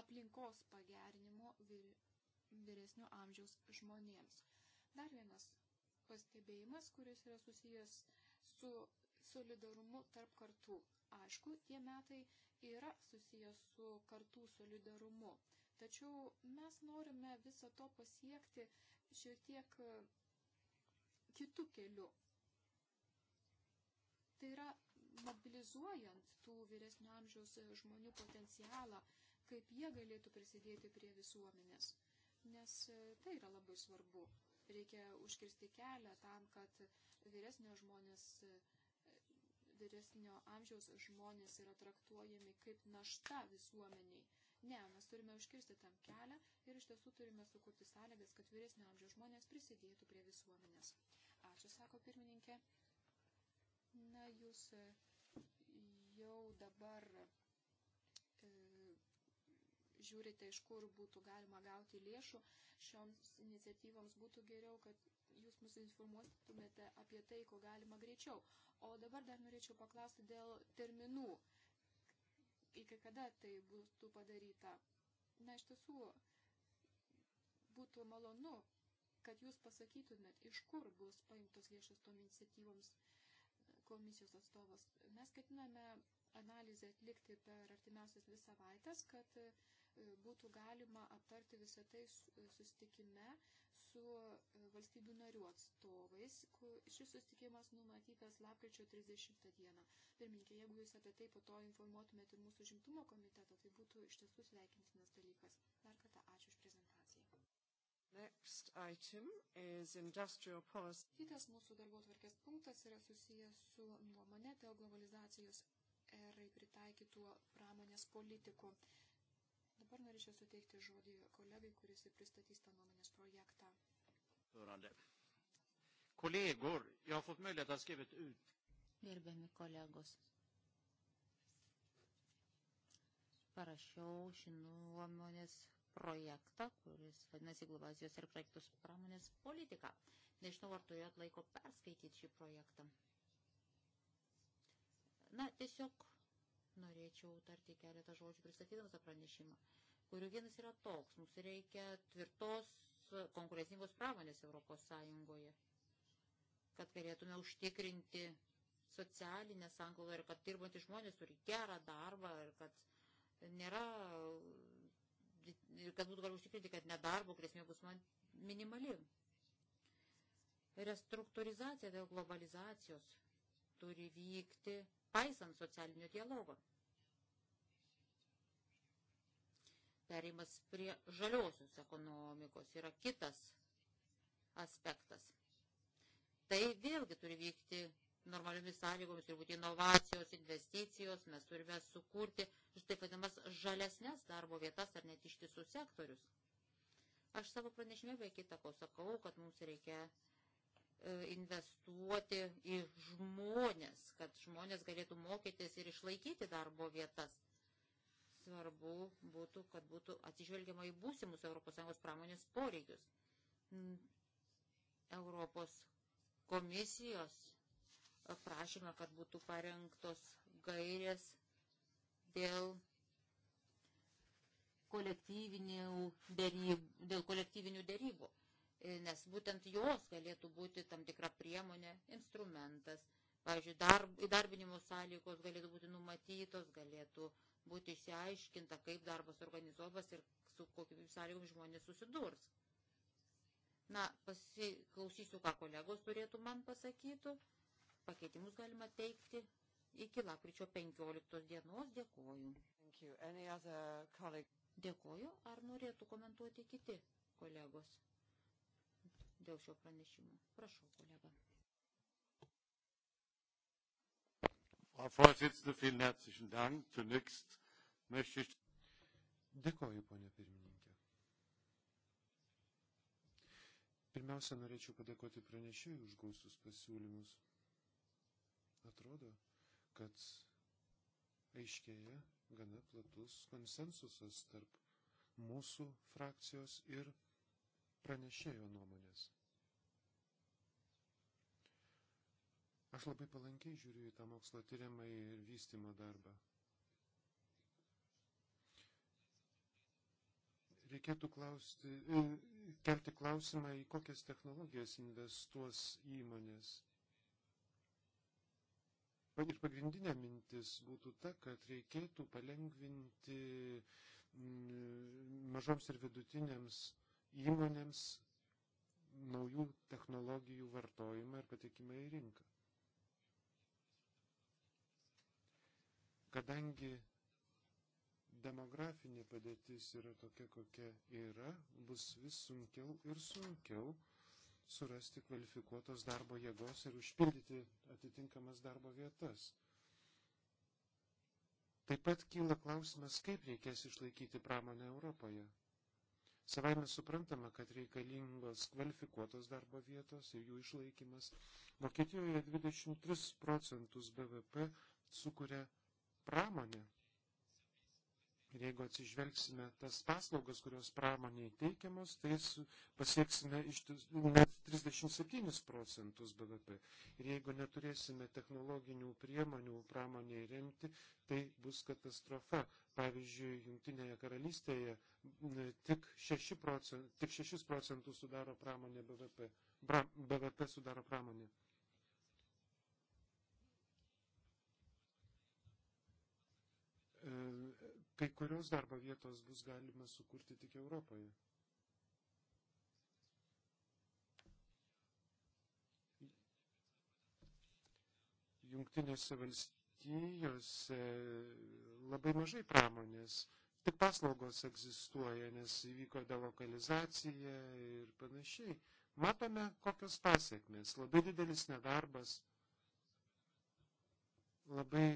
aplinkos pagerinimu vyresnio amžiaus žmonėms. Dar vienas pastebėjimas, kuris yra susijęs su solidarumu tarp kartų. Aišku, tie metai yra susijęs su kartų solidarumu, tačiau mes norime viso to pasiekti šiek tiek kitų kelių. Tai yra mobilizuojant tų vyresnio amžiaus žmonių potencialą, kaip jie galėtų prisidėti prie visuomenės. Nes e, tai yra labai svarbu. Reikia užkirsti kelią tam, kad vyresnio, žmonės, e, vyresnio amžiaus žmonės yra traktuojami kaip našta visuomeniai. Ne, mes turime užkirsti tam kelią ir iš tiesų turime sukurti sąlygas, kad vyresnio amžiaus žmonės prisidėtų prie visuomenės. Ačiū, sako pirmininkė. Na, jūs e, jau dabar e, žiūrite, iš kur būtų galima gauti lėšų šioms iniciatyvoms, būtų geriau, kad jūs mus informuotumėte apie tai, ko galima greičiau. O dabar dar norėčiau paklausti dėl terminų, iki kada tai būtų padaryta. Na, iš tiesų, būtų malonu, kad jūs pasakytumėt, iš kur bus paimtos lėšos tom iniciatyvoms komisijos atstovas. Mes ketiname analizę atlikti per artimiausias dvi savaitės, kad e, būtų galima aptarti visą tai e, sustikime su e, valstybių narių atstovais. Šis sustikimas numatytas lapkričio 30 dieną. Pirminkė, jeigu jūs apie tai po to informuotumėte ir mūsų žimtumo komiteto, tai būtų iš tiesų sveikintinas dalykas. Dar kartą ačiū už pristatymą. Next item is industrial policy. Kitas mūsų darbo tvarkės punktas yra susijęs su nuomonė dėl globalizacijos erai pritaikytų pramonės politikų. Dabar norėčiau suteikti žodį kolegai, kuris pristatys tą nuomonės projektą. Hörande. Kollegor, jag har fått möjlighet att skriva ut. Gerbiami kolegos, parašiau šį nuomonės projektą, kuris vadinasi Globazijos ir projektus pramonės politika. Nežinau, ar turėjot laiko perskaityti šį projektą. Na, tiesiog norėčiau tarti keletą žodžių pristatydamas tą pranešimą, kurių vienas yra toks. Mums reikia tvirtos konkurencingos pramonės Europos Sąjungoje, kad galėtume užtikrinti socialinę sanglaudą ir kad dirbantys žmonės turi gerą darbą ir kad nėra kad būtų galima užtikrinti, kad nedarbo grėsmė bus man minimali. Restruktūrizacija dėl globalizacijos turi vykti paisant socialinio dialogo. Perimas prie žaliosios ekonomikos yra kitas aspektas. Tai vėlgi turi vykti normaliomis sąlygomis, turi būti inovacijos, investicijos, mes turime sukurti taip vadinamas žalesnės darbo vietas ar net ištisus sektorius. Aš savo pranešime be kitako sakau, kad mums reikia e, investuoti į žmonės, kad žmonės galėtų mokytis ir išlaikyti darbo vietas. Svarbu būtų, kad būtų atsižvelgiama į būsimus ES pramonės poreikius. Europos komisijos prašymą, kad būtų parengtos gairės dėl kolektyvinių dėrybų, dėl kolektyvinių dėrybų, e, nes būtent jos galėtų būti tam tikra priemonė, instrumentas. Pavyzdžiui, darb, įdarbinimo sąlygos galėtų būti numatytos, galėtų būti išsiaiškinta, kaip darbas organizuojamas ir su kokiamis sąlygomis žmonės susidurs. Na, pasiklausysiu, ką kolegos turėtų man pasakytų. Pakeitimus galima teikti iki lapkričio 15 dienos. Dėkoju. Dėkoju. Ar norėtų komentuoti kiti kolegos dėl šio pranešimo? Prašau, kolega. Frau Vorsitzende, vielen herzlichen Dank. Zunächst möchte ich. Dėkoju, ponė pirmininkė. Pirmiausia, norėčiau padėkoti pranešėjui už gausius pasiūlymus. Atrodo, kad aiškėja gana platus konsensusas tarp mūsų frakcijos ir pranešėjo nuomonės. Aš labai palankiai žiūriu į tą mokslo tyrimą ir vystimo darbą. Reikėtų klausti, e, kelti klausimą, į kokias technologijas investuos įmonės Ir pagrindinė mintis būtų ta, kad reikėtų palengvinti mm, mažoms ir vidutinėms įmonėms naujų technologijų vartojimą ir patekimą į rinką. Kadangi demografinė padėtis yra tokia, kokia yra, bus vis sunkiau ir sunkiau surasti kvalifikuotos darbo jėgos ir užpildyti atitinkamas darbo vietas. Taip pat kyla klausimas, kaip reikės išlaikyti pramonę Europoje. Savaime suprantama, kad reikalingos kvalifikuotos darbo vietos ir jų išlaikymas. Vokietijoje 23 procentus BVP sukuria pramonė, Ir jeigu atsižvelgsime tas paslaugas, kurios pramoniai teikiamos, tai pasieksime iš net 37 procentus BVP. Ir jeigu neturėsime technologinių priemonių pramoniai remti, tai bus katastrofa. Pavyzdžiui, Junktinėje karalystėje tik 6, procent, tik 6 procentus sudaro pramonė BVP. Bra, BVP sudaro pramonė. E, Kai kurios darbo vietos bus galima sukurti tik Europoje. Jungtinėse valstijose labai mažai pramonės, tik paslaugos egzistuoja, nes įvyko delokalizacija ir panašiai. Matome, kokios pasiekmes. Labai didelis nedarbas labai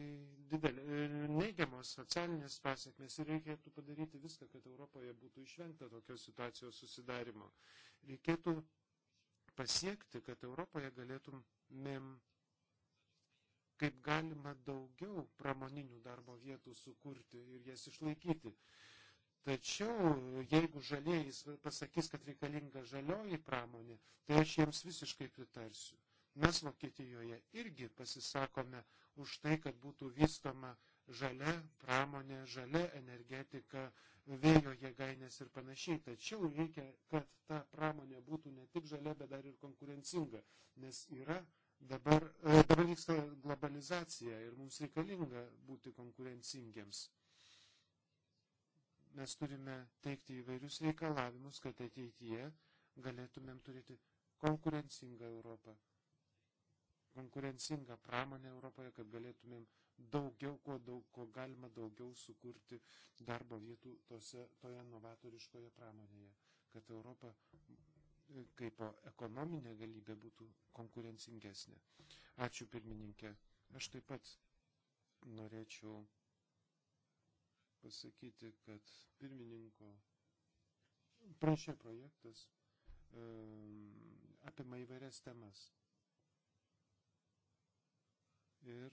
didelė, e, neigiamos socialinės pasiekmes ir reikėtų padaryti viską, kad Europoje būtų išvengta tokios situacijos susidarimo. Reikėtų pasiekti, kad Europoje galėtumėm kaip galima daugiau pramoninių darbo vietų sukurti ir jas išlaikyti. Tačiau jeigu žalieji pasakys, kad reikalinga žalioji pramonė, tai aš jiems visiškai pritarsiu. Mes Vokietijoje irgi pasisakome už tai, kad būtų vystoma žalia pramonė, žalia energetika, vėjo jėgainės ir panašiai. Tačiau reikia, kad ta pramonė būtų ne tik žalia, bet dar ir konkurencinga, nes yra dabar, e, dabar vyksta globalizacija ir mums reikalinga būti konkurencingiems. Mes turime teikti įvairius reikalavimus, kad ateityje galėtumėm turėti konkurencingą Europą konkurencingą pramonę Europoje, kad galėtumėm daugiau, ko, daug, ko galima daugiau sukurti darbo vietų tose, toje novatoriškoje pramonėje, kad Europa e, kaip ekonominė galybė būtų konkurencingesnė. Ačiū pirmininkė. Aš taip pat norėčiau pasakyti, kad pirmininko prašė projektas e, apima įvairias temas. Ir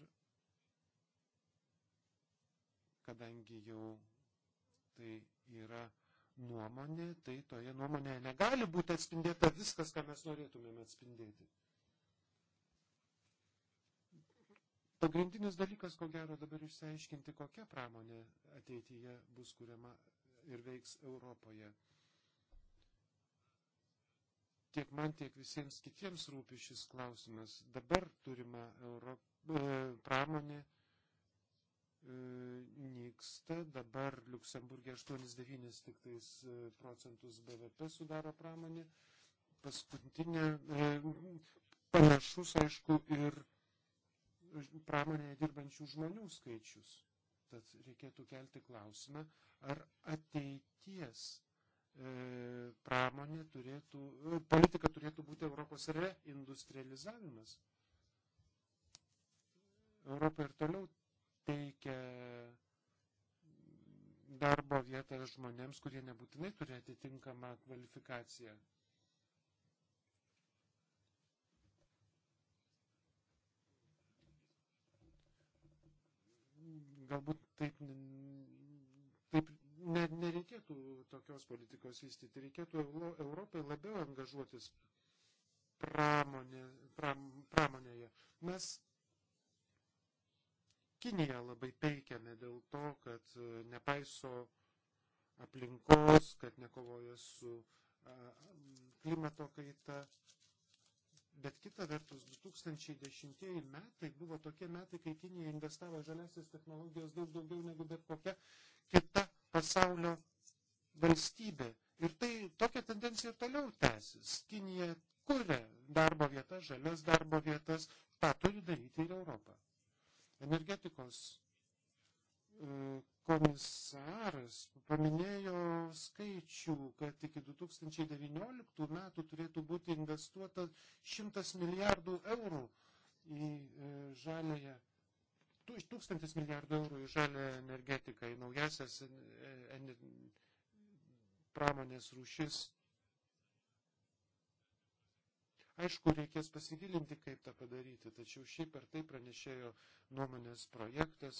kadangi jau tai yra nuomonė, tai toje nuomonėje negali būti atspindėta viskas, ką mes norėtumėme atspindėti. Pagrindinis dalykas, ko gero, dabar išsiaiškinti, kokia pramonė ateityje bus kuriama ir veiks Europoje. Tiek man, tiek visiems kitiems rūpi šis klausimas. Dabar turime Europą E, pramonė e, nyksta, dabar Luksemburgė 8,9 tik tais e, procentus BVP sudaro pramonė. Paskutinė, panašus, aišku, ir pramonėje dirbančių žmonių skaičius. Tad reikėtų kelti klausimą, ar ateities pramonė turėtų, politika turėtų būti Europos reindustrializavimas. Europa ir toliau teikia darbo vietą žmonėms, kurie nebūtinai turi atitinkamą kvalifikaciją. Galbūt taip, taip ne, nereikėtų tokios politikos vystyti, reikėtų Europai labiau angažuotis pramonė, pram, pramonėje. Mes Kinija labai peikiame dėl to, kad e, nepaiso aplinkos, kad nekovoja su klimato kaita. Bet kita vertus, 2010 metai buvo tokie metai, kai Kinija investavo žaliasis technologijos daug daugiau negu bet kokia kita pasaulio valstybė. Ir tai tokia tendencija ir toliau tęsis. Kinija kuria darbo vietas, žalias darbo vietas, tą turi daryti ir Europą energetikos e, komisaras paminėjo skaičių, kad iki 2019 metų turėtų būti investuota 100 milijardų eurų į e, žalėje, 1000 milijardų eurų į žalę energetiką, į naujasias e, pramonės rūšis Aišku, reikės pasigilinti, kaip tą padaryti, tačiau šiaip ar tai pranešėjo nuomonės projektas.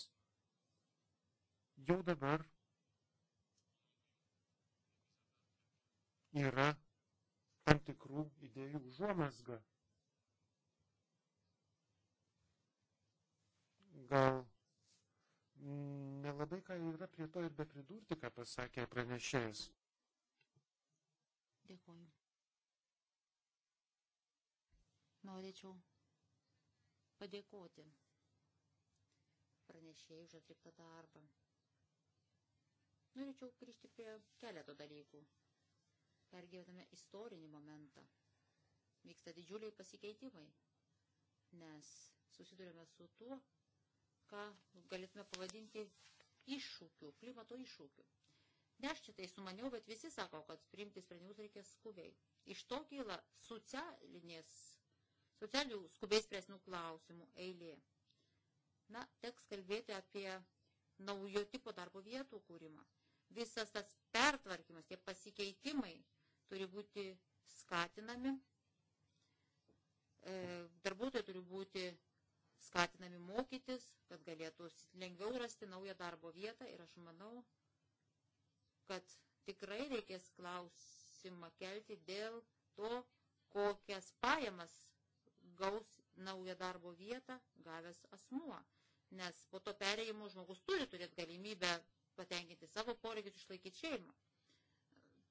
Jau dabar yra tam tikrų idėjų užuomasga. Gal nelabai ką yra prie to ir be pridurti, ką pasakė pranešėjas. Dėkuoju. Norėčiau padėkoti pranešėjai už atliktą darbą. Norėčiau grįžti prie keleto dalykų. Pergyvename istorinį momentą. Vyksta didžiuliai pasikeitimai, nes susidurime su tuo, ką galėtume pavadinti iššūkiu, klimato iššūkiu. Ne aš šitai sumaniau, bet visi sako, kad priimti sprendimus reikia skubiai. Iš to kyla socialinės Socialinių skubiai spręsnių klausimų eilė. Na, teks kalbėti apie naujo tipo darbo vietų kūrimą. Visas tas pertvarkymas, tie pasikeitimai turi būti skatinami. E, darbuotojai turi būti skatinami mokytis, kad galėtų lengviau rasti naują darbo vietą ir aš manau, kad tikrai reikės klausimą kelti dėl to, kokias pajamas gaus naują darbo vietą gavęs asmuo. Nes po to perėjimo žmogus turi turėti galimybę patenkinti savo poreikius, išlaikyti šeimą.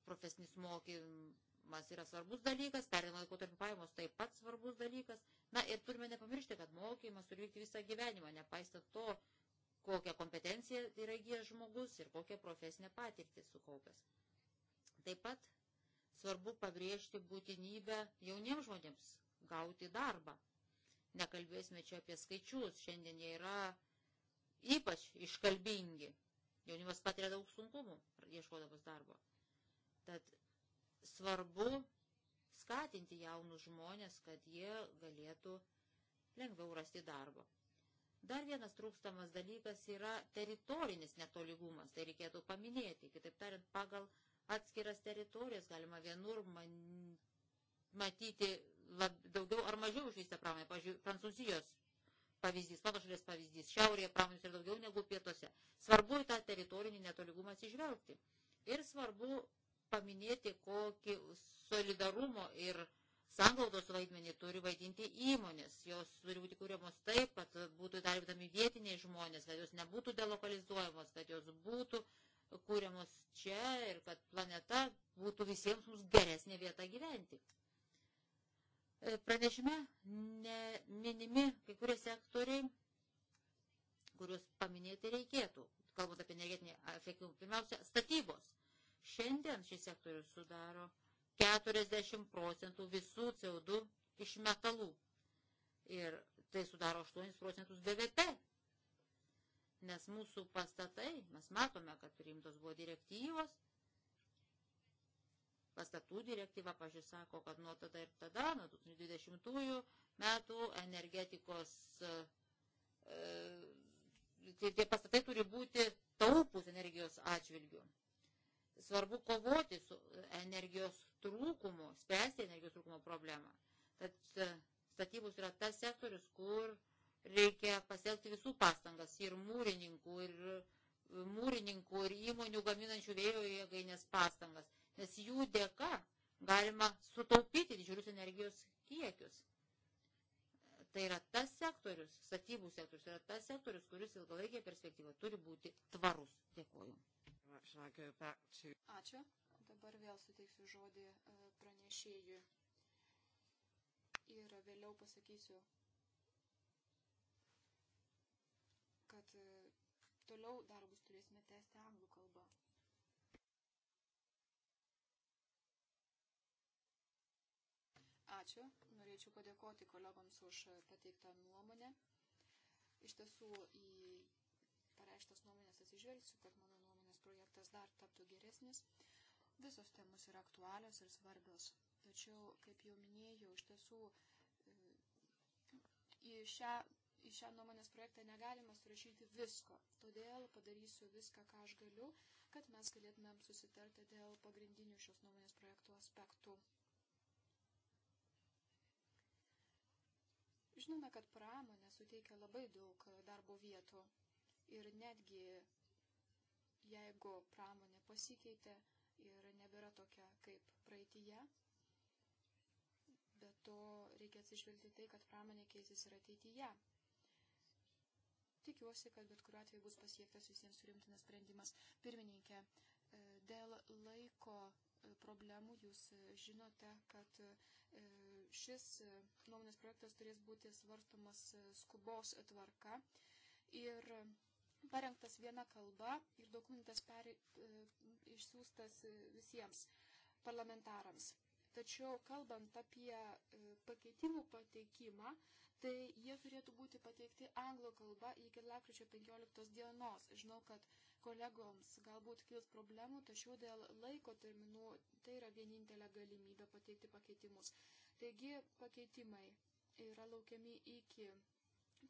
Profesinis mokymas yra svarbus dalykas, perėjimo laikotarpio pajamos taip pat svarbus dalykas. Na ir turime nepamiršti, kad mokymas turi vykti visą gyvenimą, nepaisant to, kokią kompetenciją yra įgyjęs žmogus ir kokią profesinę patirtį sukaupęs. Taip pat svarbu pabrėžti būtinybę jauniems žmonėms gauti darbą. Nekalbėsime čia apie skaičius, šiandien jie yra ypač iškalbingi. Jaunimas patiria daug sunkumų ieškodamas darbo. Tad svarbu skatinti jaunus žmonės, kad jie galėtų lengviau rasti darbo. Dar vienas trūkstamas dalykas yra teritorinis netolygumas, tai reikėtų paminėti. Kitaip tariant, pagal atskiras teritorijas galima vienur man, matyti lab, daugiau ar mažiau išvystę pramonę. Pavyzdžiui, Prancūzijos pavyzdys, mano šalies pavyzdys, šiaurėje pramonės yra daugiau negu pietuose. Svarbu į tą teritorinį netoligumą atsižvelgti. Ir svarbu paminėti, kokį solidarumo ir sanglaudos vaidmenį turi vaidinti įmonės. Jos turi būti kūriamos taip, kad būtų įdarbinami vietiniai žmonės, kad jos nebūtų delokalizuojamos, kad jos būtų kūriamos čia ir kad planeta būtų visiems mums geresnė vieta gyventi. E, pranešime minimi kai kurie sektoriai, kuriuos paminėti reikėtų, kalbant apie energetinį efektyvumą. Pirmiausia, statybos. Šiandien šis sektorius sudaro 40 procentų visų CO2 iš metalų. Ir tai sudaro 8 procentus BVP. Nes mūsų pastatai, mes matome, kad priimtos buvo direktyvos, Pastatų direktyva, pažiūrėjau, sako, kad nuo tada ir tada, nuo 2020 metų energetikos, e, e, tie, tie pastatai turi būti taupus energijos atžvilgių. Svarbu kovoti su energijos trūkumu, spręsti energijos trūkumo problemą. Tad e, statybus yra tas sektorius, kur reikia pasielgti visų pastangas ir mūrininkų, ir e, mūrininkų, ir įmonių gaminančių vėjo jėgainės pastangas nes jų dėka galima sutaupyti didžiulius energijos kiekius. Tai yra tas sektorius, statybų sektorius, tai yra tas sektorius, kuris ilgalaikėje perspektyvoje turi būti tvarus. Dėkuoju. Ačiū. Dabar vėl suteiksiu žodį e, pranešėjui. Ir vėliau pasakysiu, kad e, toliau darbus turėsime tęsti anglų. Ačiū. Norėčiau padėkoti kolegoms už pateiktą nuomonę. Iš tiesų į pareištas nuomonės atsižvelgsiu, kad mano nuomonės projektas dar taptų geresnis. Visos temos yra aktualios ir svarbios. Tačiau, kaip jau minėjau, iš tiesų į šią, į šią nuomonės projektą negalima surašyti visko. Todėl padarysiu viską, ką aš galiu, kad mes galėtumėm susitarti dėl pagrindinių šios nuomonės projektų aspektų. Žinome, kad pramonė suteikia labai daug darbo vietų ir netgi jeigu pramonė pasikeitė ir nebėra tokia kaip praeitie, bet to reikia atsižvelgti tai, kad pramonė keisis ir ateityje. Tikiuosi, kad bet kuriuo atveju bus pasiektas visiems surimtinas sprendimas. Pirmininkė, e, dėl laiko e, problemų jūs e, žinote, kad šis e, nuomonės projektas turės būti svarstomas e, skubos tvarka ir e, parengtas viena kalba ir dokumentas per, išsiųstas visiems parlamentarams. Tačiau kalbant apie pakeitimų pateikimą, tai jie turėtų būti pateikti anglų kalba iki lapkričio 15 dienos. Žinau, kad kolegoms galbūt kils problemų, tačiau dėl laiko terminų tai yra vienintelė galimybė pateikti pakeitimus. Taigi pakeitimai yra laukiami iki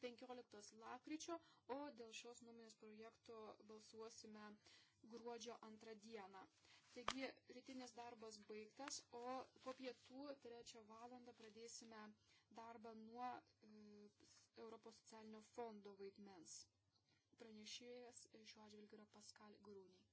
15 lakryčio, o dėl šios nuomonės projekto balsuosime gruodžio antrą dieną. Taigi rytinis darbas baigtas, o po pietų trečią valandą pradėsime darbą nuo e, Europos socialinio fondo vaidmens pranešėjas šiuo atžvilgiu yra Paskal Grūniai.